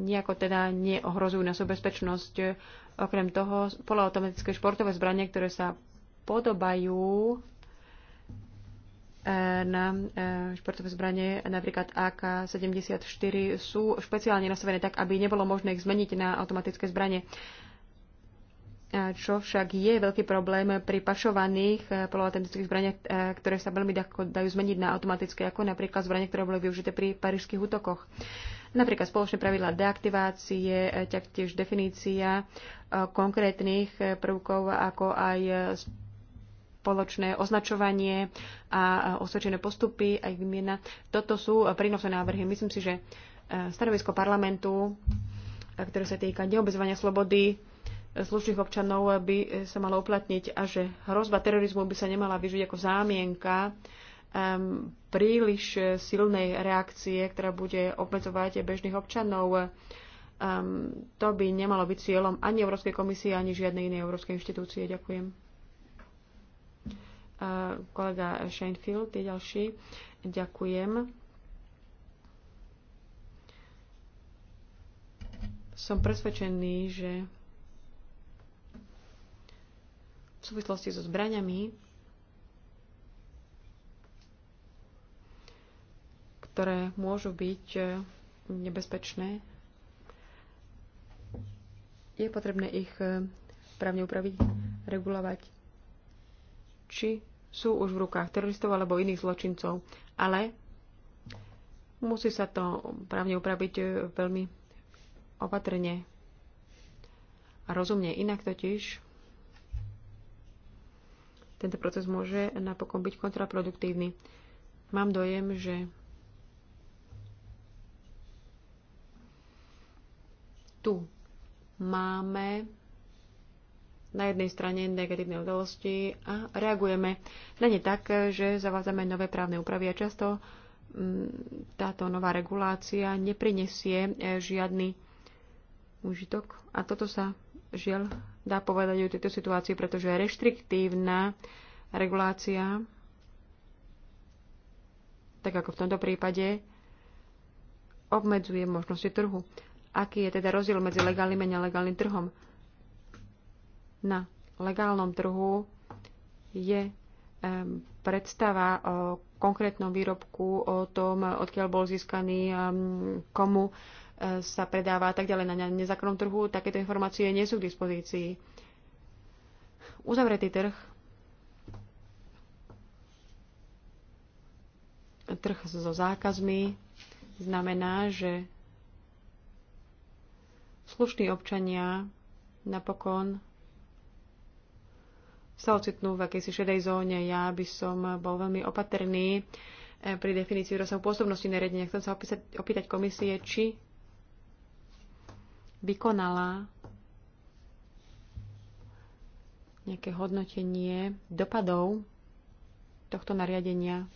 nejako teda neohrozujú našu bezpečnosť. Okrem toho, poloautomatické športové zbranie, ktoré sa podobajú E, na e, športové zbranie, napríklad AK-74, sú špeciálne nastavené tak, aby nebolo možné ich zmeniť na automatické zbranie. E, čo však je veľký problém pri pašovaných poloautomatických zbraniach, ktoré sa veľmi dajú zmeniť na automatické, ako napríklad zbranie, ktoré boli využité pri parížských útokoch. Napríklad spoločné pravidla deaktivácie, taktiež definícia konkrétnych prvkov, ako aj spoločné označovanie a osvedčené postupy, aj výmiena. Toto sú prínosné návrhy. Myslím si, že e, stanovisko parlamentu, e, ktoré sa týka neobezvania slobody slušných e, občanov, by sa malo uplatniť a že hrozba terorizmu by sa nemala vyžiť ako zámienka príliš silnej reakcie, ktorá bude obmedzovať bežných občanov. Um, to by nemalo byť cieľom ani Európskej komisie, ani žiadnej inej európskej inštitúcie. Ďakujem kolega Shanefield je ďalší. Ďakujem. Som presvedčený, že v súvislosti so zbraňami, ktoré môžu byť eh, nebezpečné, je potrebné ich eh, právne upraviť, regulovať. Či sú už v rukách teroristov alebo iných zločincov. Ale musí sa to právne upraviť e, veľmi opatrne a rozumne. Inak totiž tento proces môže napokon byť kontraproduktívny. Mám dojem, že tu máme na jednej strane negatívne udalosti a reagujeme na ne tak, že zavádzame nové právne úpravy a často mm, táto nová regulácia neprinesie e, žiadny užitok. A toto sa žiaľ dá povedať o tejto situácii, pretože reštriktívna regulácia, tak ako v tomto prípade, obmedzuje možnosti trhu. Aký je teda rozdiel medzi legálnym a nelegálnym trhom? na legálnom trhu je predstava o konkrétnom výrobku, o tom, odkiaľ bol získaný, komu eh, sa predáva a tak ďalej na nezákonnom trhu, takéto informácie nie sú k dispozícii. Uzavretý trh, trh so zákazmi, znamená, že slušní občania napokon sa ocitnú v akejsi šedej zóne. Ja by som bol veľmi opatrný eh, pri definícii rozsahu pôsobnosti nariadenia. Chcem sa opýtať, opýtať komisie, či vykonala nejaké hodnotenie dopadov tohto nariadenia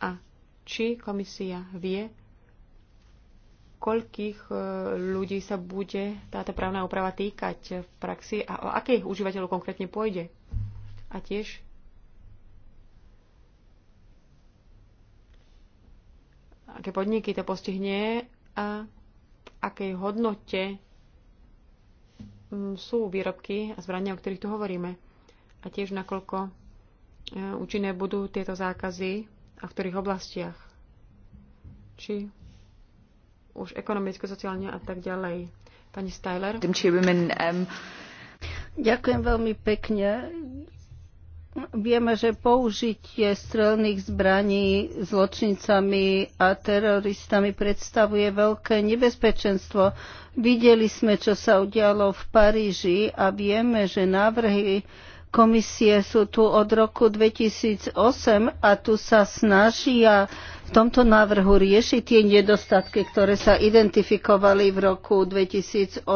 a či komisia vie, koľkých eh, ľudí sa bude táto právna úprava týkať v praxi a o akých užívateľov konkrétne pôjde a tiež aké podniky to postihne a akej hodnote mm, sú výrobky a zbrania, o ktorých tu hovoríme. A tiež nakoľko e, účinné budú tieto zákazy a v ktorých oblastiach. Či už ekonomicky, sociálne a tak ďalej. Pani Styler. Um, Ďakujem veľmi pekne. Vieme, že použitie strelných zbraní zločincami a teroristami predstavuje veľké nebezpečenstvo. Videli sme, čo sa udialo v Paríži a vieme, že návrhy komisie sú tu od roku 2008 a tu sa snažia v tomto návrhu riešiť tie nedostatky, ktoré sa identifikovali v roku 2008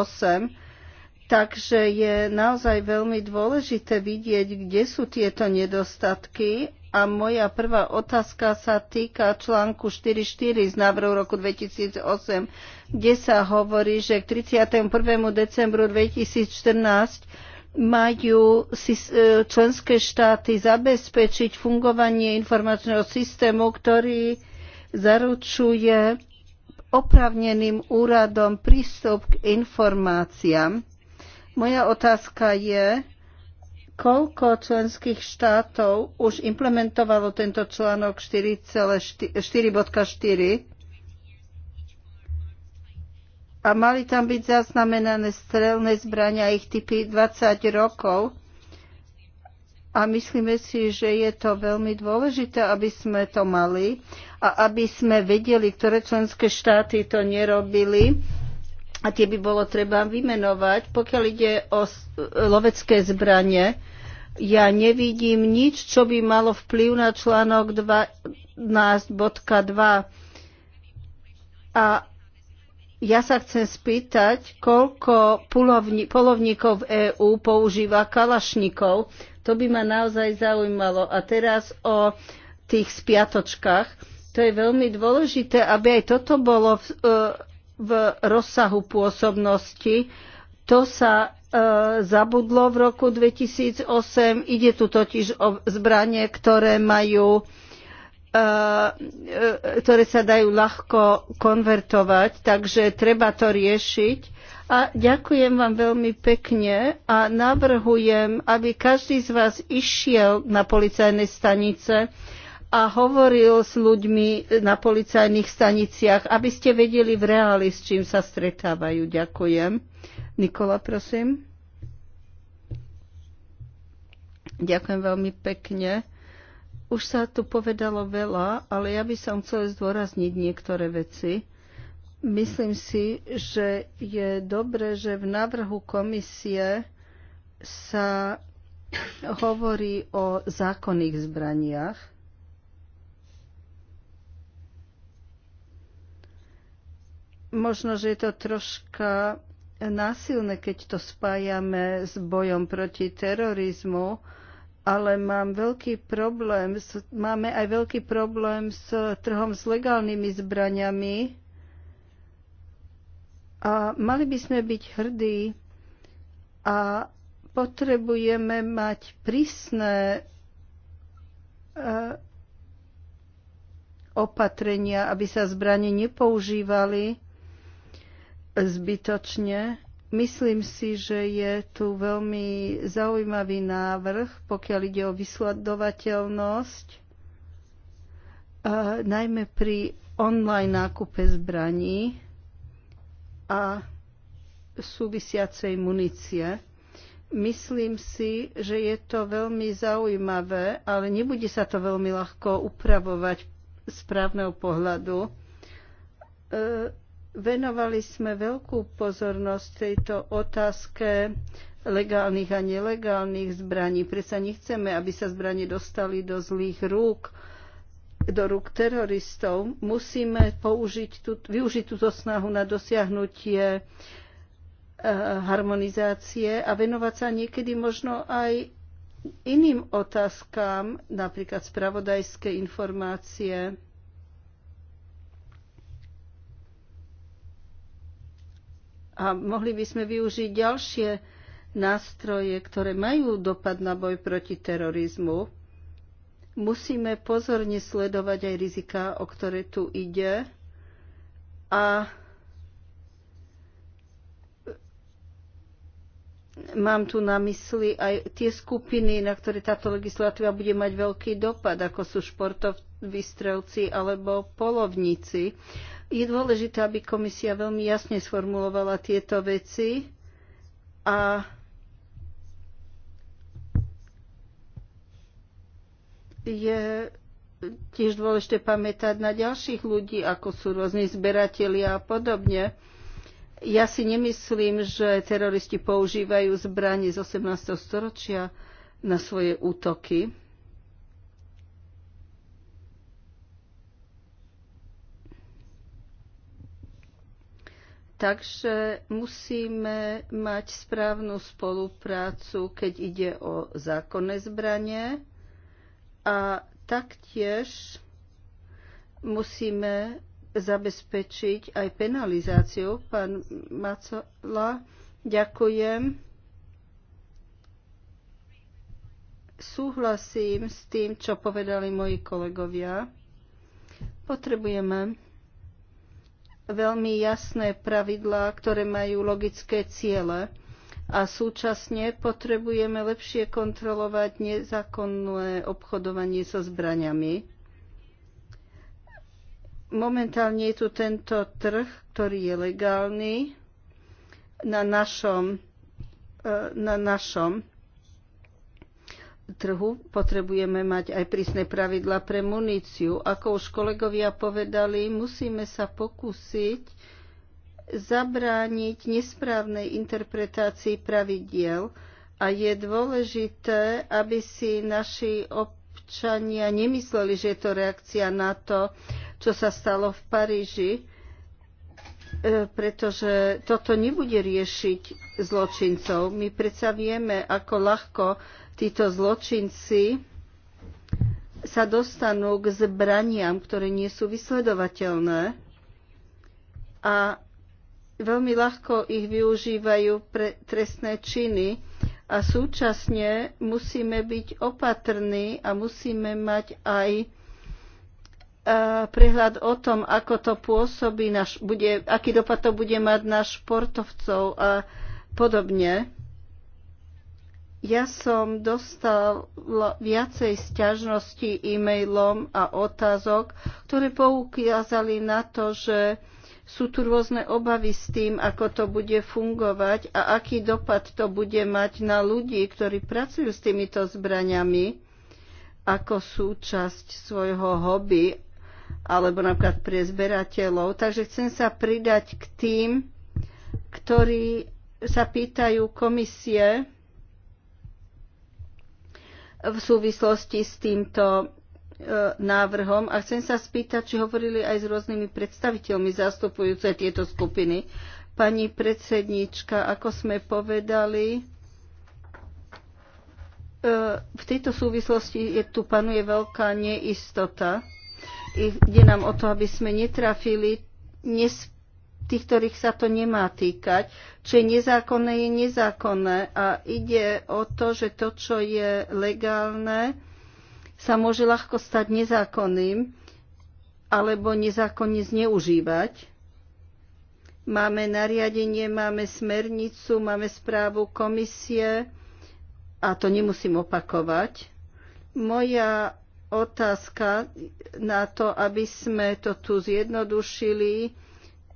Takže je naozaj veľmi dôležité vidieť, kde sú tieto nedostatky. A moja prvá otázka sa týka článku 4.4 z návrhu roku 2008, kde sa hovorí, že k 31. decembru 2014 majú e, členské štáty zabezpečiť fungovanie informačného systému, ktorý zaručuje oprávneným úradom prístup k informáciám moja otázka je, koľko členských štátov už implementovalo tento článok 4.4 a mali tam byť zaznamenané strelné zbrania ich typy 20 rokov. A myslíme si, že je to veľmi dôležité, aby sme to mali a aby sme vedeli, ktoré členské štáty to nerobili a tie by bolo treba vymenovať. Pokiaľ ide o lovecké zbranie, ja nevidím nič, čo by malo vplyv na článok 12.2. A ja sa chcem spýtať, koľko polovní, polovníkov EÚ používa kalašníkov. To by ma naozaj zaujímalo. A teraz o tých spiatočkách. To je veľmi dôležité, aby aj toto bolo e, v rozsahu pôsobnosti. To sa e, zabudlo v roku 2008. Ide tu totiž o zbranie, ktoré majú e, e, ktoré sa dajú ľahko konvertovať, takže treba to riešiť. A ďakujem vám veľmi pekne a navrhujem, aby každý z vás išiel na policajné stanice, a hovoril s ľuďmi na policajných staniciach, aby ste vedeli v reáli, s čím sa stretávajú. Ďakujem. Nikola, prosím. Ďakujem veľmi pekne. Už sa tu povedalo veľa, ale ja by som chcel zdôrazniť niektoré veci. Myslím si, že je dobre, že v návrhu komisie sa hovorí o zákonných zbraniach Možno, že je to troška násilné, keď to spájame s bojom proti terorizmu, ale mám veľký problém, máme aj veľký problém s trhom s legálnymi zbraniami a mali by sme byť hrdí a potrebujeme mať prísne eh, opatrenia, aby sa zbranie nepoužívali zbytočne. Myslím si, že je tu veľmi zaujímavý návrh, pokiaľ ide o vysledovateľnosť, a najmä pri online nákupe zbraní a súvisiacej munície. Myslím si, že je to veľmi zaujímavé, ale nebude sa to veľmi ľahko upravovať z právneho pohľadu. E Venovali sme veľkú pozornosť tejto otázke legálnych a nelegálnych zbraní. Predsa nechceme, aby sa zbranie dostali do zlých rúk, do rúk teroristov. Musíme použiť tú, využiť túto snahu na dosiahnutie eh, harmonizácie a venovať sa niekedy možno aj iným otázkam, napríklad spravodajské informácie, A mohli by sme využiť ďalšie nástroje, ktoré majú dopad na boj proti terorizmu. Musíme pozorne sledovať aj rizika, o ktoré tu ide. A mám tu na mysli aj tie skupiny, na ktoré táto legislatíva bude mať veľký dopad, ako sú športovci vystrelci alebo polovníci. Je dôležité, aby komisia veľmi jasne sformulovala tieto veci a je tiež dôležité pamätať na ďalších ľudí, ako sú rôzni zberatelia a podobne. Ja si nemyslím, že teroristi používajú zbranie z 18. storočia na svoje útoky. Takže musíme mať správnu spoluprácu, keď ide o zákonné zbranie a taktiež musíme zabezpečiť aj penalizáciu. Pán Macola, ďakujem. Súhlasím s tým, čo povedali moji kolegovia. Potrebujeme veľmi jasné pravidlá, ktoré majú logické ciele a súčasne potrebujeme lepšie kontrolovať nezákonné obchodovanie so zbraniami. Momentálne je tu tento trh, ktorý je legálny na našom, e, na našom trhu potrebujeme mať aj prísne pravidla pre muníciu. Ako už kolegovia povedali, musíme sa pokúsiť zabrániť nesprávnej interpretácii pravidiel a je dôležité, aby si naši občania nemysleli, že je to reakcia na to, čo sa stalo v Paríži, e, pretože toto nebude riešiť zločincov. My predsa vieme, ako ľahko títo zločinci sa dostanú k zbraniam, ktoré nie sú vysledovateľné a veľmi ľahko ich využívajú pre trestné činy a súčasne musíme byť opatrní a musíme mať aj prehľad o tom, ako to pôsobí, naš, bude, aký dopad to bude mať na športovcov a podobne. Ja som dostal viacej sťažností e-mailom a otázok, ktoré poukázali na to, že sú tu rôzne obavy s tým, ako to bude fungovať a aký dopad to bude mať na ľudí, ktorí pracujú s týmito zbraniami ako súčasť svojho hobby alebo napríklad pre zberateľov. Takže chcem sa pridať k tým, ktorí sa pýtajú komisie, v súvislosti s týmto e, návrhom a chcem sa spýtať, či hovorili aj s rôznymi predstaviteľmi zastupujúce tieto skupiny. Pani predsednička, ako sme povedali, e, v tejto súvislosti je, tu panuje veľká neistota. Ide nám o to, aby sme netrafili, nes, tých, ktorých sa to nemá týkať. Čo je nezákonné, je nezákonné. A ide o to, že to, čo je legálne, sa môže ľahko stať nezákonným alebo nezákonne zneužívať. Máme nariadenie, máme smernicu, máme správu komisie a to nemusím opakovať. Moja otázka na to, aby sme to tu zjednodušili,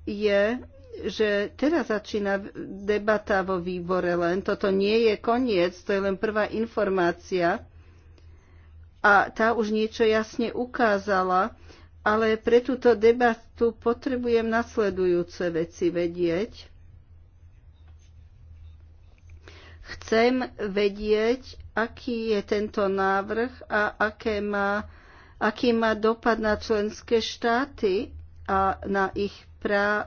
je, že teraz začína debata vo výbore len. Toto nie je koniec, to je len prvá informácia. A tá už niečo jasne ukázala, ale pre túto debatu potrebujem nasledujúce veci vedieť. Chcem vedieť, aký je tento návrh a aké má, aký má dopad na členské štáty a na ich prá-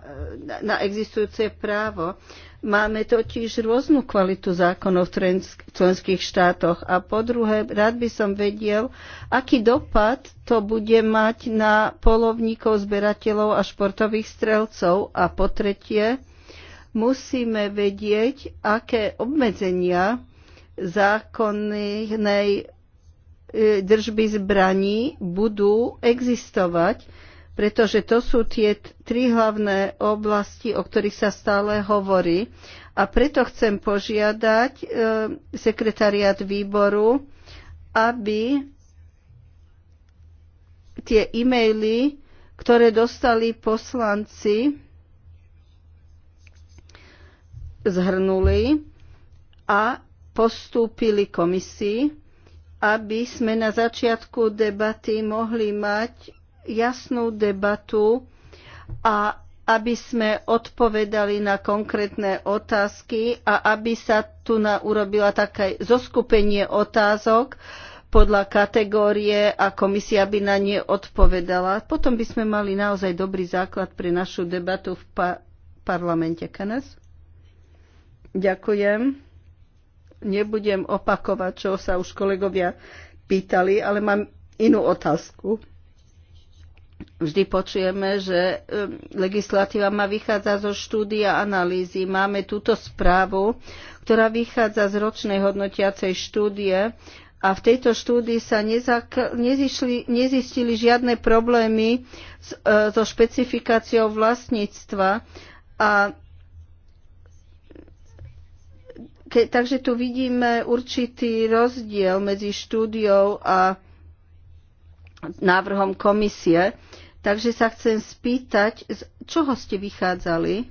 na existujúce právo. Máme totiž rôznu kvalitu zákonov v členských štátoch. A po druhé, rád by som vedel, aký dopad to bude mať na polovníkov, zberateľov a športových strelcov. A po tretie, musíme vedieť, aké obmedzenia zákonnej e, držby zbraní budú existovať pretože to sú tie tri hlavné oblasti, o ktorých sa stále hovorí. A preto chcem požiadať e, sekretariat výboru, aby tie e-maily, ktoré dostali poslanci, zhrnuli a postúpili komisii, aby sme na začiatku debaty mohli mať jasnú debatu a aby sme odpovedali na konkrétne otázky a aby sa tu na urobila také zoskupenie otázok podľa kategórie a komisia by na ne odpovedala. Potom by sme mali naozaj dobrý základ pre našu debatu v pa- parlamente. Kenes? Ďakujem. Nebudem opakovať, čo sa už kolegovia pýtali, ale mám inú otázku Vždy počujeme, že um, legislatíva má vychádza zo štúdia analýzy. Máme túto správu, ktorá vychádza z ročnej hodnotiacej štúdie a v tejto štúdii sa nezak- nezišli, nezistili žiadne problémy s, e, so špecifikáciou vlastníctva. A ke, takže tu vidíme určitý rozdiel medzi štúdiou a návrhom komisie. Takže sa chcem spýtať, z čoho ste vychádzali?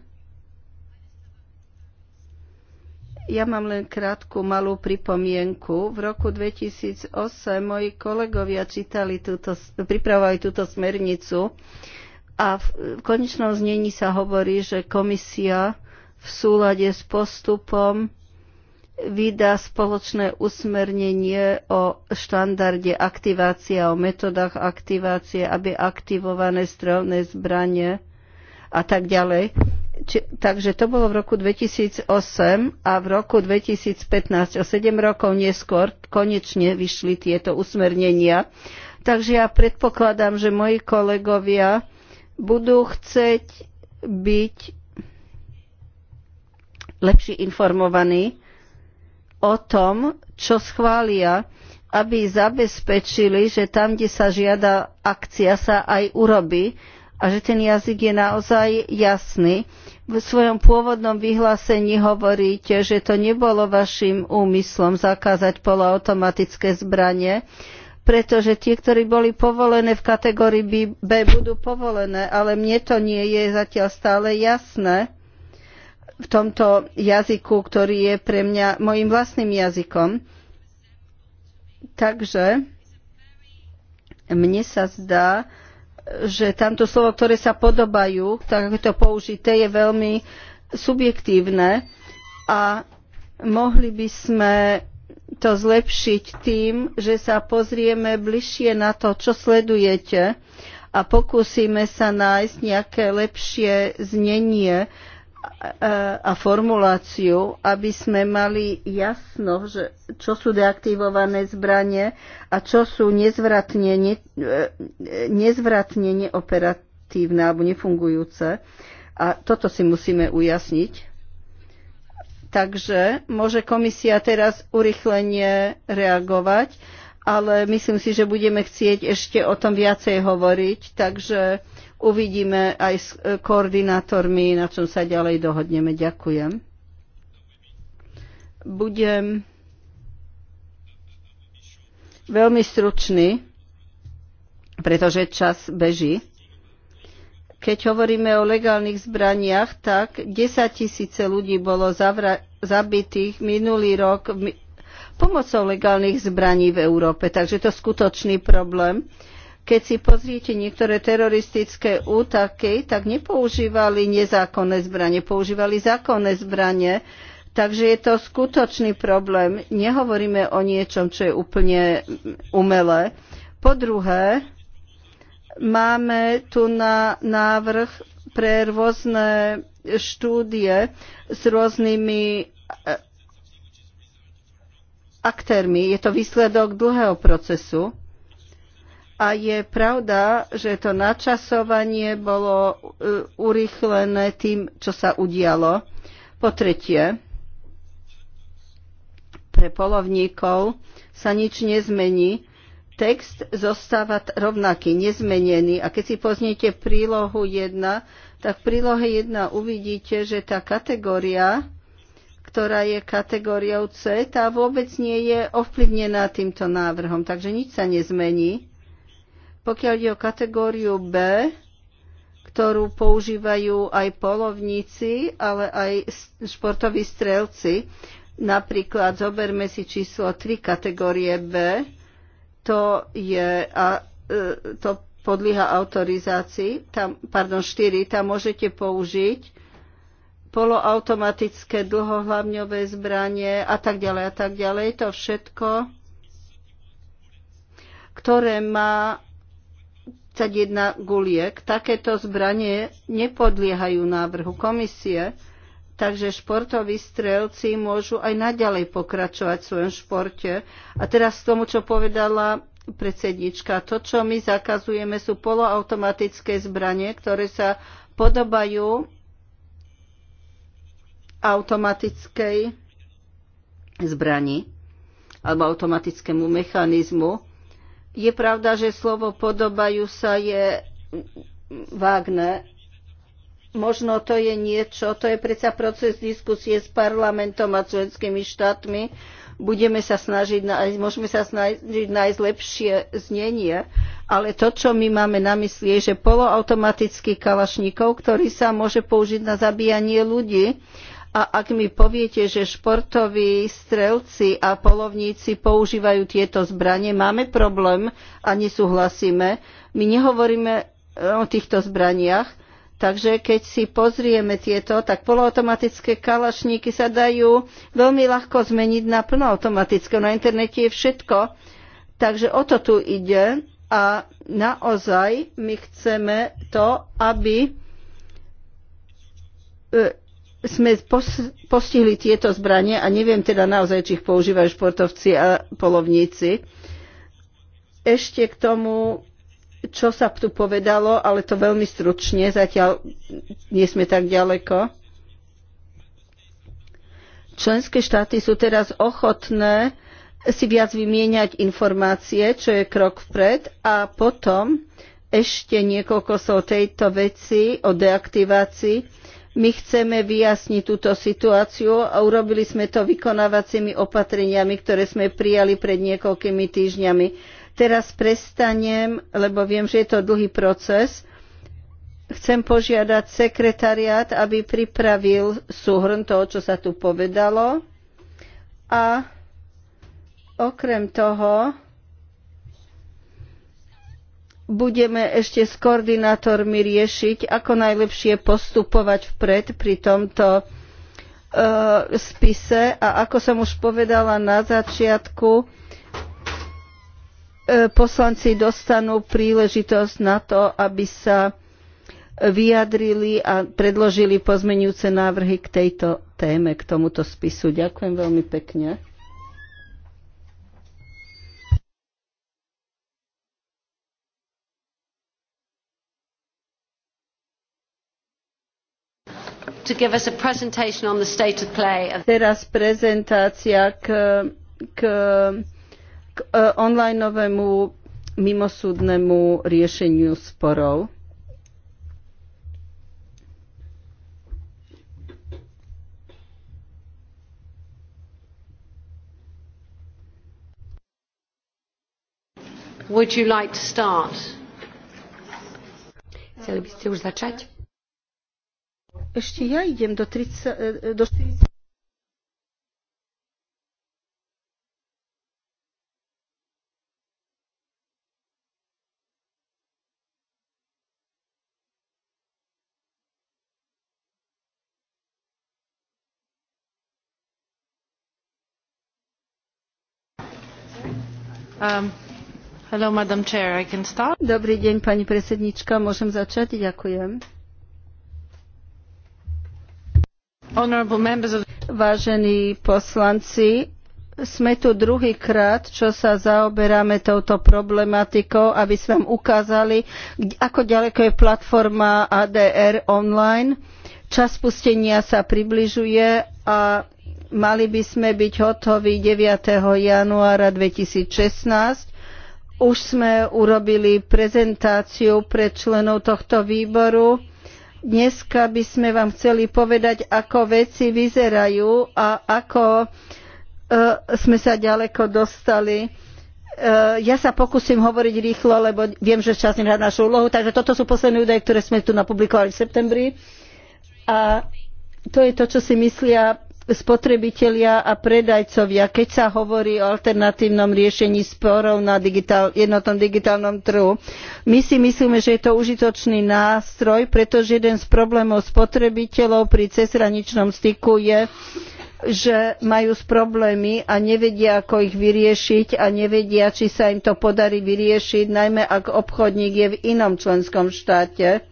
Ja mám len krátku malú pripomienku. V roku 2008 moji kolegovia čítali túto, pripravovali túto smernicu a v konečnom znení sa hovorí, že komisia v súlade s postupom vydá spoločné usmernenie o štandarde aktivácie a o metodách aktivácie, aby aktivované strelné zbranie a tak ďalej. Či, takže to bolo v roku 2008 a v roku 2015, o 7 rokov neskôr, konečne vyšli tieto usmernenia. Takže ja predpokladám, že moji kolegovia budú chcieť byť lepšie informovaní o tom, čo schvália, aby zabezpečili, že tam, kde sa žiada akcia, sa aj urobí a že ten jazyk je naozaj jasný. V svojom pôvodnom vyhlásení hovoríte, že to nebolo vašim úmyslom zakázať poloautomatické zbranie, pretože tie, ktorí boli povolené v kategórii B, budú povolené, ale mne to nie je zatiaľ stále jasné v tomto jazyku, ktorý je pre mňa mojim vlastným jazykom. Takže mne sa zdá, že tamto slovo, ktoré sa podobajú, tak ako je to použité, je veľmi subjektívne a mohli by sme to zlepšiť tým, že sa pozrieme bližšie na to, čo sledujete a pokúsime sa nájsť nejaké lepšie znenie a formuláciu, aby sme mali jasno, že čo sú deaktivované zbranie a čo sú nezvratne, ne, e, nezvratne neoperatívne alebo nefungujúce. A toto si musíme ujasniť. Takže môže komisia teraz urychlenie reagovať ale myslím si, že budeme chcieť ešte o tom viacej hovoriť, takže uvidíme aj s koordinátormi, na čom sa ďalej dohodneme. Ďakujem. Budem veľmi stručný, pretože čas beží. Keď hovoríme o legálnych zbraniach, tak 10 tisíce ľudí bolo zavra- zabitých minulý rok v pomocou legálnych zbraní v Európe. Takže to je skutočný problém. Keď si pozriete niektoré teroristické útaky, tak nepoužívali nezákonné zbranie, používali zákonné zbranie. Takže je to skutočný problém. Nehovoríme o niečom, čo je úplne umelé. Po druhé, máme tu na návrh pre rôzne štúdie s rôznymi aktérmi. Je to výsledok dlhého procesu. A je pravda, že to načasovanie bolo e, urýchlené tým, čo sa udialo. Po tretie, pre polovníkov sa nič nezmení. Text zostáva rovnaký, nezmenený. A keď si pozniete prílohu 1, tak v prílohe 1 uvidíte, že tá kategória ktorá je kategóriou C, tá vôbec nie je ovplyvnená týmto návrhom, takže nič sa nezmení. Pokiaľ ide o kategóriu B, ktorú používajú aj polovníci, ale aj športoví strelci, napríklad zoberme si číslo 3 kategórie B, to je a, e, to podlieha autorizácii, tam, pardon, 4, tam môžete použiť poloautomatické dlhohlavňové zbranie a tak ďalej a tak ďalej. To všetko, ktoré má jedna guliek. Takéto zbranie nepodliehajú návrhu komisie, takže športoví strelci môžu aj naďalej pokračovať v svojom športe. A teraz k tomu, čo povedala predsednička. To, čo my zakazujeme, sú poloautomatické zbranie, ktoré sa podobajú automatickej zbrani alebo automatickému mechanizmu. Je pravda, že slovo podobajú sa je vágne. Možno to je niečo, to je predsa proces diskusie s parlamentom a členskými štátmi. Budeme sa snažiť nájsť, môžeme sa snažiť nájsť lepšie znenie, ale to, čo my máme na mysli, je, že poloautomatický kalašníkov, ktorý sa môže použiť na zabíjanie ľudí, a ak mi poviete, že športoví strelci a polovníci používajú tieto zbranie, máme problém a nesúhlasíme. My nehovoríme o týchto zbraniach, takže keď si pozrieme tieto, tak poloautomatické kalašníky sa dajú veľmi ľahko zmeniť na plnoautomatické. Na internete je všetko. Takže o to tu ide a naozaj my chceme to, aby e, sme postihli tieto zbranie a neviem teda naozaj, či ich používajú športovci a polovníci. Ešte k tomu, čo sa tu povedalo, ale to veľmi stručne, zatiaľ nie sme tak ďaleko. Členské štáty sú teraz ochotné si viac vymieňať informácie, čo je krok vpred a potom ešte niekoľko o tejto veci o deaktivácii my chceme vyjasniť túto situáciu a urobili sme to vykonávacími opatreniami, ktoré sme prijali pred niekoľkými týždňami. Teraz prestanem, lebo viem, že je to dlhý proces. Chcem požiadať sekretariát, aby pripravil súhrn toho, čo sa tu povedalo. A okrem toho, budeme ešte s koordinátormi riešiť, ako najlepšie postupovať vpred pri tomto e, spise a ako som už povedala na začiatku, e, poslanci dostanú príležitosť na to, aby sa vyjadrili a predložili pozmenujúce návrhy k tejto téme, k tomuto spisu. Ďakujem veľmi pekne. to give us a presentation on the state of play. Of Teraz prezentácia k, k, k e, onlineovému mimosúdnemu riešeniu sporov. Would you like to start? Chceli by ste už začať? Ešte ja idem do, 30, e, e, do 40. Um, hello, Madam Chair, I can start. Dobrý deň, pani predsednička, môžem začať? Ďakujem. Vážení poslanci, sme tu druhýkrát, čo sa zaoberáme touto problematikou, aby sme vám ukázali, ako ďaleko je platforma ADR online. Čas spustenia sa približuje a mali by sme byť hotoví 9. januára 2016 už sme urobili prezentáciu pre členov tohto výboru Dneska by sme vám chceli povedať, ako veci vyzerajú a ako e, sme sa ďaleko dostali. E, ja sa pokúsim hovoriť rýchlo, lebo viem, že čas nehrá našu úlohu. Takže toto sú posledné údaje, ktoré sme tu napublikovali v septembri. A to je to, čo si myslia spotrebitelia a predajcovia, keď sa hovorí o alternatívnom riešení sporov na digitál, jednotnom digitálnom trhu. My si myslíme, že je to užitočný nástroj, pretože jeden z problémov spotrebiteľov pri cezhraničnom styku je že majú problémy a nevedia, ako ich vyriešiť a nevedia, či sa im to podarí vyriešiť, najmä ak obchodník je v inom členskom štáte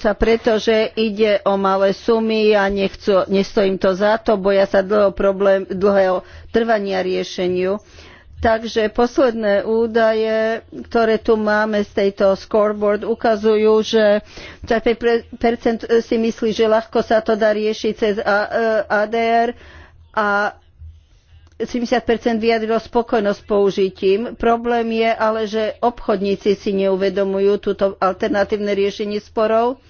sa preto, že ide o malé sumy a nechcú, nestojím to za to, boja sa dlho problém, dlhého trvania riešeniu. Takže posledné údaje, ktoré tu máme z tejto scoreboard, ukazujú, že 5% si myslí, že ľahko sa to dá riešiť cez ADR a e, 70% vyjadrilo spokojnosť s použitím. Problém je ale, že obchodníci si neuvedomujú túto alternatívne riešenie sporov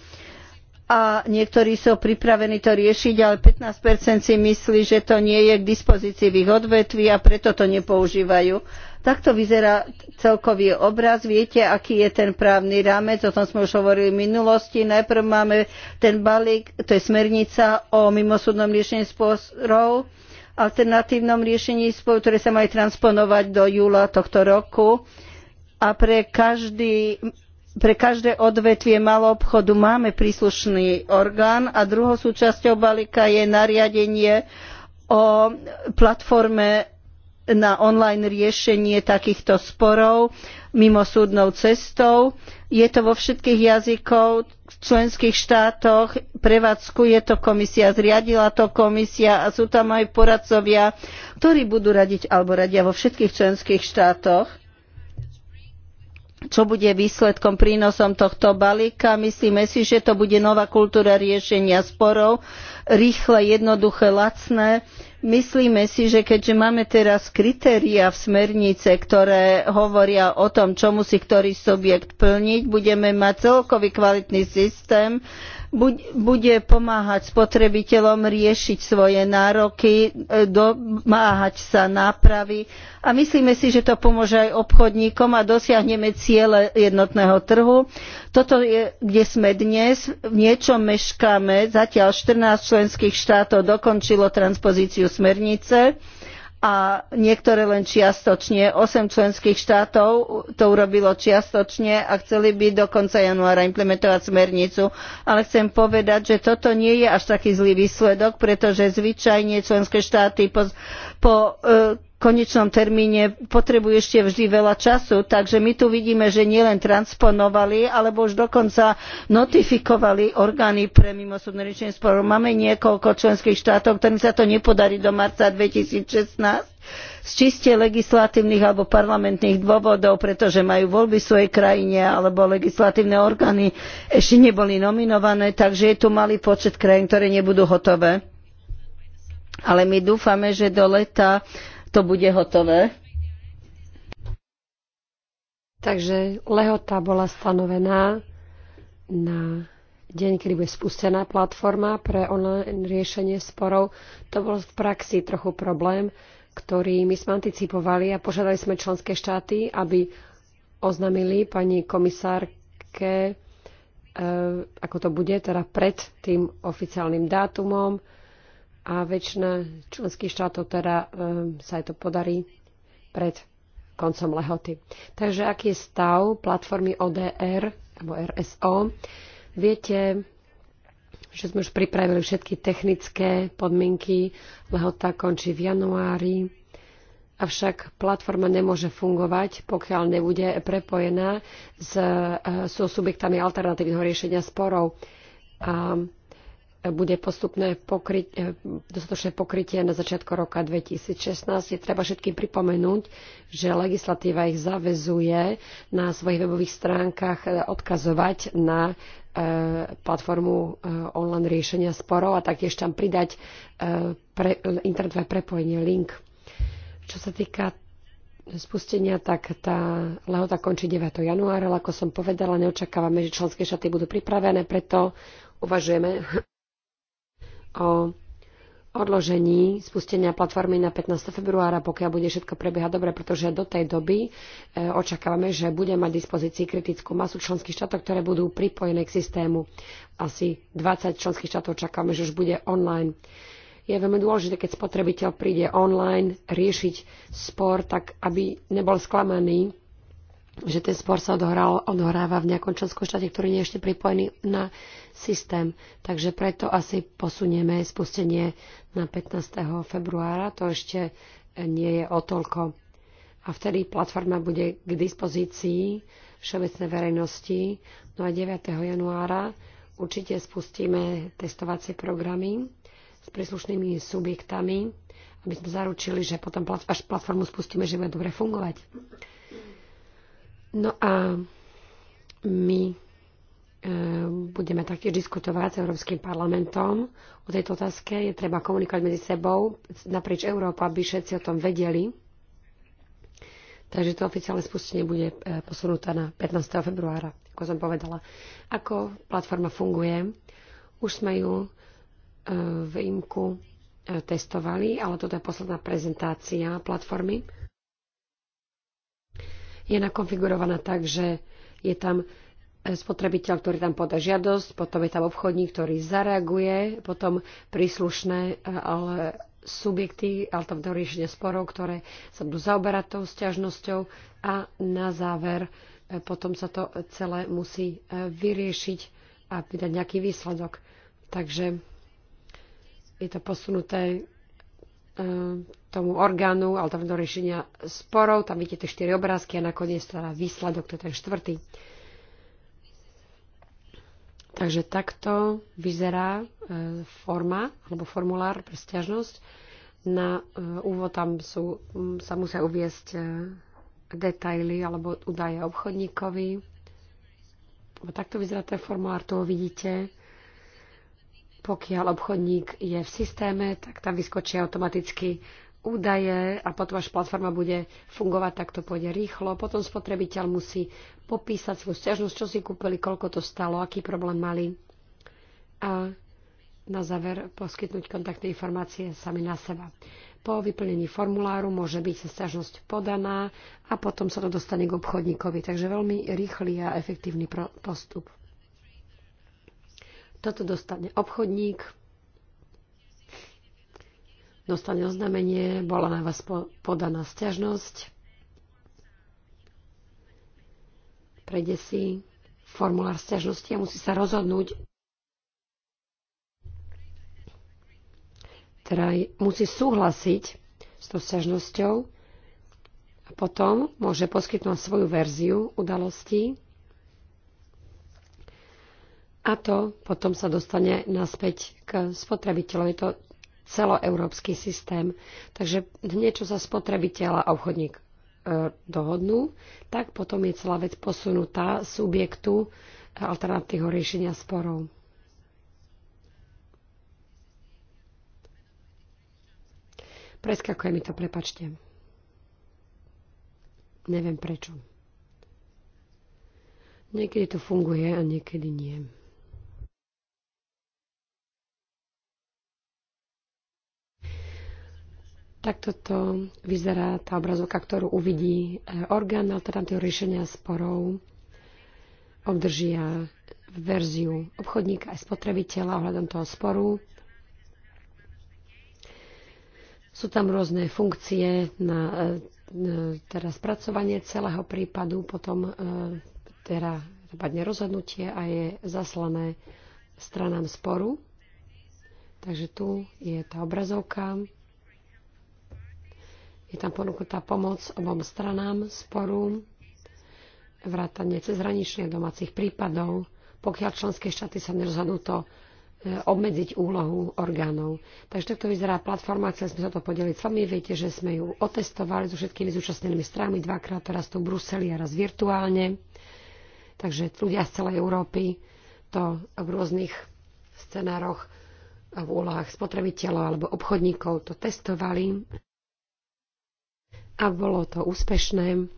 a niektorí sú pripravení to riešiť, ale 15% si myslí, že to nie je k dispozícii v ich odvetví a preto to nepoužívajú. Takto vyzerá celkový obraz. Viete, aký je ten právny rámec, o tom sme už hovorili v minulosti. Najprv máme ten balík, to je smernica o mimosúdnom riešení sporov alternatívnom riešení spolu, ktoré sa majú transponovať do júla tohto roku. A pre, každý, pre každé odvetvie obchodu máme príslušný orgán a druhou súčasťou balíka je nariadenie o platforme na online riešenie takýchto sporov mimosúdnou cestou. Je to vo všetkých jazykoch, v členských štátoch, prevádzkuje to komisia, zriadila to komisia a sú tam aj poradcovia, ktorí budú radiť alebo radia vo všetkých členských štátoch. Čo bude výsledkom, prínosom tohto balíka? Myslíme si, že to bude nová kultúra riešenia sporov, rýchle, jednoduché, lacné Myslíme si, že keďže máme teraz kritéria v smernice, ktoré hovoria o tom, čo musí ktorý subjekt plniť, budeme mať celkový kvalitný systém, bude pomáhať spotrebiteľom riešiť svoje nároky, e, domáhať sa nápravy a myslíme si, že to pomôže aj obchodníkom a dosiahneme ciele jednotného trhu. Toto je, kde sme dnes, v niečom meškáme, zatiaľ 14 členských štátov dokončilo transpozíciu smernice a niektoré len čiastočne. Osem členských štátov to urobilo čiastočne a chceli by do konca januára implementovať smernicu. Ale chcem povedať, že toto nie je až taký zlý výsledok, pretože zvyčajne členské štáty po, po uh, konečnom termíne potrebujú ešte vždy veľa času, takže my tu vidíme, že nielen transponovali, alebo už dokonca notifikovali orgány pre mimosúdne riešenie sporov. Máme niekoľko členských štátov, ktorým sa to nepodarí do marca 2016 z čiste legislatívnych alebo parlamentných dôvodov, pretože majú voľby v svojej krajine alebo legislatívne orgány ešte neboli nominované, takže je tu malý počet krajín, ktoré nebudú hotové. Ale my dúfame, že do leta to bude hotové. Takže lehota bola stanovená na deň, kedy bude spustená platforma pre online riešenie sporov. To bol v praxi trochu problém, ktorý my sme anticipovali a požiadali sme členské štáty, aby oznámili pani komisárke, e, ako to bude, teda pred tým oficiálnym dátumom a väčšina členských štátov teda um, sa aj to podarí pred koncom lehoty. Takže aký je stav platformy ODR alebo RSO? Viete, že sme už pripravili všetky technické podmienky. Lehota končí v januári. Avšak platforma nemôže fungovať, pokiaľ nebude prepojená s, eh, s subjektami alternatívneho riešenia sporov. A bude postupné pokrytie eh, dostatočné pokrytie na začiatku roka 2016. Je treba všetkým pripomenúť, že legislatíva ich zavezuje na svojich webových stránkach eh, odkazovať na eh, platformu online riešenia sporov a taktiež tam pridať pre, internetové prepojenie link. Čo sa týka spustenia, tak tá lehota končí 9. januára, ale ako som povedala, neočakávame, že členské štáty budú pripravené, preto uvažujeme o odložení spustenia platformy na 15. februára, pokiaľ bude všetko prebiehať dobre, pretože do tej doby e, očakávame, že bude mať dispozícii kritickú masu členských štátov, ktoré budú pripojené k systému. Asi 20 členských štátov očakávame, že už bude online. Je veľmi dôležité, keď spotrebiteľ príde online riešiť spor, tak aby nebol sklamaný že ten spor sa odohral, odohráva v nejakom členskom štáte, ktorý nie je ešte pripojený na systém. Takže preto asi posunieme spustenie na 15. februára. To ešte nie je o toľko. A vtedy platforma bude k dispozícii všeobecnej verejnosti. No a 9. januára určite spustíme testovacie programy s príslušnými subjektami, aby sme zaručili, že potom až platformu spustíme, že bude dobre fungovať. No a my e, budeme taktiež diskutovať s Európskym parlamentom o tejto otázke. Je treba komunikovať medzi sebou naprieč Európa, aby všetci o tom vedeli. Takže to oficiálne spustenie bude e, posunuté na 15. februára, ako som povedala. Ako platforma funguje? Už sme ju e, v IMKU testovali, ale toto je posledná prezentácia platformy je nakonfigurovaná tak, že je tam e, spotrebiteľ, ktorý tam podá žiadosť, potom je tam obchodník, ktorý zareaguje, potom príslušné e, ale subjekty do riešenia sporov, ktoré sa budú zaoberať tou sťažnosťou a na záver e, potom sa to celé musí vyriešiť a vydať nejaký výsledok. Takže je to posunuté E, tomu orgánu ale tam do riešenia sporov. Tam vidíte tie štyri obrázky a nakoniec teda výsledok, to je ten štvrtý. Takže takto vyzerá e, forma alebo formulár pre stiažnosť. Na e, úvod tam sú, sa musia uviesť detaily alebo údaje obchodníkovi. Takto vyzerá ten formulár, toho vidíte. Pokiaľ obchodník je v systéme, tak tam vyskočia automaticky údaje a potom až platforma bude fungovať, tak to pôjde rýchlo. Potom spotrebiteľ musí popísať svoju stiažnosť, čo si kúpili, koľko to stalo, aký problém mali. A na záver poskytnúť kontaktné informácie sami na seba. Po vyplnení formuláru môže byť stiažnosť podaná a potom sa to dostane k obchodníkovi. Takže veľmi rýchly a efektívny postup. Toto dostane obchodník, dostane oznámenie, bola na vás podaná sťažnosť, prejde si formulár sťažnosti a musí sa rozhodnúť, teda musí súhlasiť s tou sťažnosťou a potom môže poskytnúť svoju verziu udalostí a to potom sa dostane naspäť k spotrebiteľovi. Je to celoeurópsky systém. Takže niečo sa spotrebiteľ a obchodník e, dohodnú, tak potom je celá vec posunutá subjektu alternatívneho riešenia sporov. Preskakuje mi to, prepačte. Neviem prečo. Niekedy to funguje a niekedy nie. Tak toto vyzerá tá obrazovka, ktorú uvidí eh, orgán alternatívneho riešenia sporov. Obdržia verziu obchodníka aj spotrebiteľa ohľadom toho sporu. Sú tam rôzne funkcie na, eh, na teda spracovanie celého prípadu, potom eh, teda dopadne rozhodnutie a je zaslané stranám sporu. Takže tu je tá obrazovka. Je tam ponúknutá pomoc obom stranám sporu, vrátanie cezhraničných domácich prípadov, pokiaľ členské štáty sa nerozhodnú to e, obmedziť úlohu orgánov. Takže takto vyzerá platforma, chceli sme sa to podeliť s vami. Viete, že sme ju otestovali so všetkými zúčastnenými stranami dvakrát, teraz tu v Bruseli a raz virtuálne. Takže ľudia z celej Európy to v rôznych scenároch a v úlohách spotrebiteľov alebo obchodníkov to testovali a bolo to úspešné.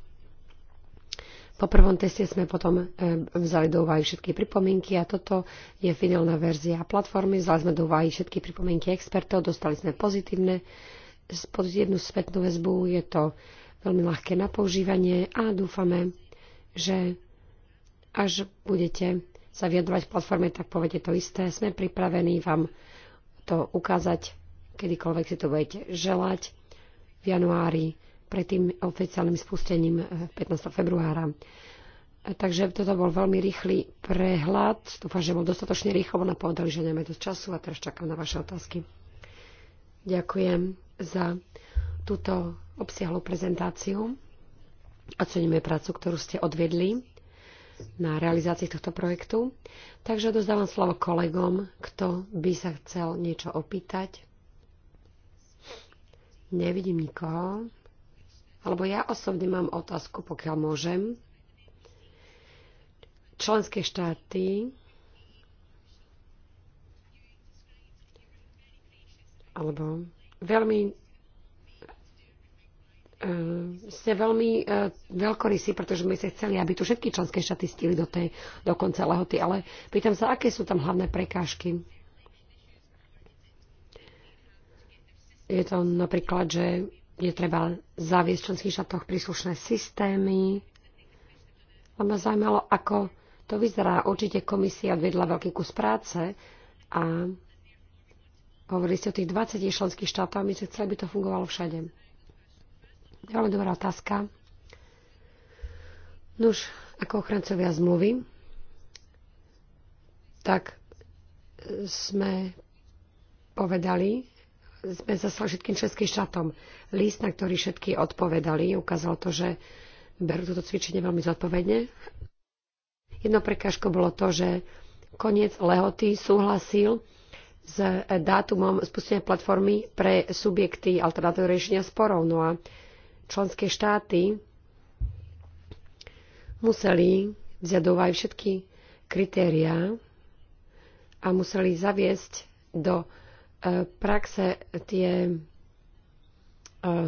Po prvom teste sme potom e, vzali do úvahy všetky pripomienky a toto je finálna verzia platformy. Vzali sme do úvahy všetky pripomienky expertov, dostali sme pozitívne, jednu spätnú väzbu. Je to veľmi ľahké na používanie a dúfame, že až budete sa vyjadrovať v platforme, tak povede to isté. Sme pripravení vám to ukázať, kedykoľvek si to budete želať v januári pred tým oficiálnym spustením 15. Eh, februára. Eh, takže toto bol veľmi rýchly prehľad. Dúfam, že bol dostatočne rýchlo, bo povedali, že nemáme dosť času a teraz čakám na vaše otázky. Ďakujem za túto obsiahlu prezentáciu. Oceníme prácu, ktorú ste odvedli na realizácii tohto projektu. Takže dozdávam slovo kolegom, kto by sa chcel niečo opýtať. Nevidím nikoho. Alebo ja osobne mám otázku, pokiaľ môžem. Členské štáty alebo veľmi uh, ste veľmi uh, veľkorysí, pretože my ste chceli, aby tu všetky členské štáty stili do, tej, do konca lehoty, ale pýtam sa, aké sú tam hlavné prekážky? Je to napríklad, že je treba zaviesť v členských štátoch príslušné systémy. A ma zaujímalo, ako to vyzerá. Určite komisia odvedla veľký kus práce a hovorili ste o tých 20 členských štátoch a my ste chceli, aby to fungovalo všade. Veľmi dobrá otázka. Nuž, ako ochrancovia zmluvy, tak sme povedali, sme zaslali všetkým členským štátom list, na ktorý všetky odpovedali. Ukázalo to, že berú toto cvičenie veľmi zodpovedne. Jednou prekážkou bolo to, že koniec lehoty súhlasil s dátumom spustenia platformy pre subjekty alternatívneho riešenia sporov. No a členské štáty museli vziať do všetky kritériá a museli zaviesť do E, praxe tie e,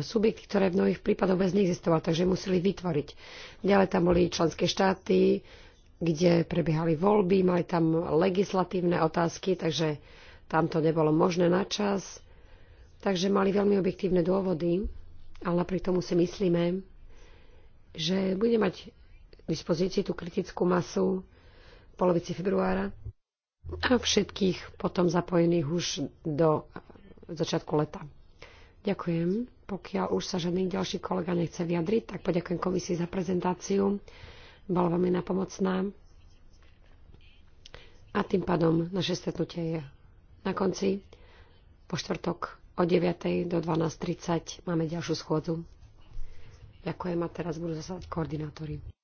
subjekty, ktoré v mnohých prípadoch vôbec neexistovali, takže museli vytvoriť. Ďalej tam boli členské štáty, kde prebiehali voľby, mali tam legislatívne otázky, takže tam to nebolo možné na čas. Takže mali veľmi objektívne dôvody, ale napriek tomu si myslíme, že bude mať k dispozícii tú kritickú masu v polovici februára a všetkých potom zapojených už do začiatku leta. Ďakujem. Pokiaľ už sa žiadny ďalší kolega nechce vyjadriť, tak poďakujem komisii za prezentáciu. Bola veľmi napomocná. A tým pádom naše stretnutie je na konci. Po štvrtok o 9. do 12.30 máme ďalšiu schôdzu. Ďakujem a teraz budú zasadať koordinátory.